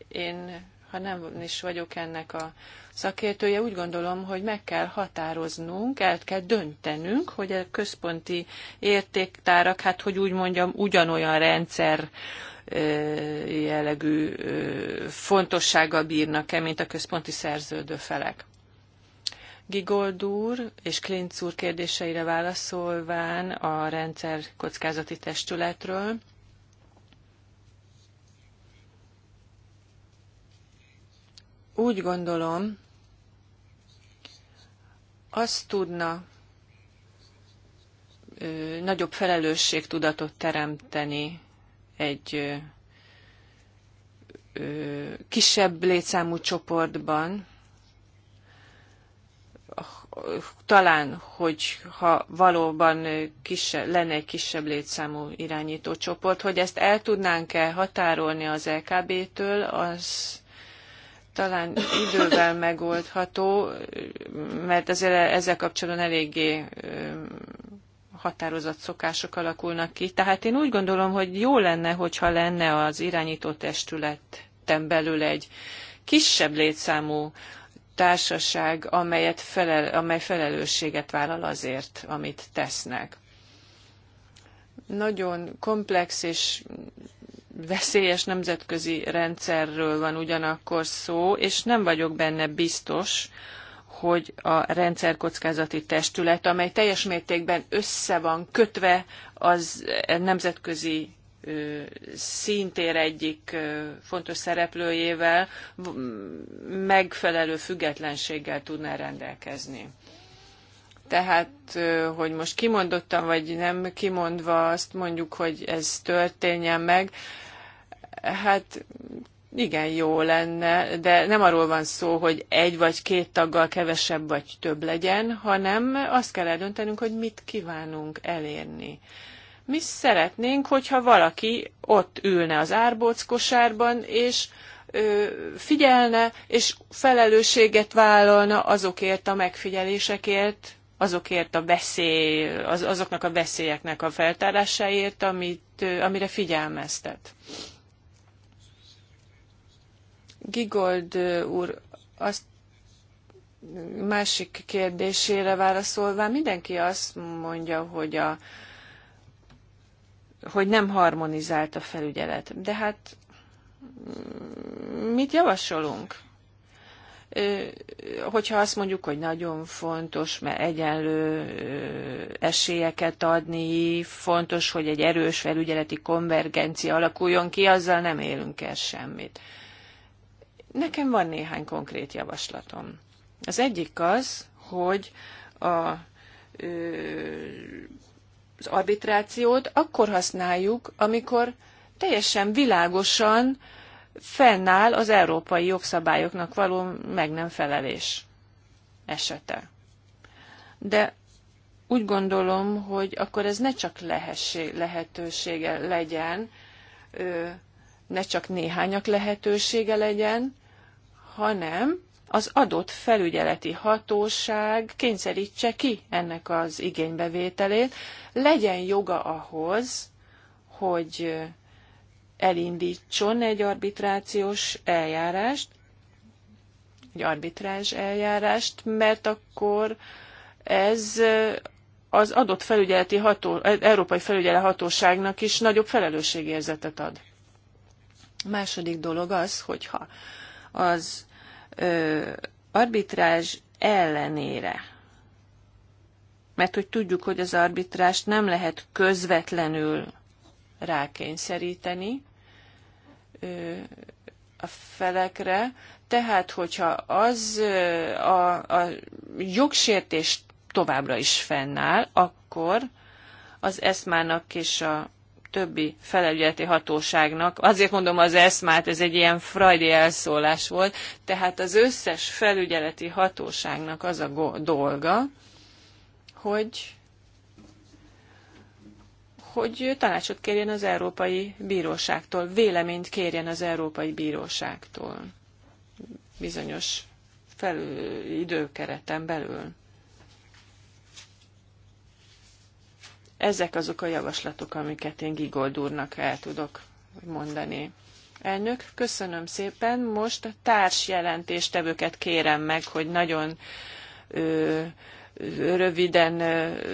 Én, ha nem is vagyok ennek a szakértője, úgy gondolom, hogy meg kell határoznunk, el kell döntenünk, hogy a központi értéktárak, hát hogy úgy mondjam, ugyanolyan rendszer jellegű fontossággal bírnak-e, mint a központi szerződő felek. Gigold úr és Klinc úr kérdéseire válaszolván a rendszer kockázati testületről. Úgy gondolom, azt tudna nagyobb felelősségtudatot teremteni egy kisebb létszámú csoportban, talán, hogy ha valóban kisebb, lenne egy kisebb létszámú irányító csoport, hogy ezt el tudnánk-e határolni az LKB-től, az talán idővel megoldható, mert ezzel, ezzel kapcsolatban eléggé határozott szokások alakulnak ki. Tehát én úgy gondolom, hogy jó lenne, hogyha lenne az irányító testületen belül egy kisebb létszámú társaság, amelyet felel, amely felelősséget vállal azért, amit tesznek. Nagyon komplex és veszélyes nemzetközi rendszerről van ugyanakkor szó, és nem vagyok benne biztos, hogy a rendszerkockázati testület, amely teljes mértékben össze van kötve az nemzetközi szintér egyik fontos szereplőjével megfelelő függetlenséggel tudná rendelkezni. Tehát, hogy most kimondottam, vagy nem kimondva azt mondjuk, hogy ez történjen meg, hát igen jó lenne, de nem arról van szó, hogy egy vagy két taggal kevesebb vagy több legyen, hanem azt kell eldöntenünk, hogy mit kívánunk elérni. Mi szeretnénk, hogyha valaki ott ülne az árbóc kosárban, és ö, figyelne, és felelősséget vállalna azokért a megfigyelésekért, azokért a veszély, az, azoknak a veszélyeknek a feltárásáért, amit, ö, amire figyelmeztet. Gigold úr azt másik kérdésére válaszolva, mindenki azt mondja, hogy, a, hogy nem harmonizált a felügyelet. De hát mm, mit javasolunk? Hogyha azt mondjuk, hogy nagyon fontos, mert egyenlő esélyeket adni, fontos, hogy egy erős felügyeleti konvergencia alakuljon ki, azzal nem élünk el semmit Nekem van néhány konkrét javaslatom. Az egyik az, hogy a az arbitrációt akkor használjuk, amikor teljesen világosan fennáll az európai jogszabályoknak való meg nem felelés esete. De úgy gondolom, hogy akkor ez ne csak lehesség, lehetősége legyen, ne csak néhányak lehetősége legyen, hanem az adott felügyeleti hatóság kényszerítse ki ennek az igénybevételét, legyen joga ahhoz, hogy elindítson egy arbitrációs eljárást, egy arbitrázs eljárást, mert akkor ez az adott felügyeleti ható, európai felügyeleti hatóságnak is nagyobb felelősségérzetet ad. A második dolog az, hogyha az ö, arbitrázs ellenére. Mert hogy tudjuk, hogy az arbitrást nem lehet közvetlenül rákényszeríteni ö, a felekre, tehát hogyha az ö, a, a jogsértés továbbra is fennáll, akkor az eszmának és a többi felügyeleti hatóságnak, azért mondom az eszmát, ez egy ilyen frajdi elszólás volt, tehát az összes felügyeleti hatóságnak az a dolga, hogy hogy tanácsot kérjen az Európai Bíróságtól, véleményt kérjen az Európai Bíróságtól bizonyos felül, időkereten belül. Ezek azok a javaslatok, amiket én Gigold úrnak el tudok mondani. Elnök, köszönöm szépen. Most a társjelentéstevőket kérem meg, hogy nagyon ö, röviden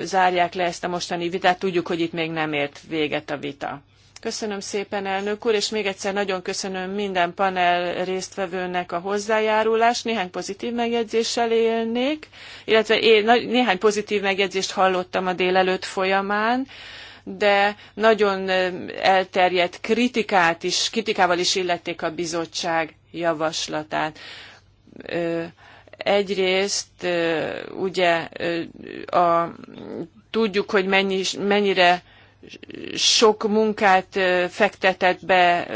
zárják le ezt a mostani vitát. Tudjuk, hogy itt még nem ért véget a vita. Köszönöm szépen, elnök úr, és még egyszer nagyon köszönöm minden panel résztvevőnek a hozzájárulást. Néhány pozitív megjegyzéssel élnék, illetve én néhány pozitív megjegyzést hallottam a délelőtt folyamán de nagyon elterjedt kritikát is, kritikával is illették a bizottság javaslatát. Egyrészt ugye a, tudjuk, hogy mennyi, mennyire sok munkát fektetett be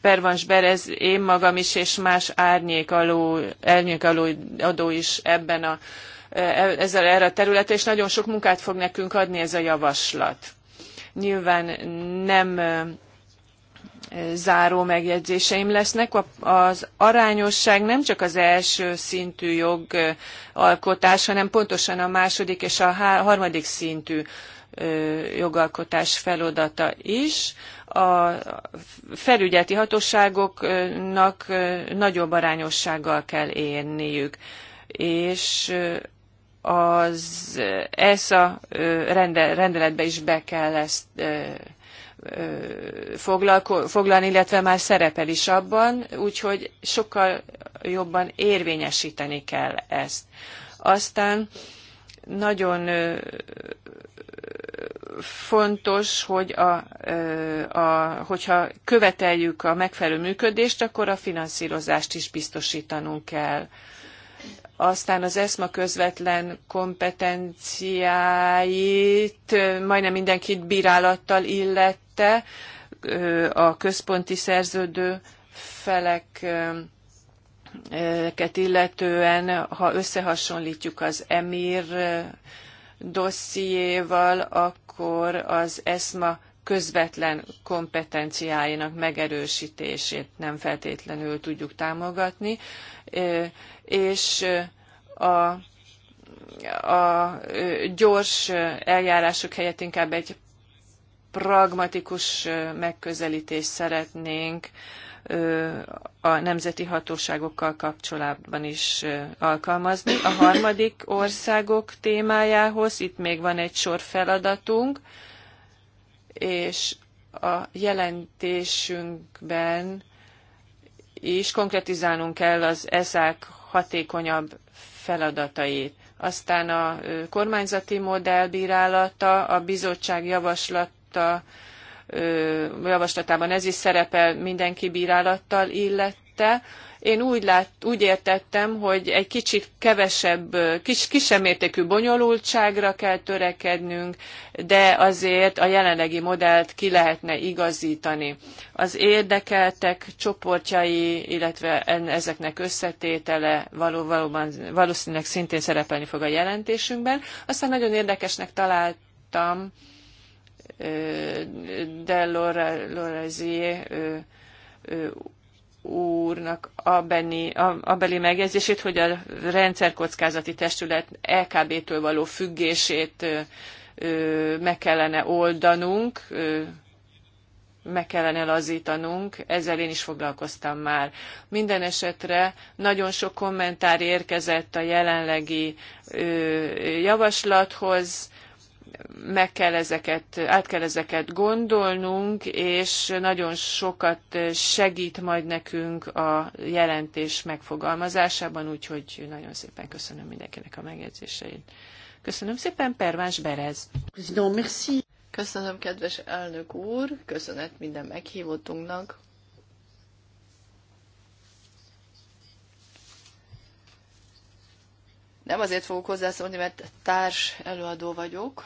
Pervans Berez, én magam is, és más árnyék aló, árnyék aló adó is ebben a, e, ezzel, erre a területre, és nagyon sok munkát fog nekünk adni ez a javaslat. Nyilván nem záró megjegyzéseim lesznek. Az arányosság nem csak az első szintű jogalkotás, hanem pontosan a második és a harmadik szintű jogalkotás feladata is. A felügyeleti hatóságoknak nagyobb arányossággal kell érniük, és az ESA rendeletbe is be kell ezt foglalni, illetve már szerepel is abban, úgyhogy sokkal jobban érvényesíteni kell ezt. Aztán nagyon fontos, hogy a, a, hogyha követeljük a megfelelő működést, akkor a finanszírozást is biztosítanunk kell. Aztán az ESMA közvetlen kompetenciáit majdnem mindenkit bírálattal illette a központi szerződő feleket illetően, ha összehasonlítjuk az EMIR dossziéval, akkor az ESMA közvetlen kompetenciáinak megerősítését nem feltétlenül tudjuk támogatni, és a, a gyors eljárások helyett inkább egy pragmatikus megközelítést szeretnénk, a nemzeti hatóságokkal kapcsolatban is alkalmazni. A harmadik országok témájához itt még van egy sor feladatunk, és a jelentésünkben is konkretizálnunk kell az ESZÁK hatékonyabb feladatait. Aztán a kormányzati modell bírálata, a bizottság javaslata, javaslatában ez is szerepel, mindenki bírálattal illette. Én úgy, lát, úgy értettem, hogy egy kicsit kevesebb, kis, kisebb mértékű bonyolultságra kell törekednünk, de azért a jelenlegi modellt ki lehetne igazítani. Az érdekeltek csoportjai, illetve ezeknek összetétele való, valóban, valószínűleg szintén szerepelni fog a jelentésünkben. Aztán nagyon érdekesnek találtam, de Lorazier úrnak abeni, abeli megjegyzését, hogy a rendszerkockázati testület LKB-től való függését meg kellene oldanunk, meg kellene lazítanunk, ezzel én is foglalkoztam már. Minden esetre nagyon sok kommentár érkezett a jelenlegi javaslathoz, meg kell ezeket, át kell ezeket gondolnunk, és nagyon sokat segít majd nekünk a jelentés megfogalmazásában, úgyhogy nagyon szépen köszönöm mindenkinek a megjegyzéseit. Köszönöm szépen, Pervás Berez. Köszönöm, kedves elnök úr, köszönet minden meghívottunknak. Nem azért fogok hozzászólni, mert társ előadó vagyok,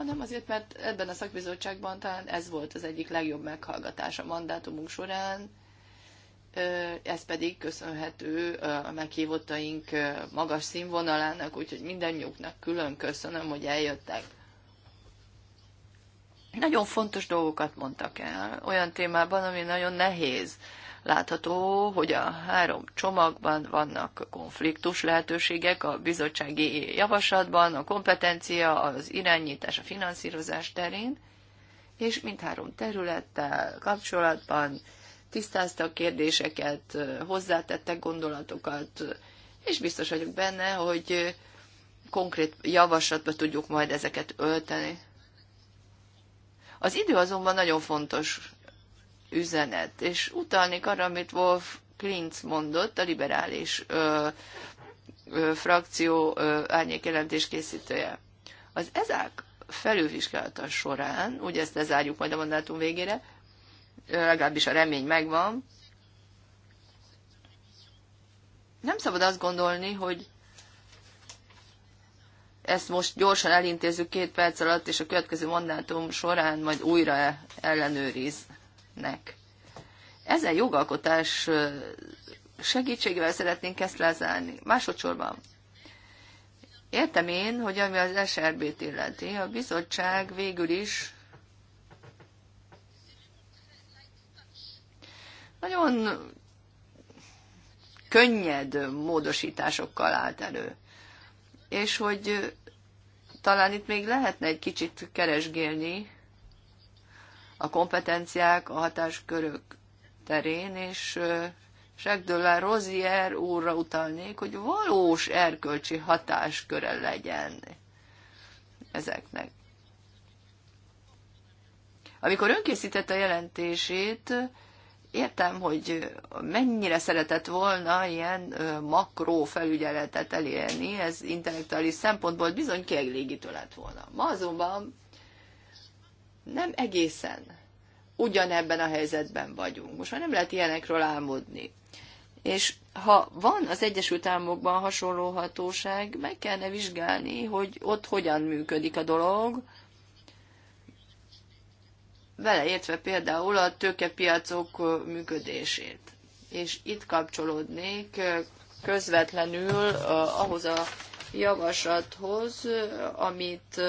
hanem azért, mert ebben a szakbizottságban talán ez volt az egyik legjobb meghallgatás a mandátumunk során, ez pedig köszönhető a meghívottaink magas színvonalának, úgyhogy minden nyugnak külön köszönöm, hogy eljöttek. Nagyon fontos dolgokat mondtak el, olyan témában, ami nagyon nehéz Látható, hogy a három csomagban vannak konfliktus lehetőségek a bizottsági javaslatban, a kompetencia, az irányítás, a finanszírozás terén, és mindhárom területtel kapcsolatban tisztáztak kérdéseket, hozzátettek gondolatokat, és biztos vagyok benne, hogy konkrét javaslatba tudjuk majd ezeket ölteni. Az idő azonban nagyon fontos üzenet. És utalnék arra, amit Wolf Klintz mondott, a liberális ö, ö, frakció ö, jelentés készítője. Az ezák felülvizsgálata során, ugye ezt lezárjuk majd a mandátum végére, legalábbis a remény megvan, nem szabad azt gondolni, hogy ezt most gyorsan elintézzük két perc alatt, és a következő mandátum során majd újra ellenőriz lehetnek. Ezen jogalkotás segítségével szeretnénk ezt lezárni. Másodszorban értem én, hogy ami az SRB-t illeti, a bizottság végül is nagyon könnyed módosításokkal állt elő. És hogy talán itt még lehetne egy kicsit keresgélni, a kompetenciák, a hatáskörök terén, és Segdőle Rozier úrra utalnék, hogy valós erkölcsi hatásköre legyen ezeknek. Amikor önkészítette a jelentését, értem, hogy mennyire szeretett volna ilyen makró felügyeletet elérni, ez intellektuális szempontból bizony kielégítő lett volna. Ma azonban nem egészen ugyanebben a helyzetben vagyunk. Most már nem lehet ilyenekről álmodni. És ha van az Egyesült Államokban hasonló hatóság, meg kellene vizsgálni, hogy ott hogyan működik a dolog, vele értve például a tőkepiacok működését. És itt kapcsolódnék közvetlenül ahhoz a javaslathoz, amit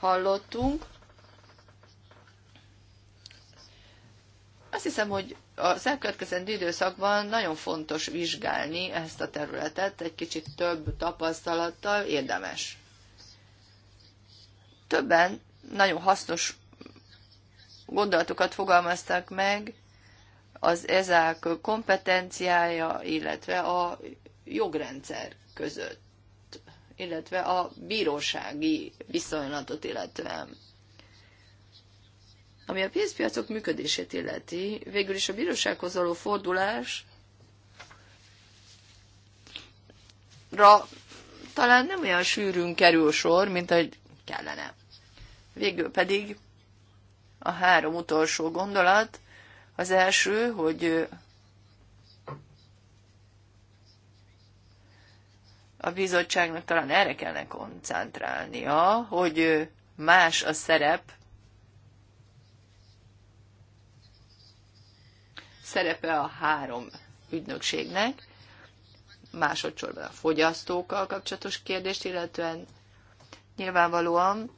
hallottunk, Azt hiszem, hogy az elkövetkezendő időszakban nagyon fontos vizsgálni ezt a területet, egy kicsit több tapasztalattal érdemes. Többen nagyon hasznos gondolatokat fogalmaztak meg az ezák kompetenciája, illetve a jogrendszer között, illetve a bírósági viszonylatot illetően. Ami a pénzpiacok működését illeti, végül is a bírósághoz való fordulás talán nem olyan sűrűn kerül sor, mint ahogy kellene. Végül pedig a három utolsó gondolat, az első, hogy a bizottságnak talán erre kellene koncentrálnia, hogy más a szerep, szerepe a három ügynökségnek, másodszorban a fogyasztókkal kapcsolatos kérdést, illetően nyilvánvalóan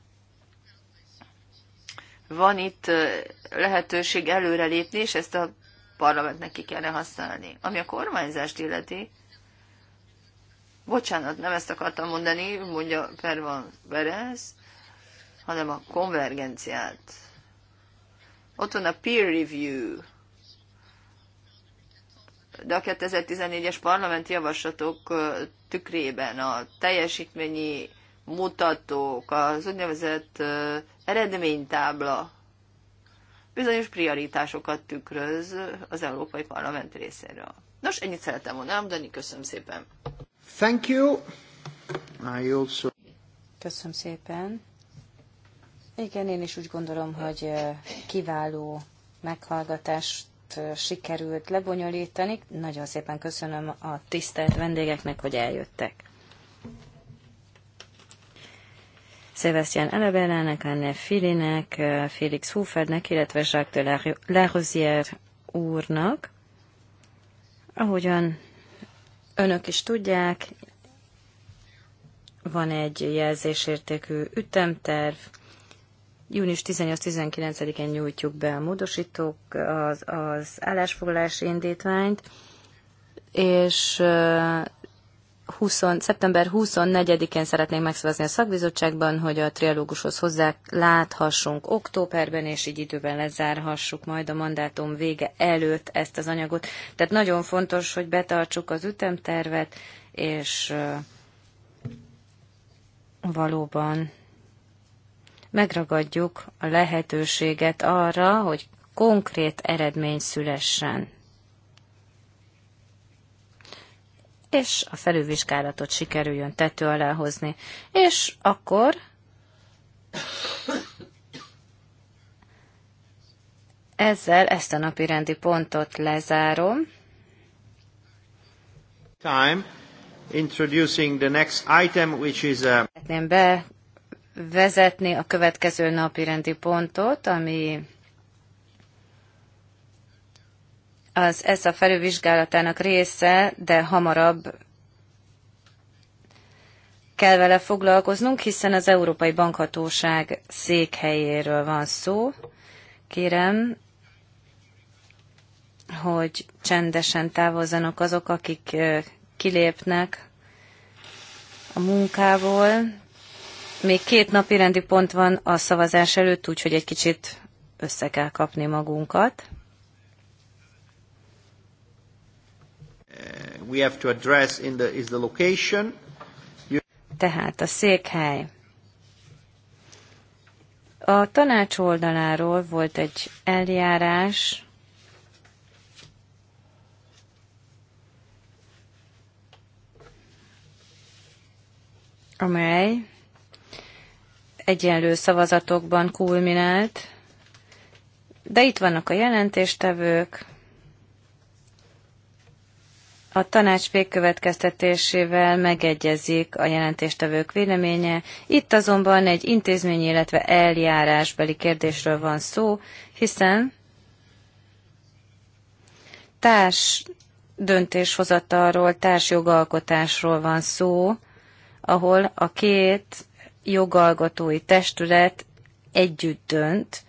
van itt lehetőség előrelépni, és ezt a parlamentnek ki kellene használni. Ami a kormányzást illeti, bocsánat, nem ezt akartam mondani, mondja Pervan Berez, hanem a konvergenciát. Ott van a peer review, de a 2014-es parlament javaslatok tükrében a teljesítményi mutatók, az úgynevezett eredménytábla bizonyos prioritásokat tükröz az Európai Parlament részéről. Nos, ennyit szeretem volna elmondani, köszönöm szépen. Thank you. I also... Köszönöm szépen. Igen, én is úgy gondolom, hogy kiváló meghallgatást sikerült lebonyolítani. Nagyon szépen köszönöm a tisztelt vendégeknek, hogy eljöttek. Sebastian Alabellának, Anne Filinek, Félix Hufernek, illetve Jacques de Rosière úrnak. Ahogyan önök is tudják, van egy jelzésértékű ütemterv, Június 18-19-én nyújtjuk be a módosítók, az, az állásfoglalási indítványt, és 20, szeptember 24-én szeretnénk megszavazni a szakbizottságban, hogy a trialógushoz hozzá láthassunk októberben, és így időben lezárhassuk majd a mandátum vége előtt ezt az anyagot. Tehát nagyon fontos, hogy betartsuk az ütemtervet, és valóban megragadjuk a lehetőséget arra, hogy konkrét eredmény szülessen. És a felülvizsgálatot sikerüljön tető alá hozni. És akkor ezzel ezt a napi rendi pontot lezárom. Time introducing the next item, which is a... Uh, Szeretném be vezetni a következő napi rendi pontot, ami az ESZA felülvizsgálatának része, de hamarabb kell vele foglalkoznunk, hiszen az Európai Bankhatóság székhelyéről van szó. Kérem, hogy csendesen távozzanak azok, akik kilépnek a munkából, még két napi rendi pont van a szavazás előtt, úgyhogy egy kicsit össze kell kapni magunkat. Uh, we have to address in the, is the location. You... Tehát a székhely. A tanács oldaláról volt egy eljárás, amely egyenlő szavazatokban kulminált, de itt vannak a jelentéstevők, a tanács végkövetkeztetésével megegyezik a jelentéstevők véleménye, itt azonban egy intézmény, illetve eljárásbeli kérdésről van szó, hiszen társ döntéshozatalról, társjogalkotásról van szó, ahol a két jogalgatói testület együtt dönt,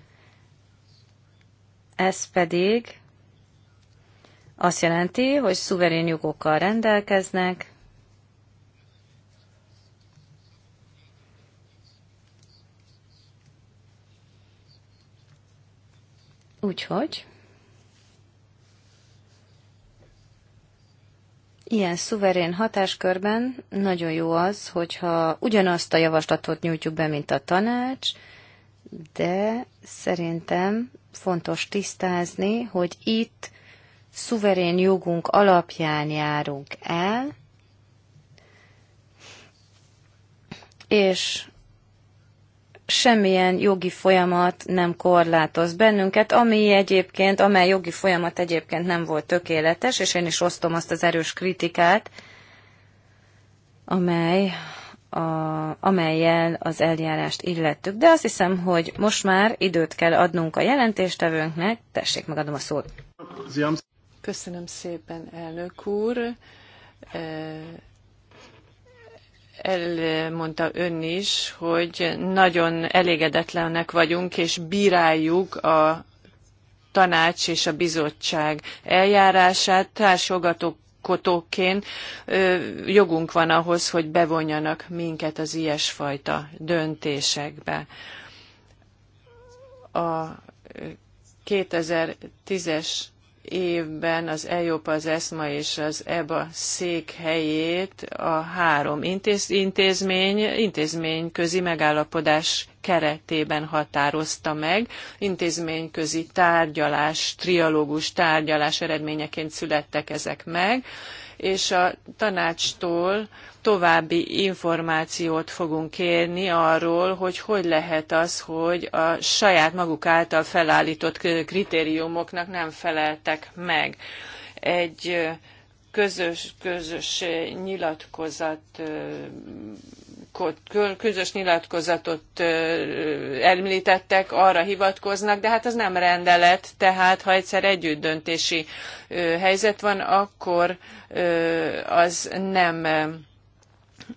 ez pedig azt jelenti, hogy szuverén jogokkal rendelkeznek, Úgyhogy ilyen szuverén hatáskörben nagyon jó az, hogyha ugyanazt a javaslatot nyújtjuk be, mint a tanács, de szerintem fontos tisztázni, hogy itt szuverén jogunk alapján járunk el, és semmilyen jogi folyamat nem korlátoz bennünket, ami egyébként, amely jogi folyamat egyébként nem volt tökéletes, és én is osztom azt az erős kritikát, amely a, amelyel az eljárást illettük. De azt hiszem, hogy most már időt kell adnunk a jelentéstevőnknek. Tessék, megadom a szót. Köszönöm szépen, elnök úr elmondta ön is, hogy nagyon elégedetlenek vagyunk, és bíráljuk a tanács és a bizottság eljárását. Társjogatóként jogunk van ahhoz, hogy bevonjanak minket az ilyesfajta döntésekbe. A 2010-es évben az EIOPA, az ESMA és az EBA székhelyét a három intéz, intézmény, intézményközi megállapodás keretében határozta meg. Intézményközi tárgyalás, trialógus tárgyalás eredményeként születtek ezek meg, és a tanácstól további információt fogunk kérni arról, hogy hogy lehet az, hogy a saját maguk által felállított kritériumoknak nem feleltek meg. Egy közös, közös nyilatkozat közös nyilatkozatot említettek, arra hivatkoznak, de hát az nem rendelet, tehát ha egyszer együttdöntési helyzet van, akkor az nem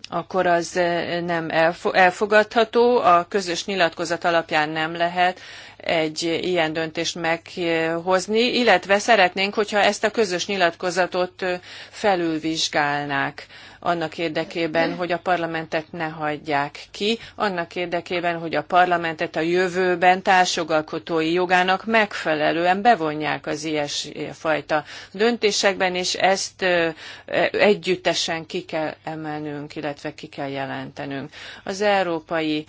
akkor az eh, nem elfogadható, a közös nyilatkozat alapján nem lehet egy ilyen döntést meghozni, illetve szeretnénk, hogyha ezt a közös nyilatkozatot eh, felülvizsgálnák annak érdekében, hogy a parlamentet ne hagyják ki, annak érdekében, hogy a parlamentet a jövőben társjogalkotói jogának megfelelően bevonják az ilyesfajta döntésekben, és ezt együttesen ki kell emelnünk, illetve ki kell jelentenünk. Az európai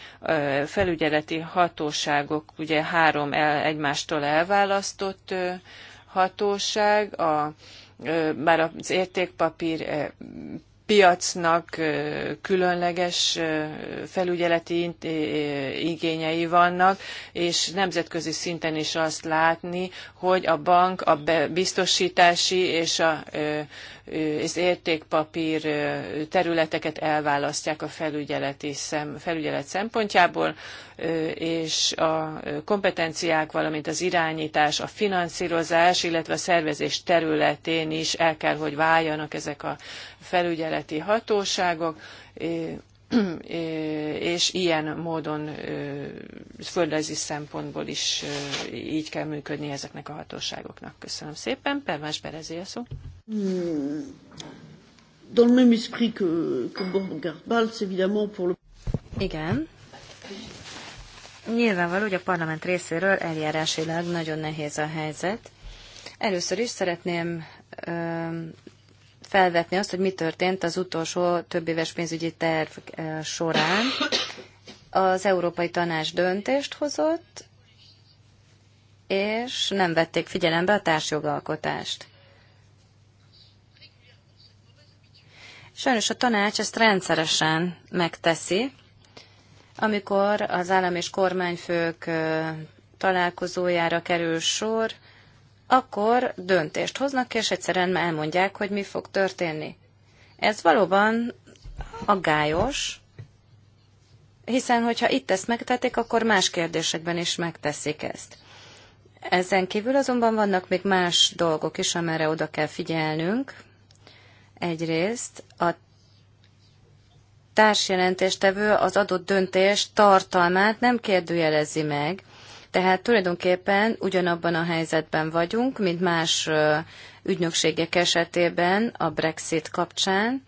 felügyeleti hatóságok ugye három el, egymástól elválasztott hatóság, a, bár az értékpapír piacnak különleges felügyeleti igényei vannak, és nemzetközi szinten is azt látni, hogy a bank a biztosítási és a és értékpapír területeket elválasztják a felügyeleti szem, felügyelet szempontjából, és a kompetenciák, valamint az irányítás, a finanszírozás, illetve a szervezés területén is el kell, hogy váljanak ezek a felügyeleti hatóságok, és ilyen módon földrajzi szempontból is így kell működni ezeknek a hatóságoknak. Köszönöm szépen. Permás Berezi a szó. Hmm. Igen. Nyilvánvaló, hogy a parlament részéről eljárásilag nagyon nehéz a helyzet. Először is szeretném felvetni azt, hogy mi történt az utolsó több éves pénzügyi terv eh, során. Az Európai Tanács döntést hozott, és nem vették figyelembe a társjogalkotást. Sajnos a tanács ezt rendszeresen megteszi, amikor az állam és kormányfők eh, találkozójára kerül sor, akkor döntést hoznak, és egyszerűen elmondják, hogy mi fog történni. Ez valóban aggályos, hiszen hogyha itt ezt megtették, akkor más kérdésekben is megteszik ezt. Ezen kívül azonban vannak még más dolgok is, amerre oda kell figyelnünk. Egyrészt a társjelentéstevő az adott döntés tartalmát nem kérdőjelezi meg, tehát tulajdonképpen ugyanabban a helyzetben vagyunk, mint más ügynökségek esetében a Brexit kapcsán,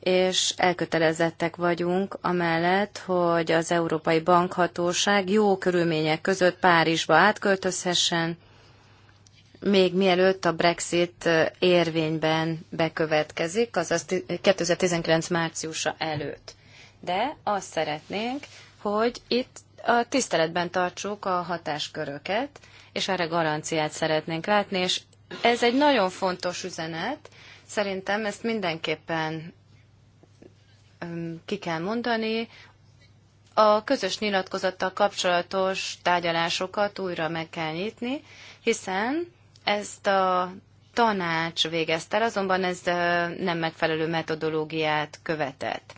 és elkötelezettek vagyunk amellett, hogy az Európai Bankhatóság jó körülmények között Párizsba átköltözhessen, még mielőtt a Brexit érvényben bekövetkezik, azaz 2019 márciusa előtt. De azt szeretnénk, hogy itt a tiszteletben tartsuk a hatásköröket, és erre garanciát szeretnénk látni, és ez egy nagyon fontos üzenet, szerintem ezt mindenképpen ki kell mondani, a közös nyilatkozattal kapcsolatos tárgyalásokat újra meg kell nyitni, hiszen ezt a tanács végezte, azonban ez nem megfelelő metodológiát követett.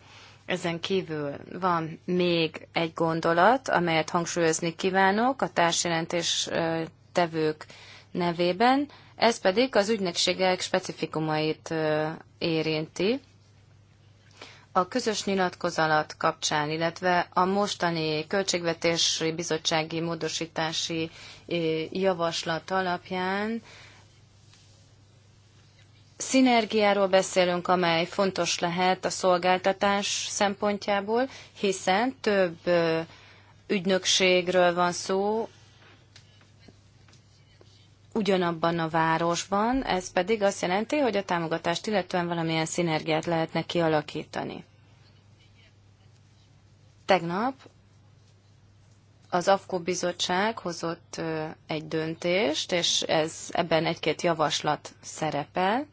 Ezen kívül van még egy gondolat, amelyet hangsúlyozni kívánok a társjelentés tevők nevében, ez pedig az ügynökségek specifikumait érinti. A közös nyilatkozalat kapcsán, illetve a mostani költségvetési bizottsági módosítási javaslat alapján szinergiáról beszélünk, amely fontos lehet a szolgáltatás szempontjából, hiszen több ügynökségről van szó ugyanabban a városban, ez pedig azt jelenti, hogy a támogatást illetően valamilyen szinergiát lehetne kialakítani. Tegnap az AFKO bizottság hozott egy döntést, és ez ebben egy-két javaslat szerepel.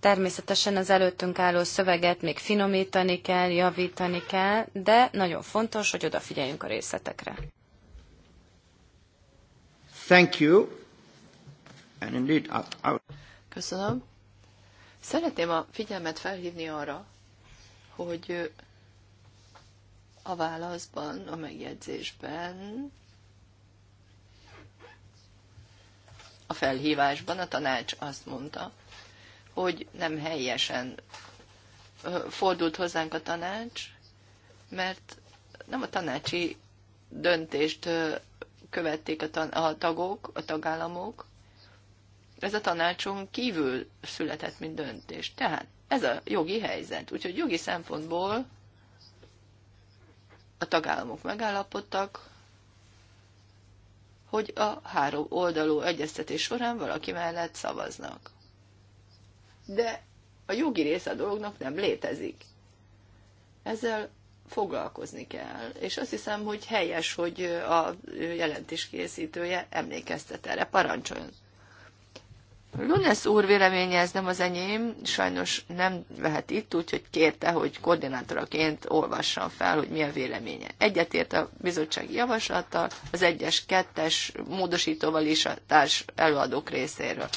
Természetesen az előttünk álló szöveget még finomítani kell, javítani kell, de nagyon fontos, hogy odafigyeljünk a részletekre. Thank you. And indeed, I, I... Köszönöm. Szeretném a figyelmet felhívni arra, hogy a válaszban, a megjegyzésben, a felhívásban a tanács azt mondta, hogy nem helyesen fordult hozzánk a tanács, mert nem a tanácsi döntést követték a, tan- a tagok, a tagállamok. Ez a tanácson kívül született, mint döntés. Tehát ez a jogi helyzet. Úgyhogy jogi szempontból a tagállamok megállapodtak, hogy a három oldalú egyeztetés során valaki mellett szavaznak de a jogi része a dolognak nem létezik. Ezzel foglalkozni kell, és azt hiszem, hogy helyes, hogy a jelentés készítője emlékeztet erre. Parancsoljon! Lunes úr véleménye ez nem az enyém, sajnos nem lehet itt, úgyhogy kérte, hogy koordinátoraként olvassam fel, hogy mi a véleménye. Egyetért a bizottsági javaslattal, az egyes, kettes módosítóval is a társ előadók részéről.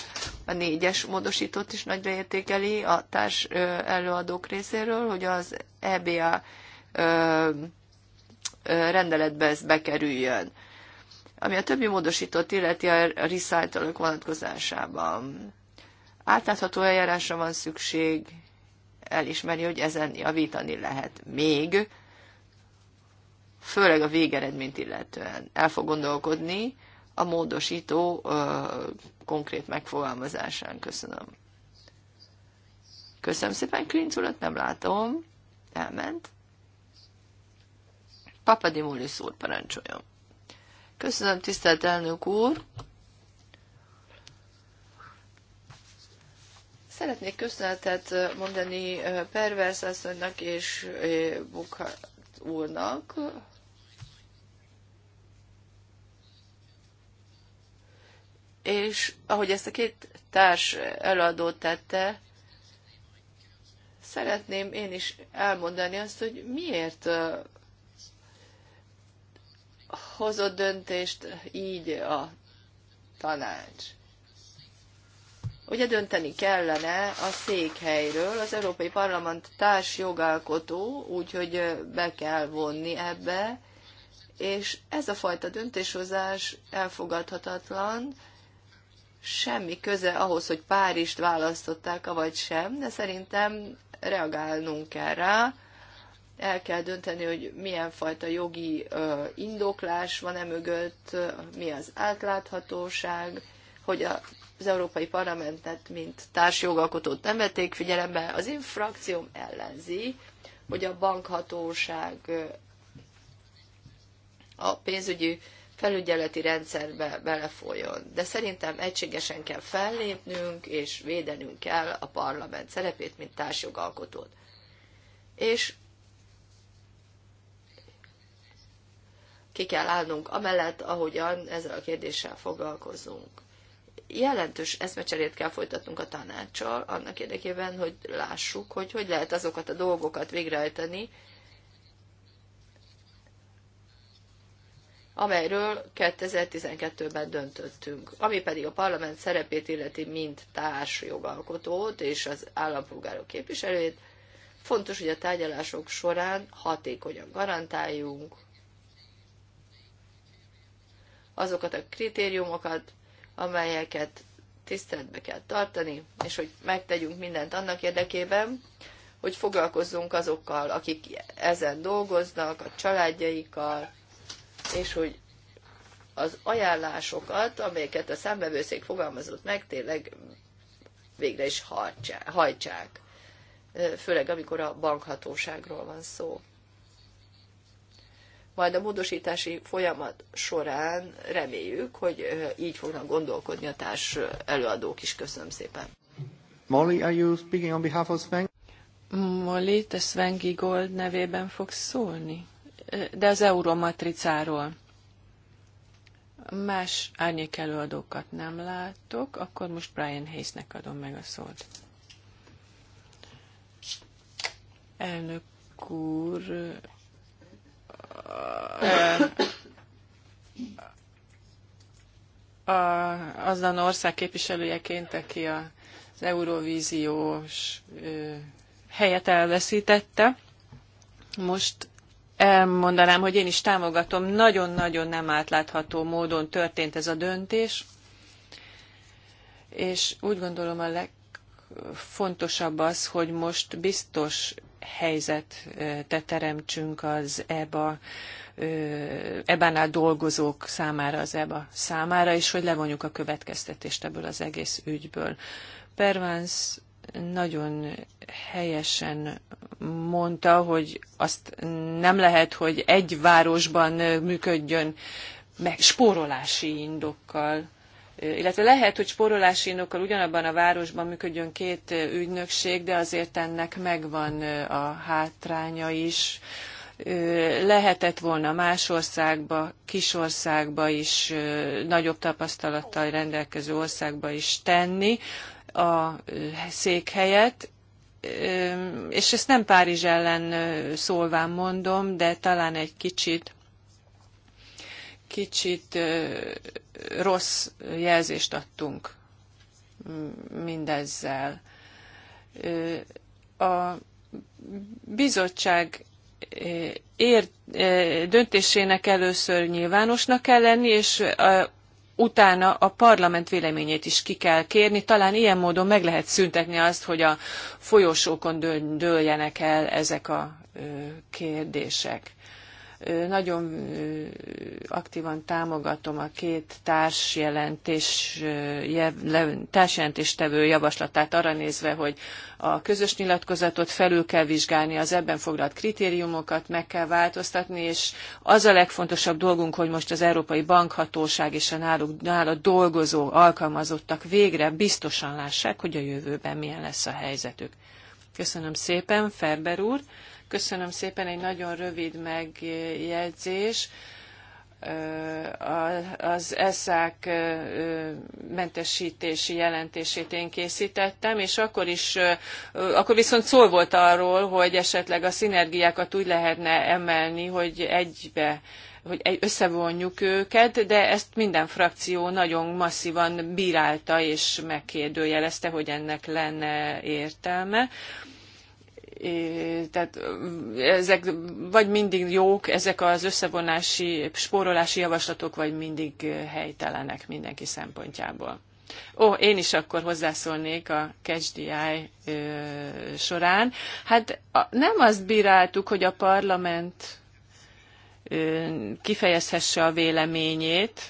A négyes módosítót is nagyra értékeli a társ előadók részéről, hogy az EBA rendeletbe ez bekerüljön ami a többi módosított illeti a recyclők vonatkozásában. Átlátható eljárásra van szükség, elismeri, hogy ezen javítani lehet még, főleg a végeredményt illetően. El fog gondolkodni a módosító ö, konkrét megfogalmazásán. Köszönöm. Köszönöm szépen, Klinc urat, nem látom. Elment. Papadimulis úr, parancsoljon. Köszönöm, tisztelt elnök úr! Szeretnék köszönetet mondani eh, Pervers asszonynak és eh, Bukhat úrnak. És ahogy ezt a két társ előadó tette, szeretném én is elmondani azt, hogy miért eh, hozott döntést így a tanács. Ugye dönteni kellene a székhelyről, az Európai Parlament társ jogalkotó, úgyhogy be kell vonni ebbe, és ez a fajta döntéshozás elfogadhatatlan, semmi köze ahhoz, hogy Párizst választották, vagy sem, de szerintem reagálnunk kell rá, el kell dönteni, hogy milyen fajta jogi indoklás van e mögött, mi az átláthatóság, hogy az Európai Parlamentet, mint társjogalkotót nem vették figyelembe. Az infrakcióm ellenzi, hogy a bankhatóság a pénzügyi felügyeleti rendszerbe belefolyjon. De szerintem egységesen kell fellépnünk, és védenünk kell a parlament szerepét, mint társjogalkotót. És ki kell állnunk amellett, ahogyan ezzel a kérdéssel foglalkozunk. Jelentős eszmecserét kell folytatnunk a tanácssal, annak érdekében, hogy lássuk, hogy hogy lehet azokat a dolgokat végrehajtani, amelyről 2012-ben döntöttünk, ami pedig a parlament szerepét illeti, mint jogalkotót és az állampolgárok képviselőjét. Fontos, hogy a tárgyalások során hatékonyan garantáljunk, azokat a kritériumokat, amelyeket tiszteletbe kell tartani, és hogy megtegyünk mindent annak érdekében, hogy foglalkozzunk azokkal, akik ezen dolgoznak, a családjaikkal, és hogy az ajánlásokat, amelyeket a számbevőszék fogalmazott meg, tényleg végre is hajtsák. Főleg, amikor a bankhatóságról van szó majd a módosítási folyamat során reméljük, hogy így fognak gondolkodni a társ előadók is. Köszönöm szépen. Molly, are you speaking on behalf of Sven? Molly, te Sven Gigold nevében fogsz szólni, de az Euromatricáról. Más árnyék előadókat nem látok, akkor most Brian Hayesnek adom meg a szót. Elnök úr, a, azon ország képviselőjeként, aki az Eurovíziós helyet elveszítette. Most elmondanám, hogy én is támogatom, nagyon-nagyon nem átlátható módon történt ez a döntés, és úgy gondolom a legfontosabb az, hogy most biztos helyzetet teremtsünk az EBA, EBA-nál dolgozók számára, az EBA számára, és hogy levonjuk a következtetést ebből az egész ügyből. Pervans nagyon helyesen mondta, hogy azt nem lehet, hogy egy városban működjön meg spórolási indokkal illetve lehet, hogy spórolási indokkal ugyanabban a városban működjön két ügynökség, de azért ennek megvan a hátránya is. Lehetett volna más országba, kis országba is, nagyobb tapasztalattal rendelkező országba is tenni a székhelyet, és ezt nem Párizs ellen szólván mondom, de talán egy kicsit kicsit rossz jelzést adtunk mindezzel. A bizottság ér, döntésének először nyilvánosnak kell lenni, és a, utána a parlament véleményét is ki kell kérni. Talán ilyen módon meg lehet szüntetni azt, hogy a folyosókon dőljenek el ezek a kérdések. Nagyon aktívan támogatom a két társjelentés, tevő javaslatát arra nézve, hogy a közös nyilatkozatot felül kell vizsgálni, az ebben foglalt kritériumokat meg kell változtatni, és az a legfontosabb dolgunk, hogy most az Európai Bankhatóság és a náluk, nála dolgozó alkalmazottak végre biztosan lássák, hogy a jövőben milyen lesz a helyzetük. Köszönöm szépen, Ferber úr. Köszönöm szépen, egy nagyon rövid megjegyzés az ESZÁK mentesítési jelentését én készítettem, és akkor is, akkor viszont szó volt arról, hogy esetleg a szinergiákat úgy lehetne emelni, hogy egybe hogy összevonjuk őket, de ezt minden frakció nagyon masszívan bírálta és megkérdőjelezte, hogy ennek lenne értelme tehát ezek vagy mindig jók, ezek az összevonási, spórolási javaslatok, vagy mindig helytelenek mindenki szempontjából. Ó, én is akkor hozzászólnék a CatchDI során. Hát nem azt bíráltuk, hogy a parlament kifejezhesse a véleményét,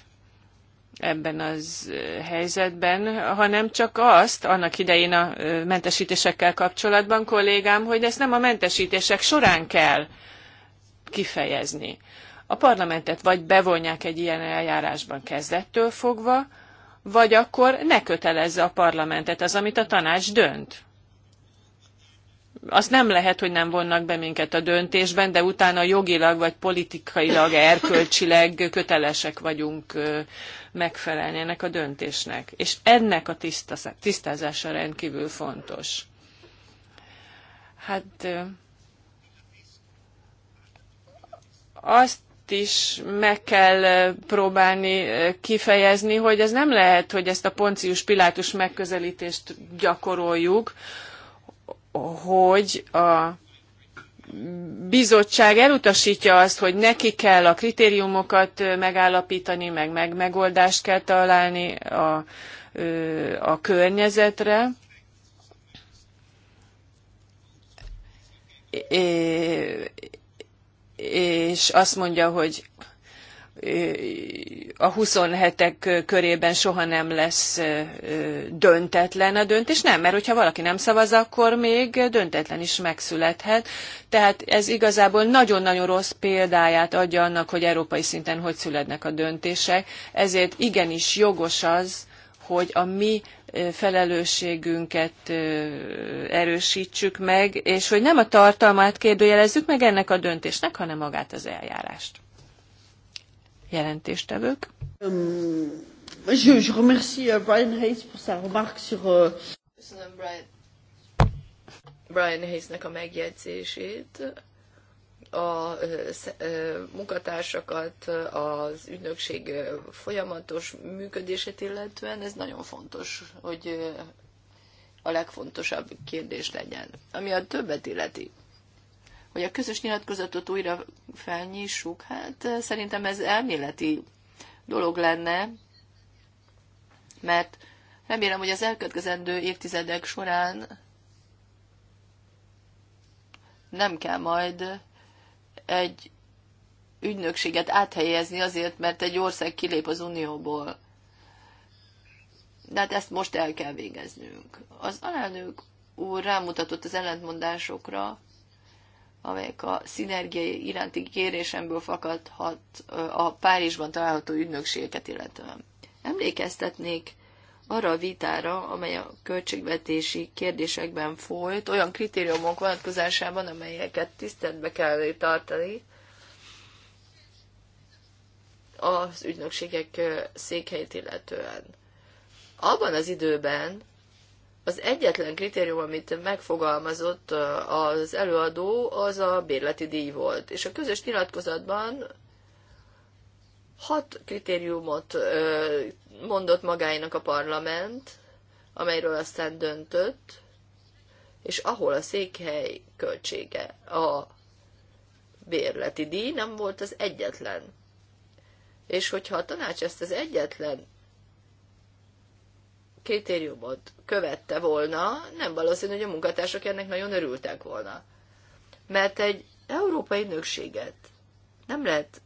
ebben az helyzetben, hanem csak azt, annak idején a mentesítésekkel kapcsolatban, kollégám, hogy ezt nem a mentesítések során kell kifejezni. A parlamentet vagy bevonják egy ilyen eljárásban kezdettől fogva, vagy akkor ne kötelezze a parlamentet az, amit a tanács dönt azt nem lehet, hogy nem vonnak be minket a döntésben, de utána jogilag vagy politikailag, erkölcsileg kötelesek vagyunk megfelelni ennek a döntésnek. És ennek a tisztázása rendkívül fontos. Hát azt is meg kell próbálni kifejezni, hogy ez nem lehet, hogy ezt a Poncius Pilátus megközelítést gyakoroljuk, hogy a bizottság elutasítja azt, hogy neki kell a kritériumokat megállapítani, meg, meg megoldást kell találni a, a környezetre. É, és azt mondja, hogy a 27-ek körében soha nem lesz döntetlen a döntés. Nem, mert hogyha valaki nem szavaz, akkor még döntetlen is megszülethet. Tehát ez igazából nagyon-nagyon rossz példáját adja annak, hogy európai szinten hogy születnek a döntések. Ezért igenis jogos az, hogy a mi felelősségünket erősítsük meg, és hogy nem a tartalmát kérdőjelezzük meg ennek a döntésnek, hanem magát az eljárást jelentéstevők. Um, uh, Brian Hayes pour uh, Köszönöm Brian, Brian Hayesnek a megjegyzését. A uh, munkatársakat, az ügynökség folyamatos működését illetően ez nagyon fontos, hogy a legfontosabb kérdés legyen. Ami a többet illeti, hogy a közös nyilatkozatot újra felnyissuk, hát eh, szerintem ez elméleti dolog lenne, mert remélem, hogy az elkövetkezendő évtizedek során nem kell majd egy ügynökséget áthelyezni azért, mert egy ország kilép az unióból. De hát ezt most el kell végeznünk. Az alelnök úr rámutatott az ellentmondásokra, amelyek a szinergiai iránti kérésemből fakadhat a Párizsban található ügynökségeket illetően. Emlékeztetnék arra a vitára, amely a költségvetési kérdésekben folyt, olyan kritériumok vonatkozásában, amelyeket tiszteletbe kell tartani az ügynökségek székhelyét illetően. Abban az időben az egyetlen kritérium, amit megfogalmazott az előadó, az a bérleti díj volt. És a közös nyilatkozatban hat kritériumot mondott magáinak a parlament, amelyről aztán döntött, és ahol a székhely költsége a bérleti díj nem volt az egyetlen. És hogyha a tanács ezt az egyetlen kritériumot követte volna, nem valószínű, hogy a munkatársak ennek nagyon örültek volna. Mert egy európai nökséget nem lehet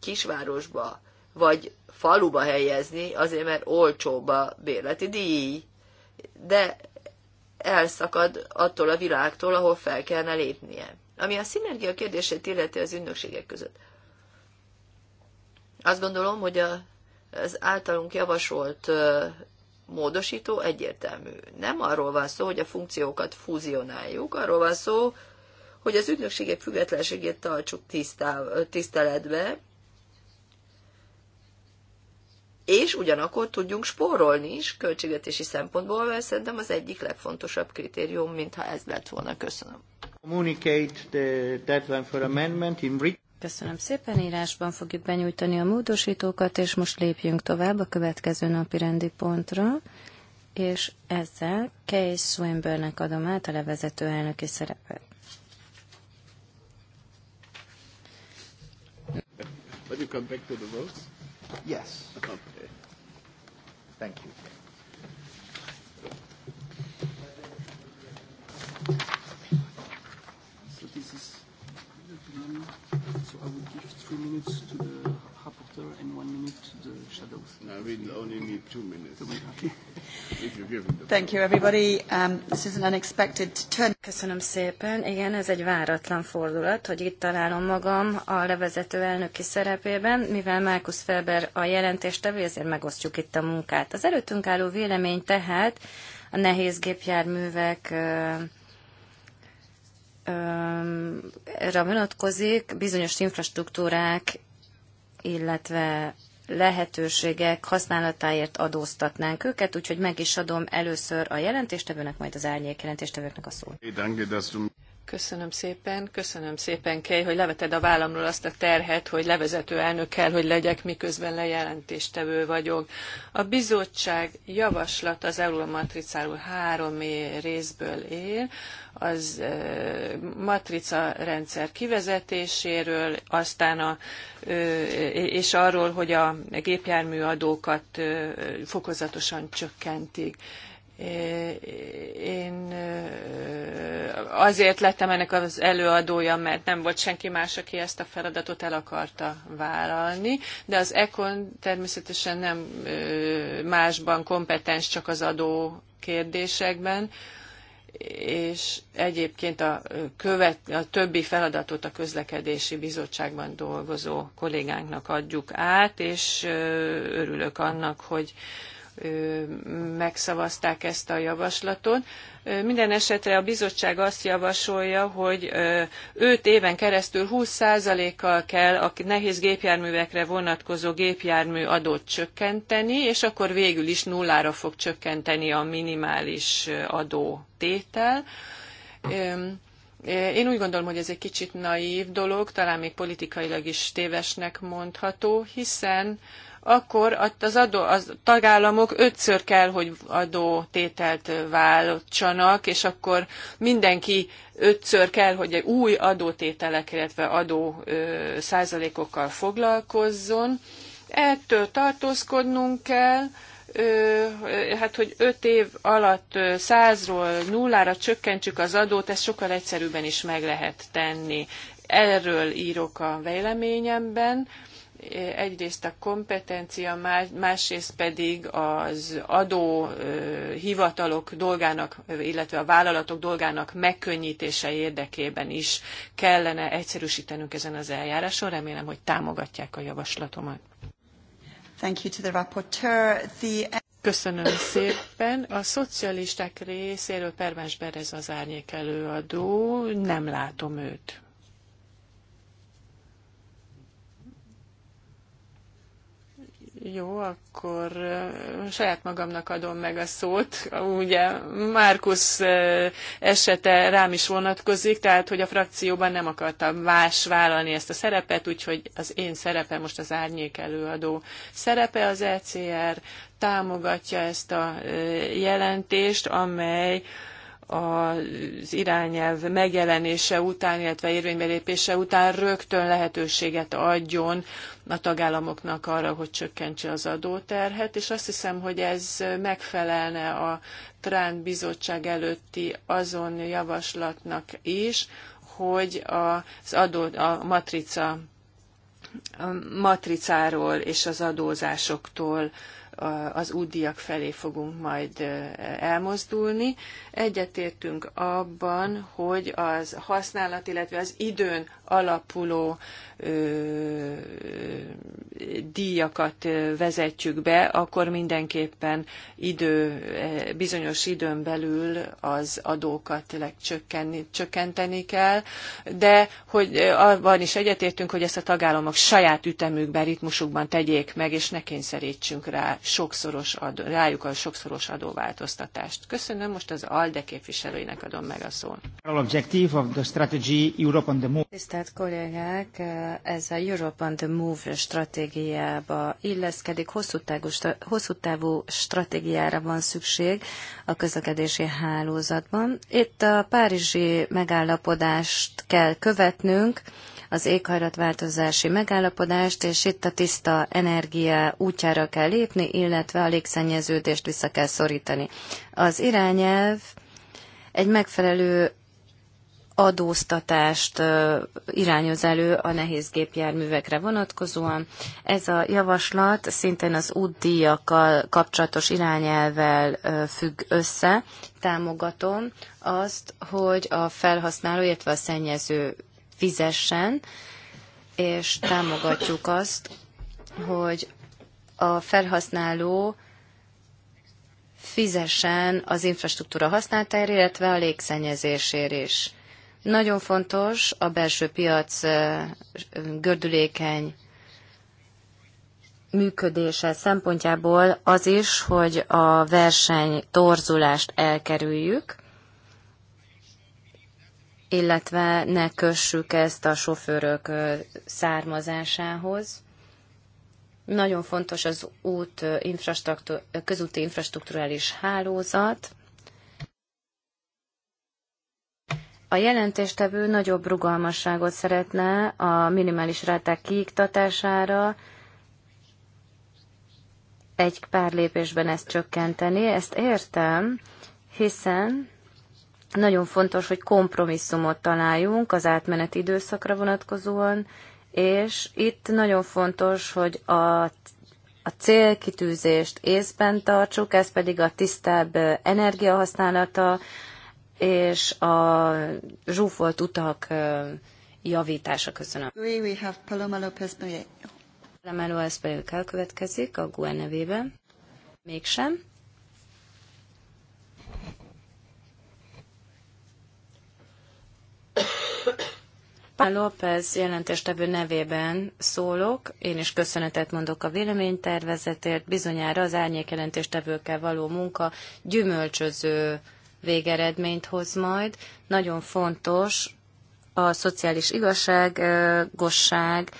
kisvárosba vagy faluba helyezni, azért mert olcsóbb a bérleti díj, de elszakad attól a világtól, ahol fel kellene lépnie. Ami a szinergia kérdését illeti az ünnökségek között. Azt gondolom, hogy a, az általunk javasolt módosító egyértelmű. Nem arról van szó, hogy a funkciókat fúzionáljuk, arról van szó, hogy az ügynökségek függetlenségét tartsuk tiszteletbe, és ugyanakkor tudjunk spórolni is költségetési szempontból, mert szerintem az egyik legfontosabb kritérium, mintha ez lett volna. Köszönöm. Communicate the deadline for amendment in Köszönöm szépen, írásban fogjuk benyújtani a módosítókat, és most lépjünk tovább a következő napi rendi pontra, és ezzel Kay swinburne adom át a levezető elnöki szerepet. But you come back to the votes? Yes. Okay. Thank you. So this is So I will give three minutes to the rapporteur and one minute to the shadows. No, we only need two minutes. Two minutes. Okay. Thank you everybody. Um, this is an unexpected turn. Köszönöm szépen. Igen, ez egy váratlan fordulat, hogy itt találom magam a levezető elnöki szerepében, mivel Márkusz Felber a jelentéstevő, ezért megosztjuk itt a munkát. Az előttünk álló vélemény tehát a nehéz gépjárművek uh, erre vonatkozik, bizonyos infrastruktúrák, illetve lehetőségek használatáért adóztatnánk őket, úgyhogy meg is adom először a jelentéstevőnek, majd az árnyék jelentéstevőknek a szót. Köszönöm szépen, köszönöm szépen, Kej, hogy leveted a vállamról azt a terhet, hogy levezető elnök kell, hogy legyek, miközben lejelentéstevő vagyok. A bizottság javaslat az Euromatricáról három részből él, az matrica rendszer kivezetéséről, aztán a, és arról, hogy a gépjárműadókat fokozatosan csökkentik én azért lettem ennek az előadója, mert nem volt senki más, aki ezt a feladatot el akarta vállalni, de az ECON természetesen nem másban kompetens, csak az adó kérdésekben, és egyébként a, követ, a többi feladatot a közlekedési bizottságban dolgozó kollégánknak adjuk át, és örülök annak, hogy megszavazták ezt a javaslatot. Minden esetre a bizottság azt javasolja, hogy 5 éven keresztül 20%-kal kell a nehéz gépjárművekre vonatkozó gépjármű adót csökkenteni, és akkor végül is nullára fog csökkenteni a minimális adótétel. Én úgy gondolom, hogy ez egy kicsit naív dolog, talán még politikailag is tévesnek mondható, hiszen akkor az, adó, az tagállamok ötször kell, hogy adótételt váltsanak, és akkor mindenki ötször kell, hogy egy új adótételek, illetve adó százalékokkal foglalkozzon. Ettől tartózkodnunk kell, hát hogy öt év alatt százról nullára csökkentsük az adót, ezt sokkal egyszerűbben is meg lehet tenni. Erről írok a véleményemben egyrészt a kompetencia, másrészt pedig az adó hivatalok dolgának, illetve a vállalatok dolgának megkönnyítése érdekében is kellene egyszerűsítenünk ezen az eljáráson. Remélem, hogy támogatják a javaslatomat. Thank you to the rapporteur. The... Köszönöm szépen. A szocialisták részéről Pervens Berez az árnyék előadó. Nem látom őt. Jó, akkor saját magamnak adom meg a szót. Ugye Márkusz esete rám is vonatkozik, tehát hogy a frakcióban nem akartam más vállalni ezt a szerepet, úgyhogy az én szerepe most az árnyék előadó szerepe az ECR támogatja ezt a jelentést, amely az irányelv megjelenése után, illetve érvénybelépése után rögtön lehetőséget adjon a tagállamoknak arra, hogy csökkentse az adóterhet, és azt hiszem, hogy ez megfelelne a Trán bizottság előtti azon javaslatnak is, hogy az adó, a matrica a matricáról és az adózásoktól az útdiak felé fogunk majd elmozdulni. Egyetértünk abban, hogy az használat, illetve az időn alapuló ö, díjakat vezetjük be, akkor mindenképpen idő, bizonyos időn belül az adókat csökkenni, csökkenteni kell, de hogy abban is egyetértünk, hogy ezt a tagállamok saját ütemükben, ritmusukban tegyék meg, és ne kényszerítsünk rá sokszoros adó, rájuk a sokszoros adóváltoztatást. Köszönöm, most az ALDE képviselőinek adom meg a szót. Tisztelt tisztelt kollégák, ez a Europe on the Move stratégiába illeszkedik. Hosszú távú, hosszú távú stratégiára van szükség a közlekedési hálózatban. Itt a párizsi megállapodást kell követnünk, az éghajlatváltozási megállapodást, és itt a tiszta energia útjára kell lépni, illetve a légszennyeződést vissza kell szorítani. Az irányelv egy megfelelő adóztatást irányoz elő a nehéz gépjárművekre vonatkozóan. Ez a javaslat szintén az útdíjakkal kapcsolatos irányelvel függ össze. Támogatom azt, hogy a felhasználó, illetve a szennyező fizessen, és támogatjuk azt, hogy a felhasználó fizessen az infrastruktúra használatáért, illetve a légszennyezésért is. Nagyon fontos a belső piac gördülékeny működése szempontjából az is, hogy a verseny torzulást elkerüljük, illetve ne kössük ezt a sofőrök származásához. Nagyon fontos az út infrastruktúr, közúti infrastruktúrális hálózat, A jelentéstevő nagyobb rugalmasságot szeretne a minimális ráták kiiktatására, egy pár lépésben ezt csökkenteni. Ezt értem, hiszen nagyon fontos, hogy kompromisszumot találjunk az átmeneti időszakra vonatkozóan, és itt nagyon fontos, hogy a, a célkitűzést észben tartsuk, ez pedig a tisztább energiahasználata, és a zsúfolt utak javítása. Köszönöm. We have Paloma López Paloma következik a GUE nevében. Mégsem. Pán López jelentéstevő nevében szólok, én is köszönetet mondok a véleménytervezetért, bizonyára az árnyék jelentéstevőkkel való munka gyümölcsöző végeredményt hoz majd. Nagyon fontos a szociális igazságosság,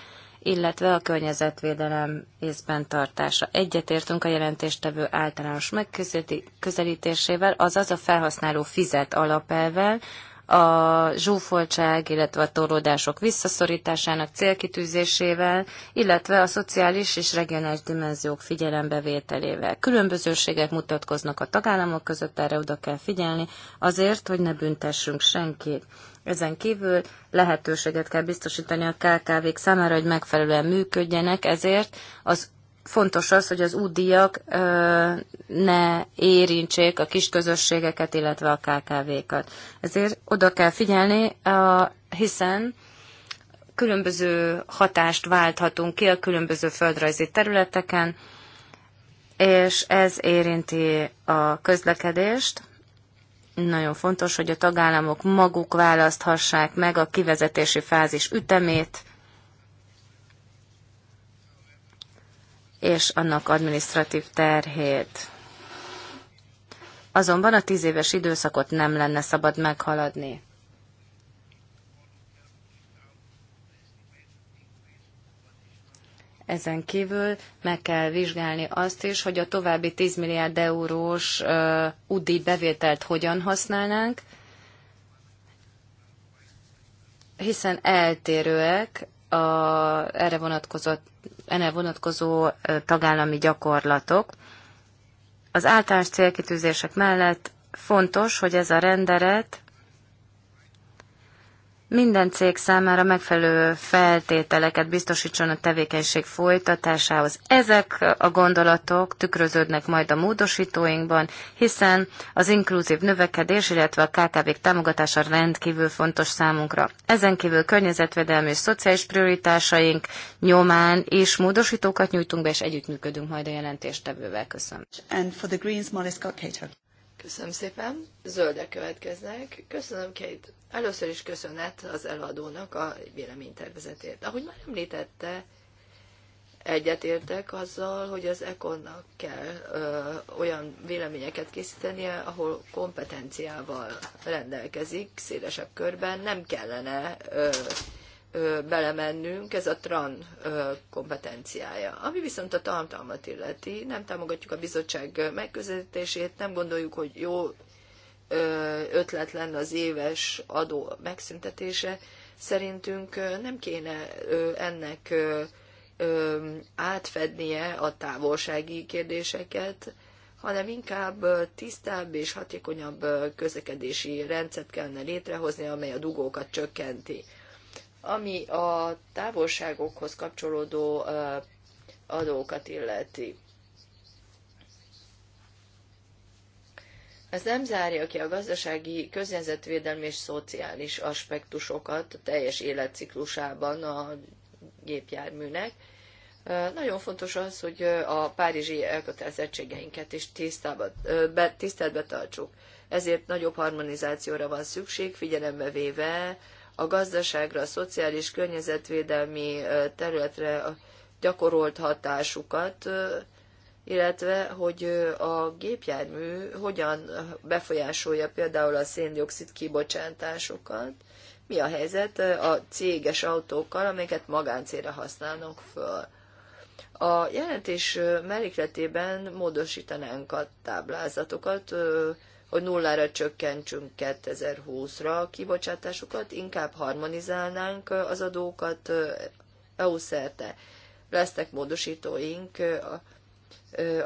illetve a környezetvédelem észben tartása. Egyetértünk a jelentéstevő általános megközelítésével, azaz a felhasználó fizet alapelvel, a zsúfoltság, illetve a torlódások visszaszorításának célkitűzésével, illetve a szociális és regionális dimenziók figyelembevételével. Különbözőségek mutatkoznak a tagállamok között, erre oda kell figyelni, azért, hogy ne büntessünk senkit. Ezen kívül lehetőséget kell biztosítani a KKV-k számára, hogy megfelelően működjenek, ezért az fontos az, hogy az útdíjak ne érintsék a kis közösségeket, illetve a KKV-kat. Ezért oda kell figyelni, hiszen különböző hatást válthatunk ki a különböző földrajzi területeken, és ez érinti a közlekedést. Nagyon fontos, hogy a tagállamok maguk választhassák meg a kivezetési fázis ütemét, és annak administratív terhét. Azonban a tíz éves időszakot nem lenne szabad meghaladni. Ezen kívül meg kell vizsgálni azt is, hogy a további 10 milliárd eurós uh, UDI bevételt hogyan használnánk, hiszen eltérőek a erre vonatkozott ene vonatkozó tagállami gyakorlatok. Az általános célkitűzések mellett fontos, hogy ez a rendelet minden cég számára megfelelő feltételeket biztosítson a tevékenység folytatásához. Ezek a gondolatok tükröződnek majd a módosítóinkban, hiszen az inkluzív növekedés, illetve a kkv támogatása rendkívül fontos számunkra. Ezen kívül környezetvédelmi és szociális prioritásaink nyomán is módosítókat nyújtunk be, és együttműködünk majd a jelentéstevővel. Köszönöm. And for the Greens, Molly Scott Cato. Köszönöm szépen. Zöldek következnek. Köszönöm, Kate. Először is köszönet az előadónak a véleménytervezetért. Ahogy már említette, egyetértek azzal, hogy az ekonnak kell ö, olyan véleményeket készítenie, ahol kompetenciával rendelkezik, szélesebb körben nem kellene ö, ö, belemennünk, ez a TRAN ö, kompetenciája. Ami viszont a tartalmat illeti, nem támogatjuk a bizottság megközelítését, nem gondoljuk, hogy jó ötlet lenne az éves adó megszüntetése. Szerintünk nem kéne ennek átfednie a távolsági kérdéseket, hanem inkább tisztább és hatékonyabb közlekedési rendszert kellene létrehozni, amely a dugókat csökkenti. Ami a távolságokhoz kapcsolódó adókat illeti. Ez nem zárja ki a gazdasági, környezetvédelmi és szociális aspektusokat a teljes életciklusában a gépjárműnek. Nagyon fontos az, hogy a párizsi elkötelezettségeinket is tiszteletbe tartsuk. Ezért nagyobb harmonizációra van szükség, figyelembe véve a gazdaságra, a szociális, környezetvédelmi területre gyakorolt hatásukat, illetve hogy a gépjármű hogyan befolyásolja például a széndiokszid kibocsátásokat, mi a helyzet a céges autókkal, amelyeket magáncélra használnak föl. A jelentés mellékletében módosítanánk a táblázatokat, hogy nullára csökkentsünk 2020-ra a kibocsátásokat, inkább harmonizálnánk az adókat EU szerte. Lesznek módosítóink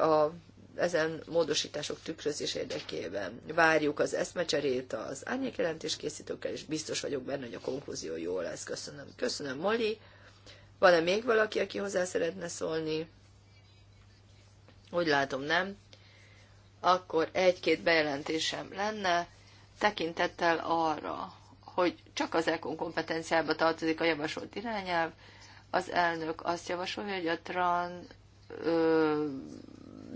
a, ezen módosítások tükrözés érdekében. Várjuk az eszmecserét az árnyékjelentés készítőkkel, és biztos vagyok benne, hogy a konklúzió jó lesz. Köszönöm. Köszönöm, Moli. Van-e még valaki, aki hozzá szeretne szólni? Úgy látom, nem. Akkor egy-két bejelentésem lenne, tekintettel arra, hogy csak az ECON kompetenciába tartozik a javasolt irányelv, az elnök azt javasolja, hogy a TRAN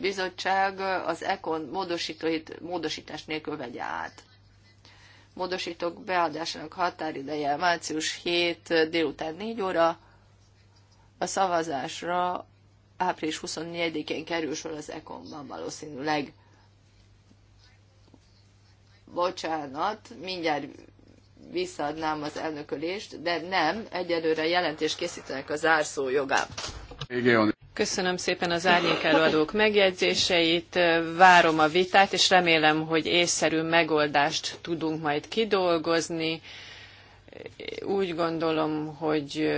bizottság az ECON módosítóit módosítás nélkül vegye át. Módosítók beadásának határideje március 7 délután 4 óra, a szavazásra április 24-én kerül sor az ECON-ban valószínűleg. Bocsánat, mindjárt visszaadnám az elnökölést, de nem, egyelőre jelentést készítenek a zárszó jogában. Köszönöm szépen az árnyék előadók megjegyzéseit, várom a vitát, és remélem, hogy észszerű megoldást tudunk majd kidolgozni. Úgy gondolom, hogy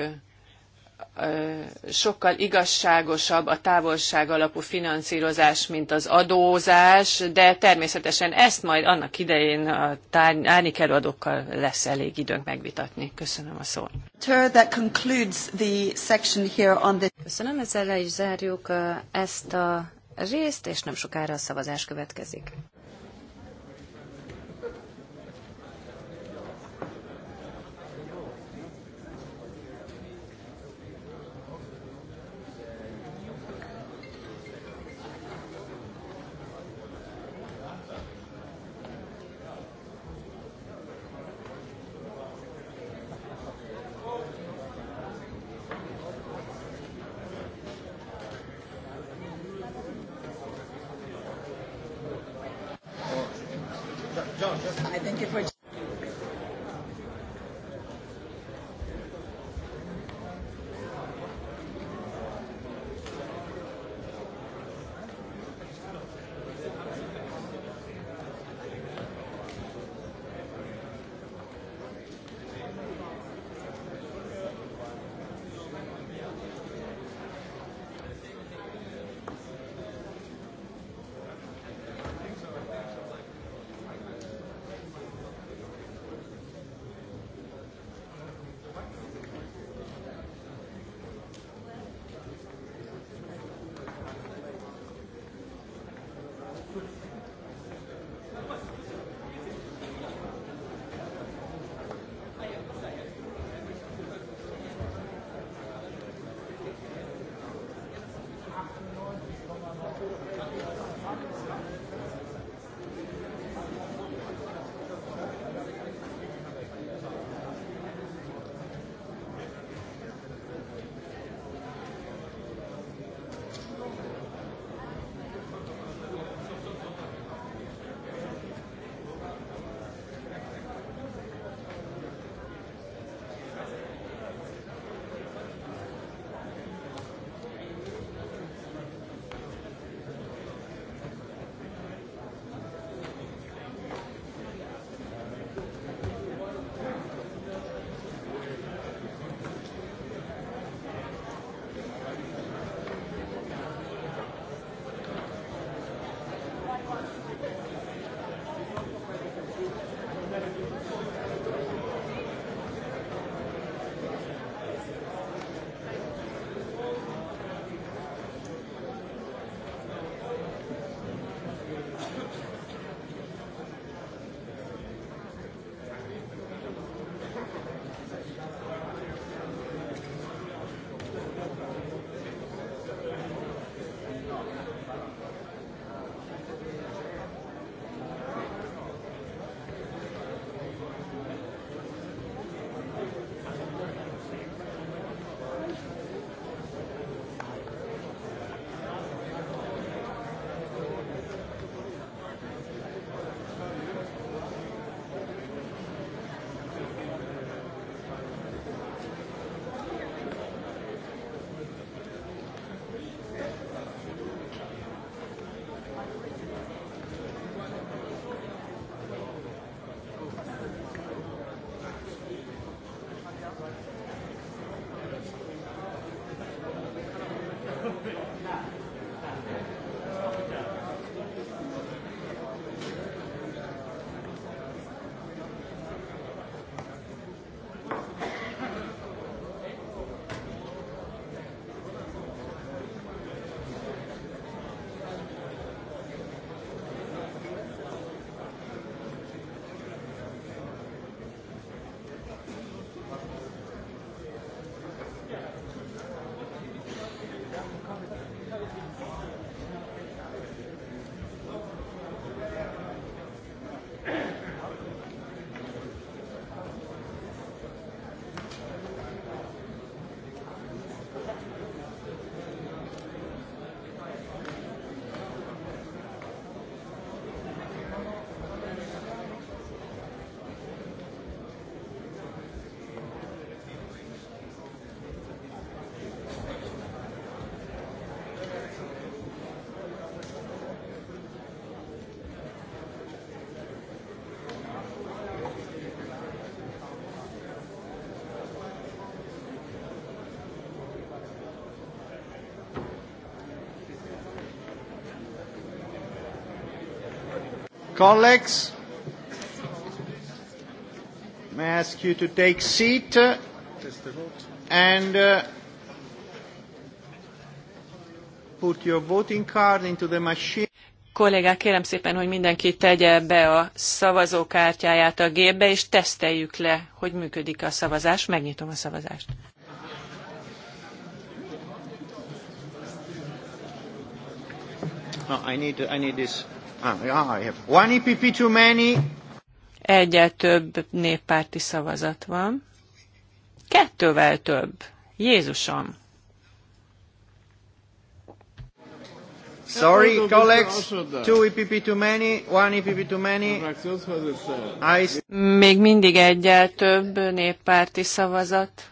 sokkal igazságosabb a távolság alapú finanszírozás, mint az adózás, de természetesen ezt majd annak idején a árnyék előadókkal lesz elég időnk megvitatni. Köszönöm a szót. Köszönöm, ezzel le is zárjuk ezt a részt, és nem sokára a szavazás következik. Colleagues, may I ask you to take seat and uh, put your voting card into the machine. Kollégák, kérem szépen, hogy mindenki tegye be a szavazókártyáját a gépbe, és teszteljük le, hogy működik a szavazás. Megnyitom a szavazást. No, I need, I need this. Ah, one EPP too many. Egyel több néppárti szavazat van. Kettővel több. Jézusom! Sorry, colleagues, two EPP too many, one EPP too many. I... Még mindig egyel több néppárti szavazatot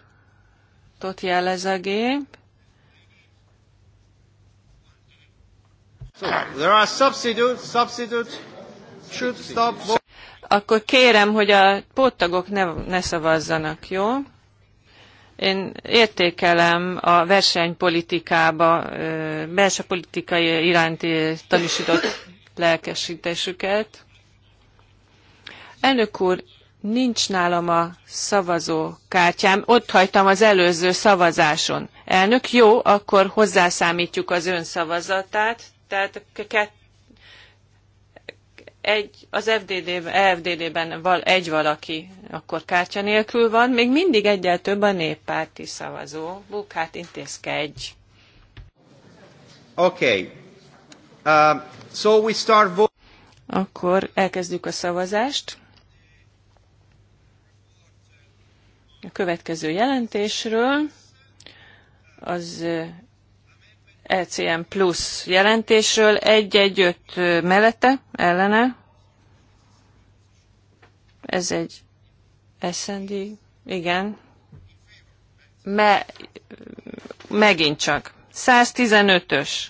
jelez a gép. there are substitutes, substitutes should stop Akkor kérem, hogy a póttagok ne, ne szavazzanak, jó? Én értékelem a versenypolitikába, belső politikai iránti tanúsított lelkesítésüket. Elnök úr, nincs nálam a kártyám, ott hagytam az előző szavazáson. Elnök, jó, akkor hozzászámítjuk az ön szavazatát, tehát kett, egy, az FDD-ben, e FDD-ben val, egy valaki akkor kártya nélkül van, még mindig egyel több a néppárti szavazó. Bukát intézkedj. Oké. Okay. Uh, so we start vo- akkor elkezdjük a szavazást. A következő jelentésről az ECM Plus jelentésről. 1-1-5 mellette, ellene. Ez egy SND, igen. Me, megint csak. 115-ös.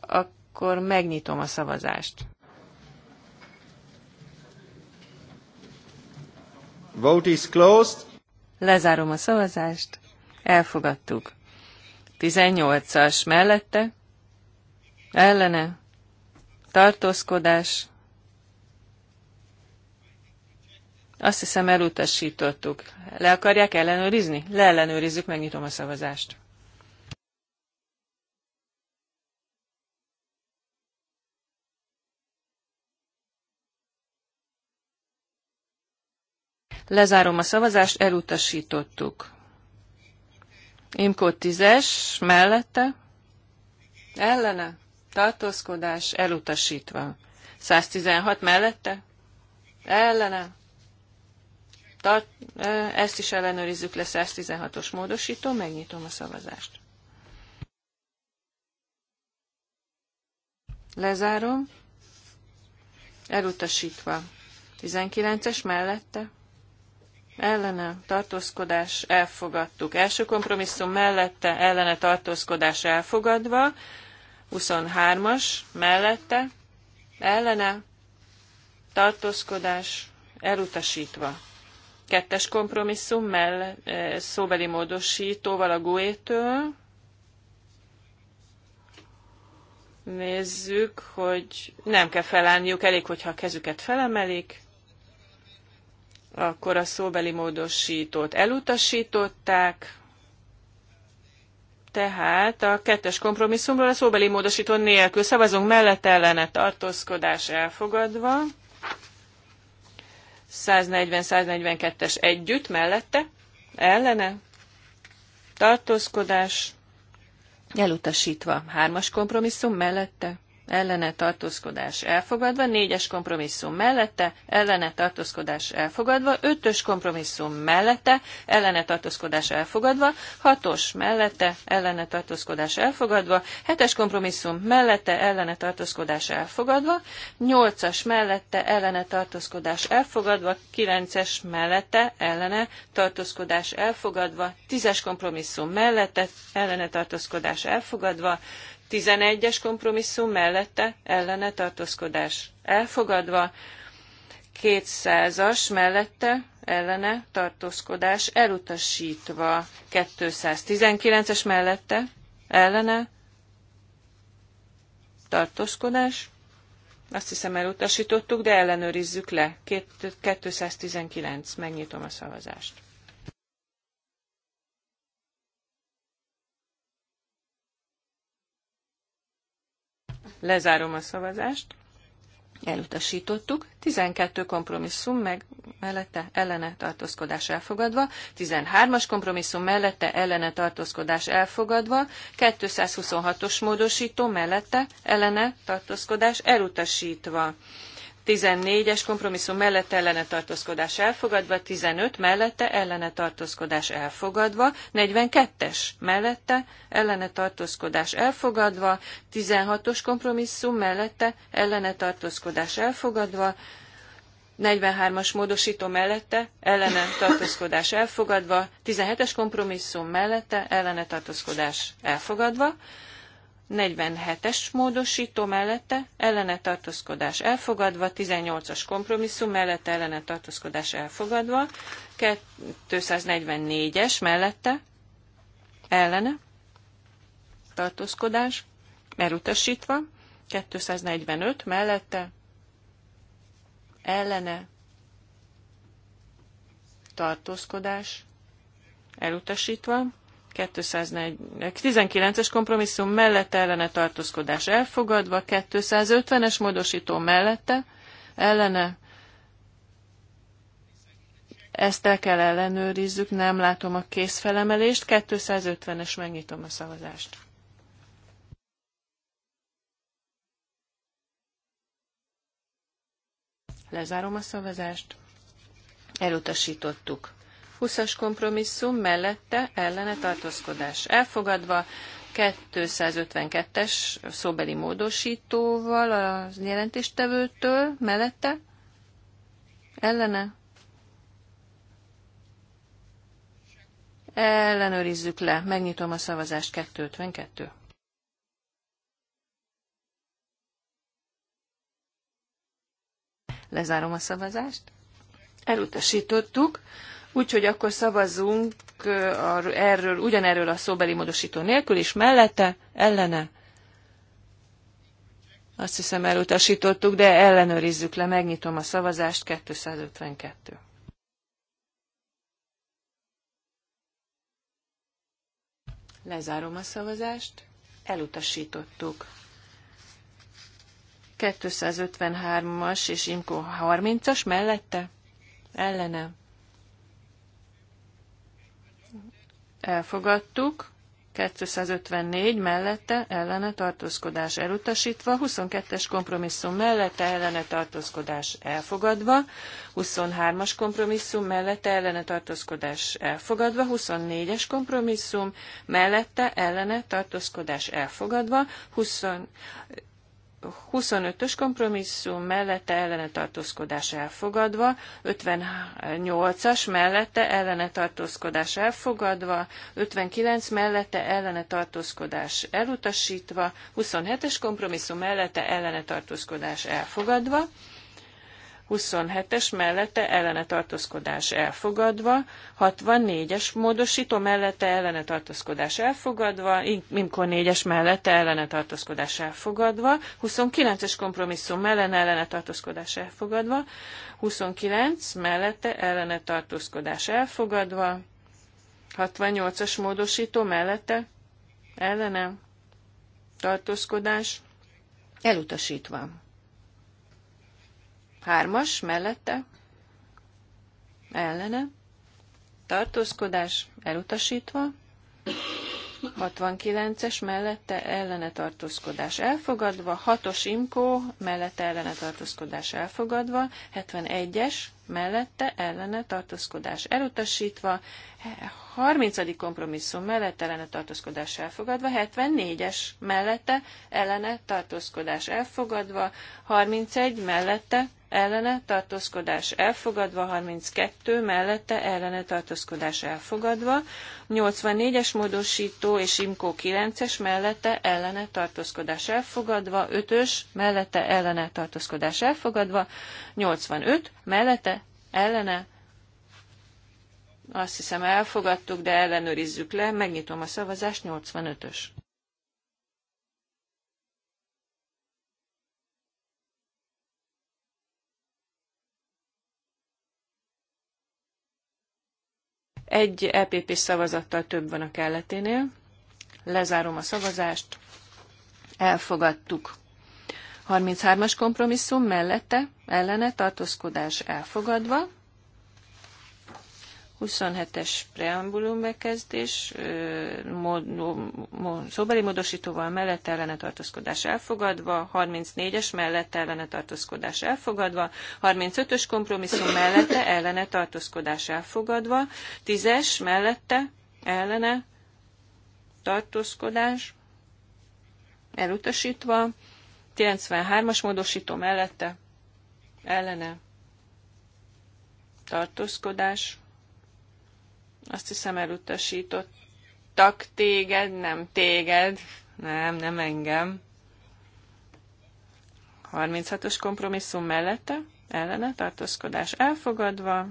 Akkor megnyitom a szavazást. Vote is closed. Lezárom a szavazást. Elfogadtuk. 18-as mellette, ellene, tartózkodás. Azt hiszem elutasítottuk. Le akarják ellenőrizni? Leellenőrizzük, megnyitom a szavazást. Lezárom a szavazást, elutasítottuk. Imkó 10-es mellette, ellene, tartózkodás elutasítva. 116 mellette, ellene, tart, ezt is ellenőrizzük le 116-os módosító, megnyitom a szavazást. Lezárom, elutasítva. 19-es mellette, ellene tartózkodás elfogadtuk. Első kompromisszum mellette ellene tartózkodás elfogadva, 23-as mellette ellene tartózkodás elutasítva. Kettes kompromisszum mell eh, szóbeli módosítóval a GUE-től. Nézzük, hogy nem kell felállniuk, elég, hogyha a kezüket felemelik akkor a szóbeli módosítót elutasították, tehát a kettes kompromisszumról a szóbeli módosító nélkül szavazunk mellett ellene tartózkodás elfogadva. 140-142-es együtt mellette, ellene, tartózkodás, elutasítva, hármas kompromisszum mellette, ellene tartózkodás elfogadva, négyes kompromisszum mellette, ellene tartózkodás elfogadva, ötös kompromisszum mellette, ellene tartózkodás elfogadva, hatos mellette, ellene tartózkodás elfogadva, hetes kompromisszum mellette, ellene tartózkodás elfogadva, nyolcas mellette, ellene tartózkodás elfogadva, kilences mellette, ellene tartózkodás elfogadva, tízes kompromisszum mellette, ellene tartózkodás elfogadva, 11-es kompromisszum mellette ellene tartózkodás elfogadva, 200-as mellette ellene tartózkodás elutasítva, 219-es mellette ellene tartózkodás. Azt hiszem elutasítottuk, de ellenőrizzük le. 219. Megnyitom a szavazást. Lezárom a szavazást. Elutasítottuk. 12 kompromisszum meg mellette ellene tartózkodás elfogadva. 13-as kompromisszum mellette ellene tartózkodás elfogadva. 226-os módosító mellette ellene tartózkodás elutasítva. 14-es kompromisszum mellett ellene tartózkodás elfogadva, 15 mellette ellene tartózkodás elfogadva, 42-es mellette ellene tartózkodás elfogadva, 16-os kompromisszum mellette ellene tartózkodás elfogadva, 43-as módosító mellette ellene tartózkodás elfogadva, 17-es kompromisszum mellette ellene tartózkodás elfogadva, 47-es módosító mellette ellene tartózkodás elfogadva, 18-as kompromisszum mellette ellene tartózkodás elfogadva, 244-es mellette ellene tartózkodás elutasítva, 245 mellette ellene tartózkodás elutasítva, 219-es kompromisszum mellette ellene tartózkodás elfogadva, 250-es módosító mellette ellene. Ezt el kell ellenőrizzük, nem látom a készfelemelést. 250-es, megnyitom a szavazást. Lezárom a szavazást. Elutasítottuk. 20-as kompromisszum mellette ellene tartózkodás elfogadva, 252-es szóbeli módosítóval az jelentéstevőtől mellette ellene Ellenőrizzük le. Megnyitom a szavazást 252. Lezárom a szavazást. Elutasítottuk. Úgyhogy akkor szavazzunk erről, ugyanerről a szóbeli módosító nélkül is, mellette, ellene. Azt hiszem elutasítottuk, de ellenőrizzük le, megnyitom a szavazást, 252. Lezárom a szavazást, elutasítottuk. 253-as és Imko 30-as mellette? ellenem. elfogadtuk, 254 mellette ellene tartózkodás elutasítva, 22-es kompromisszum mellette ellene tartózkodás elfogadva, 23-as kompromisszum mellette ellene tartózkodás elfogadva, 24-es kompromisszum mellette ellene tartózkodás elfogadva, 20 25-ös kompromisszum mellette ellene tartózkodás elfogadva, 58-as mellette ellene tartózkodás elfogadva, 59 mellette ellene tartózkodás elutasítva, 27-es kompromisszum mellette ellene tartózkodás elfogadva, 27-es mellette ellene tartózkodás elfogadva, 64-es módosító mellette ellene tartózkodás elfogadva, Imko 4-es mellette ellene tartózkodás elfogadva, 29-es kompromisszum mellene ellene tartózkodás elfogadva, 29 mellette ellene tartózkodás elfogadva, 68-as módosító mellette ellene tartózkodás elutasítva. Hármas mellette ellene tartózkodás elutasítva. 69-es mellette ellene tartózkodás elfogadva, 6-os imkó mellette ellene tartózkodás elfogadva, 71-es mellette ellene tartózkodás elutasítva, 30. kompromisszum mellette ellene tartózkodás elfogadva, 74-es mellette ellene tartózkodás elfogadva, 31 mellette ellene tartózkodás elfogadva, 32 mellette ellene tartózkodás elfogadva, 84-es módosító és imko 9-es mellette ellene tartózkodás elfogadva, 5-ös mellette ellene tartózkodás elfogadva, 85 mellette ellene azt hiszem elfogadtuk, de ellenőrizzük le, megnyitom a szavazást, 85-ös. Egy EPP szavazattal több van a kelleténél. Lezárom a szavazást. Elfogadtuk. 33-as kompromisszum mellette, ellene tartózkodás elfogadva. 27-es preambulum bekezdés mód, mód, szóbeli módosítóval mellett ellene tartózkodás elfogadva, 34-es mellett ellene tartózkodás elfogadva, 35-ös kompromisszum mellette ellene tartózkodás elfogadva, 10-es mellette ellene tartózkodás elutasítva, 93-as módosító mellette ellene tartózkodás azt hiszem elutasítottak téged, nem téged, nem, nem engem. 36-os kompromisszum mellette, ellene tartózkodás elfogadva.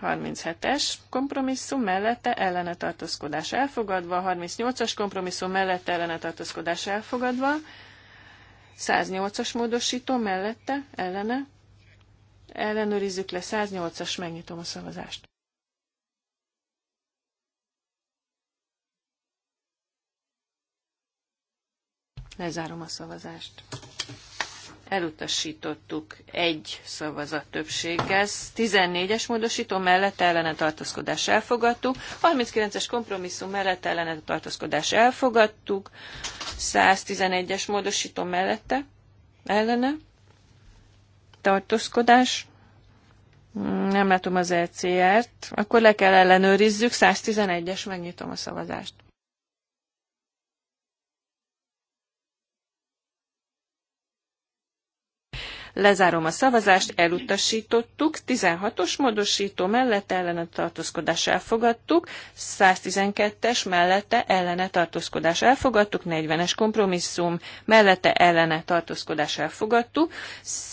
37-es kompromisszum mellette ellene tartózkodás elfogadva, 38-as kompromisszum mellette ellene tartózkodás elfogadva, 108-as módosító mellette ellene Ellenőrizzük le 108-as, megnyitom a szavazást. Lezárom a szavazást. Elutasítottuk egy szavazat többséggel. 14-es módosító mellett ellene tartózkodás elfogadtuk. 39-es kompromisszum mellett ellene tartózkodás elfogadtuk. 111-es módosító mellette ellene tartózkodás, nem látom az ECR-t, akkor le kell ellenőrizzük, 111-es, megnyitom a szavazást. Lezárom a szavazást, elutasítottuk, 16-os módosító mellette ellene tartózkodás elfogadtuk, 112-es mellette ellene tartózkodás elfogadtuk, 40-es kompromisszum mellette ellene tartózkodás elfogadtuk,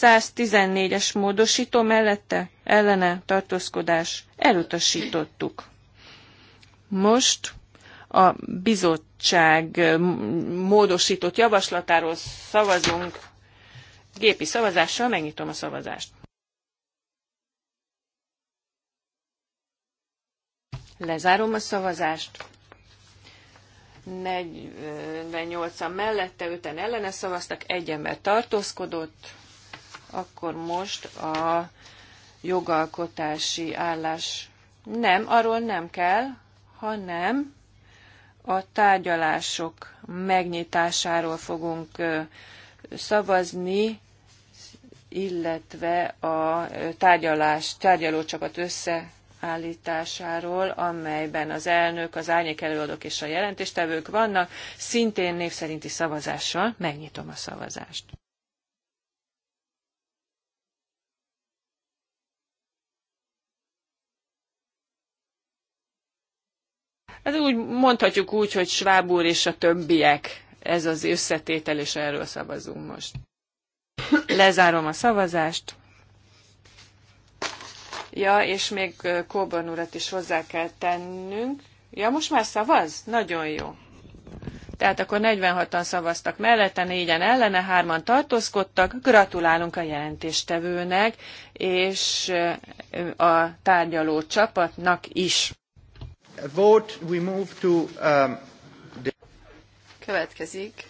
114-es módosító mellette ellene tartózkodás elutasítottuk. Most a bizottság módosított javaslatáról szavazunk Gépi szavazással megnyitom a szavazást. Lezárom a szavazást. 48-an mellette, 5-en ellene szavaztak, egy ember tartózkodott. Akkor most a jogalkotási állás nem, arról nem kell, hanem a tárgyalások megnyitásáról fogunk szavazni illetve a tárgyalás, tárgyalócsapat összeállításáról, amelyben az elnök, az árnyék előadók és a jelentéstevők vannak, szintén név szerinti szavazással megnyitom a szavazást. Hát úgy mondhatjuk úgy, hogy Schwab úr és a többiek, ez az összetétel, és erről szavazunk most. Lezárom a szavazást. Ja, és még Kóban urat is hozzá kell tennünk. Ja, most már szavaz? Nagyon jó. Tehát akkor 46-an szavaztak mellette, négyen ellene, hárman tartózkodtak. Gratulálunk a jelentéstevőnek és a tárgyaló csapatnak is. Vote, we move to, um, the... Következik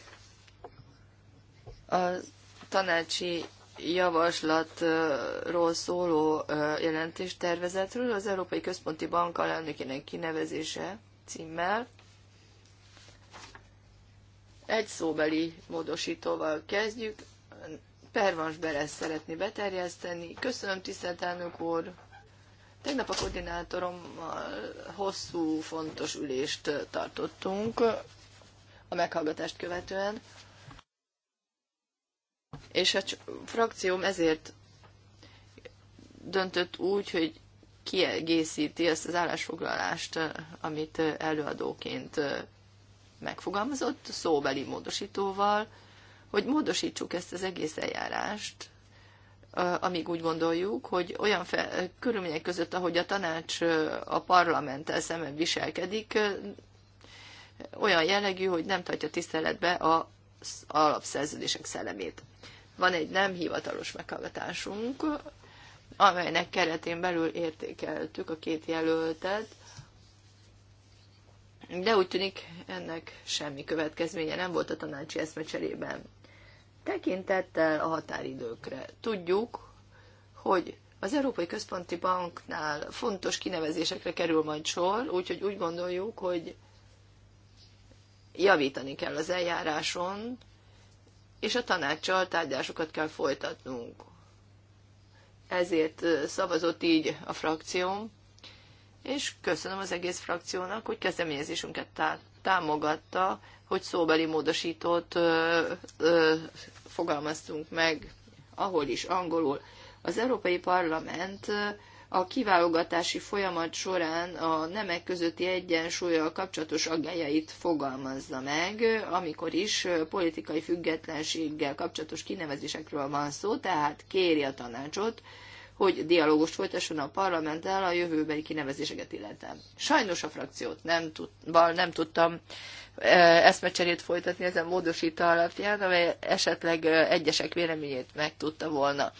az tanácsi javaslatról szóló jelentéstervezetről az Európai Központi Bank alelnökének kinevezése címmel. Egy szóbeli módosítóval kezdjük. Pervans Beres szeretné beterjeszteni. Köszönöm, tisztelt elnök úr! Tegnap a koordinátorommal hosszú, fontos ülést tartottunk a meghallgatást követően és a frakcióm ezért döntött úgy, hogy kiegészíti ezt az állásfoglalást, amit előadóként megfogalmazott szóbeli módosítóval, hogy módosítsuk ezt az egész eljárást, amíg úgy gondoljuk, hogy olyan fe- körülmények között, ahogy a tanács a parlamenttel szemben viselkedik, olyan jellegű, hogy nem tartja tiszteletbe az alapszerződések szellemét. Van egy nem hivatalos meghallgatásunk, amelynek keretén belül értékeltük a két jelöltet, de úgy tűnik ennek semmi következménye nem volt a tanácsi eszmecserében. Tekintettel a határidőkre tudjuk, hogy az Európai Központi Banknál fontos kinevezésekre kerül majd sor, úgyhogy úgy gondoljuk, hogy javítani kell az eljáráson, és a tanácssal tárgyásokat kell folytatnunk. Ezért szavazott így a frakcióm, és köszönöm az egész frakciónak, hogy kezdeményezésünket tá- támogatta, hogy szóbeli módosítót ö, ö, fogalmaztunk meg, ahol is angolul. Az Európai Parlament a kiválogatási folyamat során a nemek közötti egyensúlyjal kapcsolatos aggájait fogalmazza meg, amikor is politikai függetlenséggel kapcsolatos kinevezésekről van szó, tehát kéri a tanácsot, hogy dialógust folytasson a parlamenttel a jövőbeli kinevezéseket illetően. Sajnos a frakciót nem, tud, nem tudtam e, eszmecserét folytatni ezen módosító alapján, amely esetleg e, egyesek véleményét meg tudta volna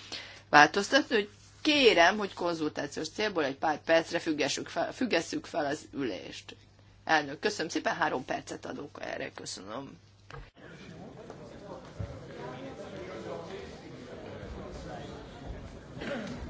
változtatni, hogy kérem, hogy konzultációs célból egy pár percre függessük fel, függessük fel az ülést. Elnök, köszönöm szépen, három percet adok erre, köszönöm. Thank you.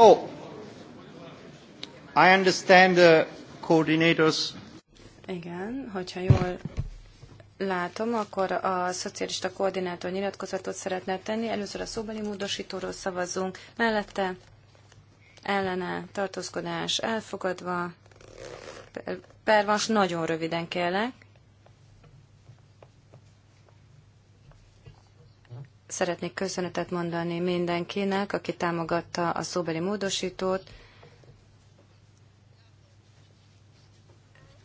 Oh, I understand the coordinators. Igen, hogyha jól látom, akkor a szocialista koordinátor nyilatkozatot szeretne tenni. Először a szóbeli módosítóról szavazunk, mellette ellene tartózkodás elfogadva. Pervas, nagyon röviden kérlek. Szeretnék köszönetet mondani mindenkinek, aki támogatta a szóbeli módosítót.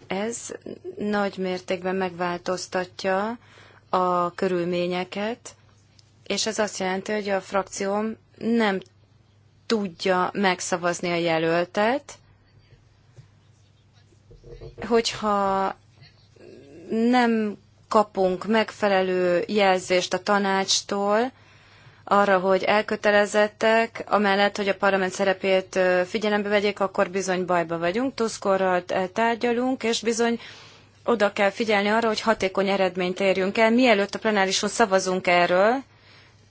Ez nagy mértékben megváltoztatja a körülményeket, és ez azt jelenti, hogy a frakcióm nem tudja megszavazni a jelöltet, hogyha nem kapunk megfelelő jelzést a tanácstól, arra, hogy elkötelezettek, amellett, hogy a parlament szerepét figyelembe vegyék, akkor bizony bajba vagyunk. Tuszkorral eh, tárgyalunk, és bizony oda kell figyelni arra, hogy hatékony eredményt érjünk el, mielőtt a plenárison szavazunk erről,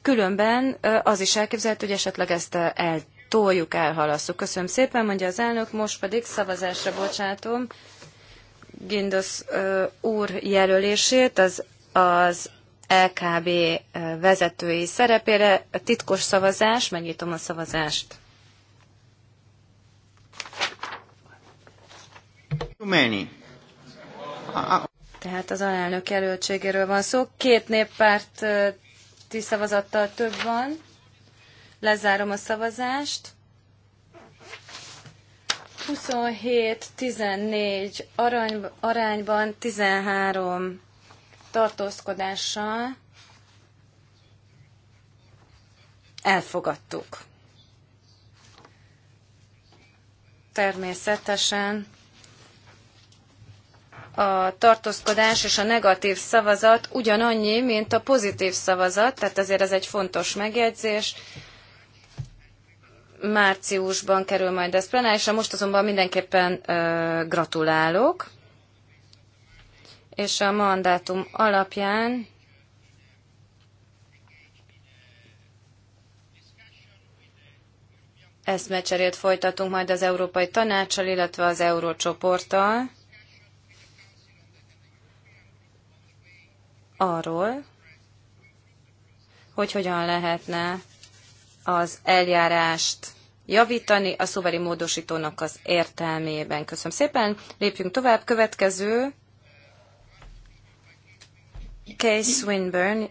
különben az is elképzelhető, hogy esetleg ezt eh, eltoljuk, elhalasszuk. Köszönöm szépen, mondja az elnök, most pedig szavazásra bocsátom Gindos úr jelölését az, az LKB vezetői szerepére. A titkos szavazás, megnyitom a szavazást. Tehát az alelnök jelöltségéről van szó. Két néppárt tíz szavazattal több van. Lezárom a szavazást. 27-14 arany, arányban 13 tartózkodással elfogadtuk. Természetesen a tartózkodás és a negatív szavazat ugyanannyi, mint a pozitív szavazat, tehát azért ez egy fontos megjegyzés márciusban kerül majd ez plenárisra, most azonban mindenképpen ö, gratulálok, és a mandátum alapján eszmecserét folytatunk majd az Európai Tanácssal, illetve az Eurócsoporttal arról, hogy hogyan lehetne az eljárást javítani a szóbeli módosítónak az értelmében. Köszönöm szépen, lépjünk tovább. Következő Case Swinburne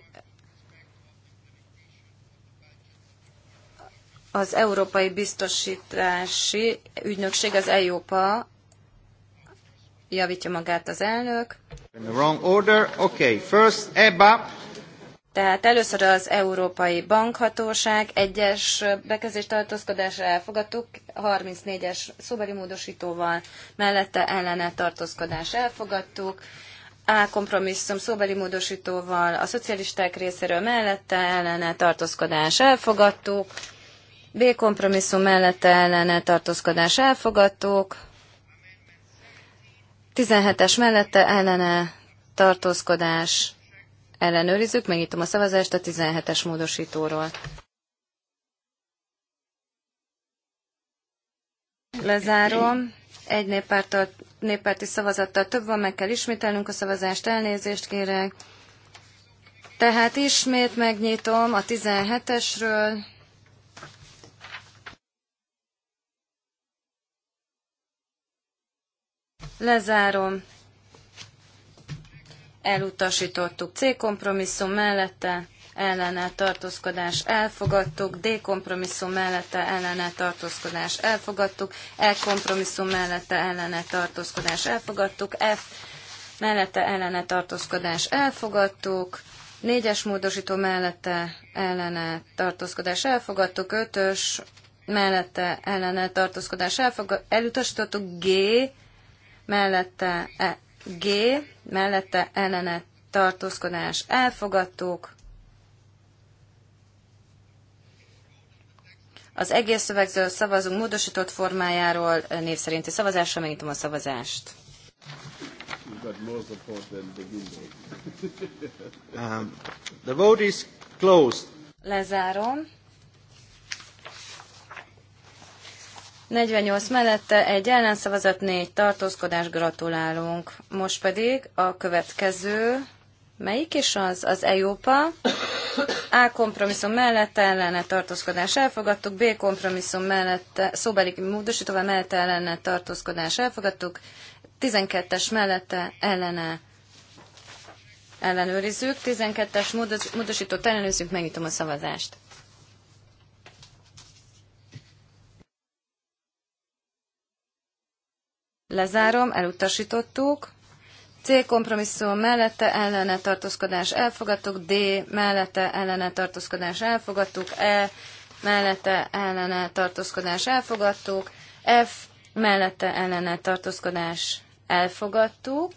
az Európai Biztosítási Ügynökség, az EIOPA javítja magát az elnök. In the wrong order. Okay, first EBA. Tehát először az Európai Bankhatóság egyes bekezdés tartózkodásra elfogadtuk, 34-es szóbeli módosítóval mellette ellene tartózkodás elfogadtuk, A kompromisszum szóbeli módosítóval a szocialisták részéről mellette ellene tartózkodás elfogadtuk, B kompromisszum mellette ellene tartózkodás elfogadtuk, 17-es mellette ellene tartózkodás ellenőrizzük, megnyitom a szavazást a 17-es módosítóról. Lezárom. Egy néppárti szavazattal több van, meg kell ismételnünk a szavazást, elnézést kérek. Tehát ismét megnyitom a 17-esről. Lezárom elutasítottuk. C kompromisszum mellette ellene tartózkodás elfogadtuk, D kompromisszum mellette ellene tartózkodás elfogadtuk, E kompromisszum mellette ellene tartózkodás elfogadtuk, F mellette ellene tartózkodás elfogadtuk, négyes módosító mellette ellene tartózkodás elfogadtuk, ötös mellette ellene tartózkodás elfogadtuk, elutasítottuk, G mellette e, G mellette ellene tartózkodás elfogadtuk. Az egész szövegző szavazunk módosított formájáról név szerinti szavazásra, megnyitom a szavazást. Um, Lezárom. 48 mellette, egy ellenszavazat, négy tartózkodás, gratulálunk. Most pedig a következő, melyik is az? Az EUPA. A kompromisszum mellett ellene tartózkodás elfogadtuk, B kompromisszum mellett szóbeli módosítóval mellett ellene tartózkodás elfogadtuk, 12-es mellette ellene ellenőrizzük, 12-es módosítót ellenőrizzük, megnyitom a szavazást. Lezárom, elutasítottuk. C kompromisszum mellette ellene tartózkodás elfogadtuk, D mellette ellene tartózkodás elfogadtuk, E mellette ellene tartózkodás elfogadtuk, F mellette ellene tartózkodás elfogadtuk.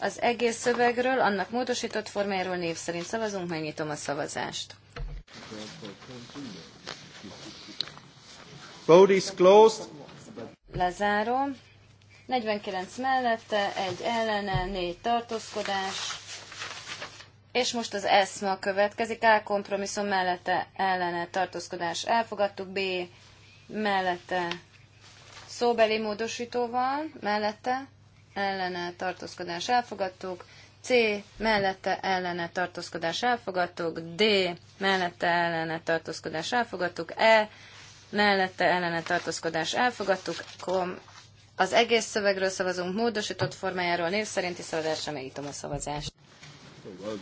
Az egész szövegről, annak módosított formájáról név szerint szavazunk, megnyitom a szavazást. Vote is closed. Lezárom. 49 mellette, egy ellene, négy tartózkodás. És most az eszma következik. A kompromisszum mellette ellene tartózkodás elfogadtuk. B mellette szóbeli módosítóval, mellette ellene tartózkodás elfogadtuk. C mellette ellene tartózkodás elfogadtuk. D mellette ellene tartózkodás elfogadtuk. E mellette ellene tartózkodás elfogadtuk, kom az egész szövegről szavazunk módosított formájáról név szerinti szavazásra megítom a szavazást. Oh,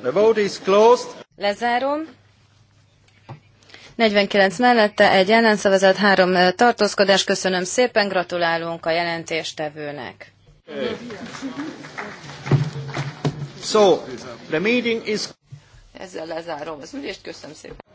the vote is closed. Lezárom. 49 mellette, egy ellenszavazat, három tartózkodás. Köszönöm szépen, gratulálunk a jelentéstevőnek. So, the meeting is... Ezzel lezárom az ülést, köszönöm szépen.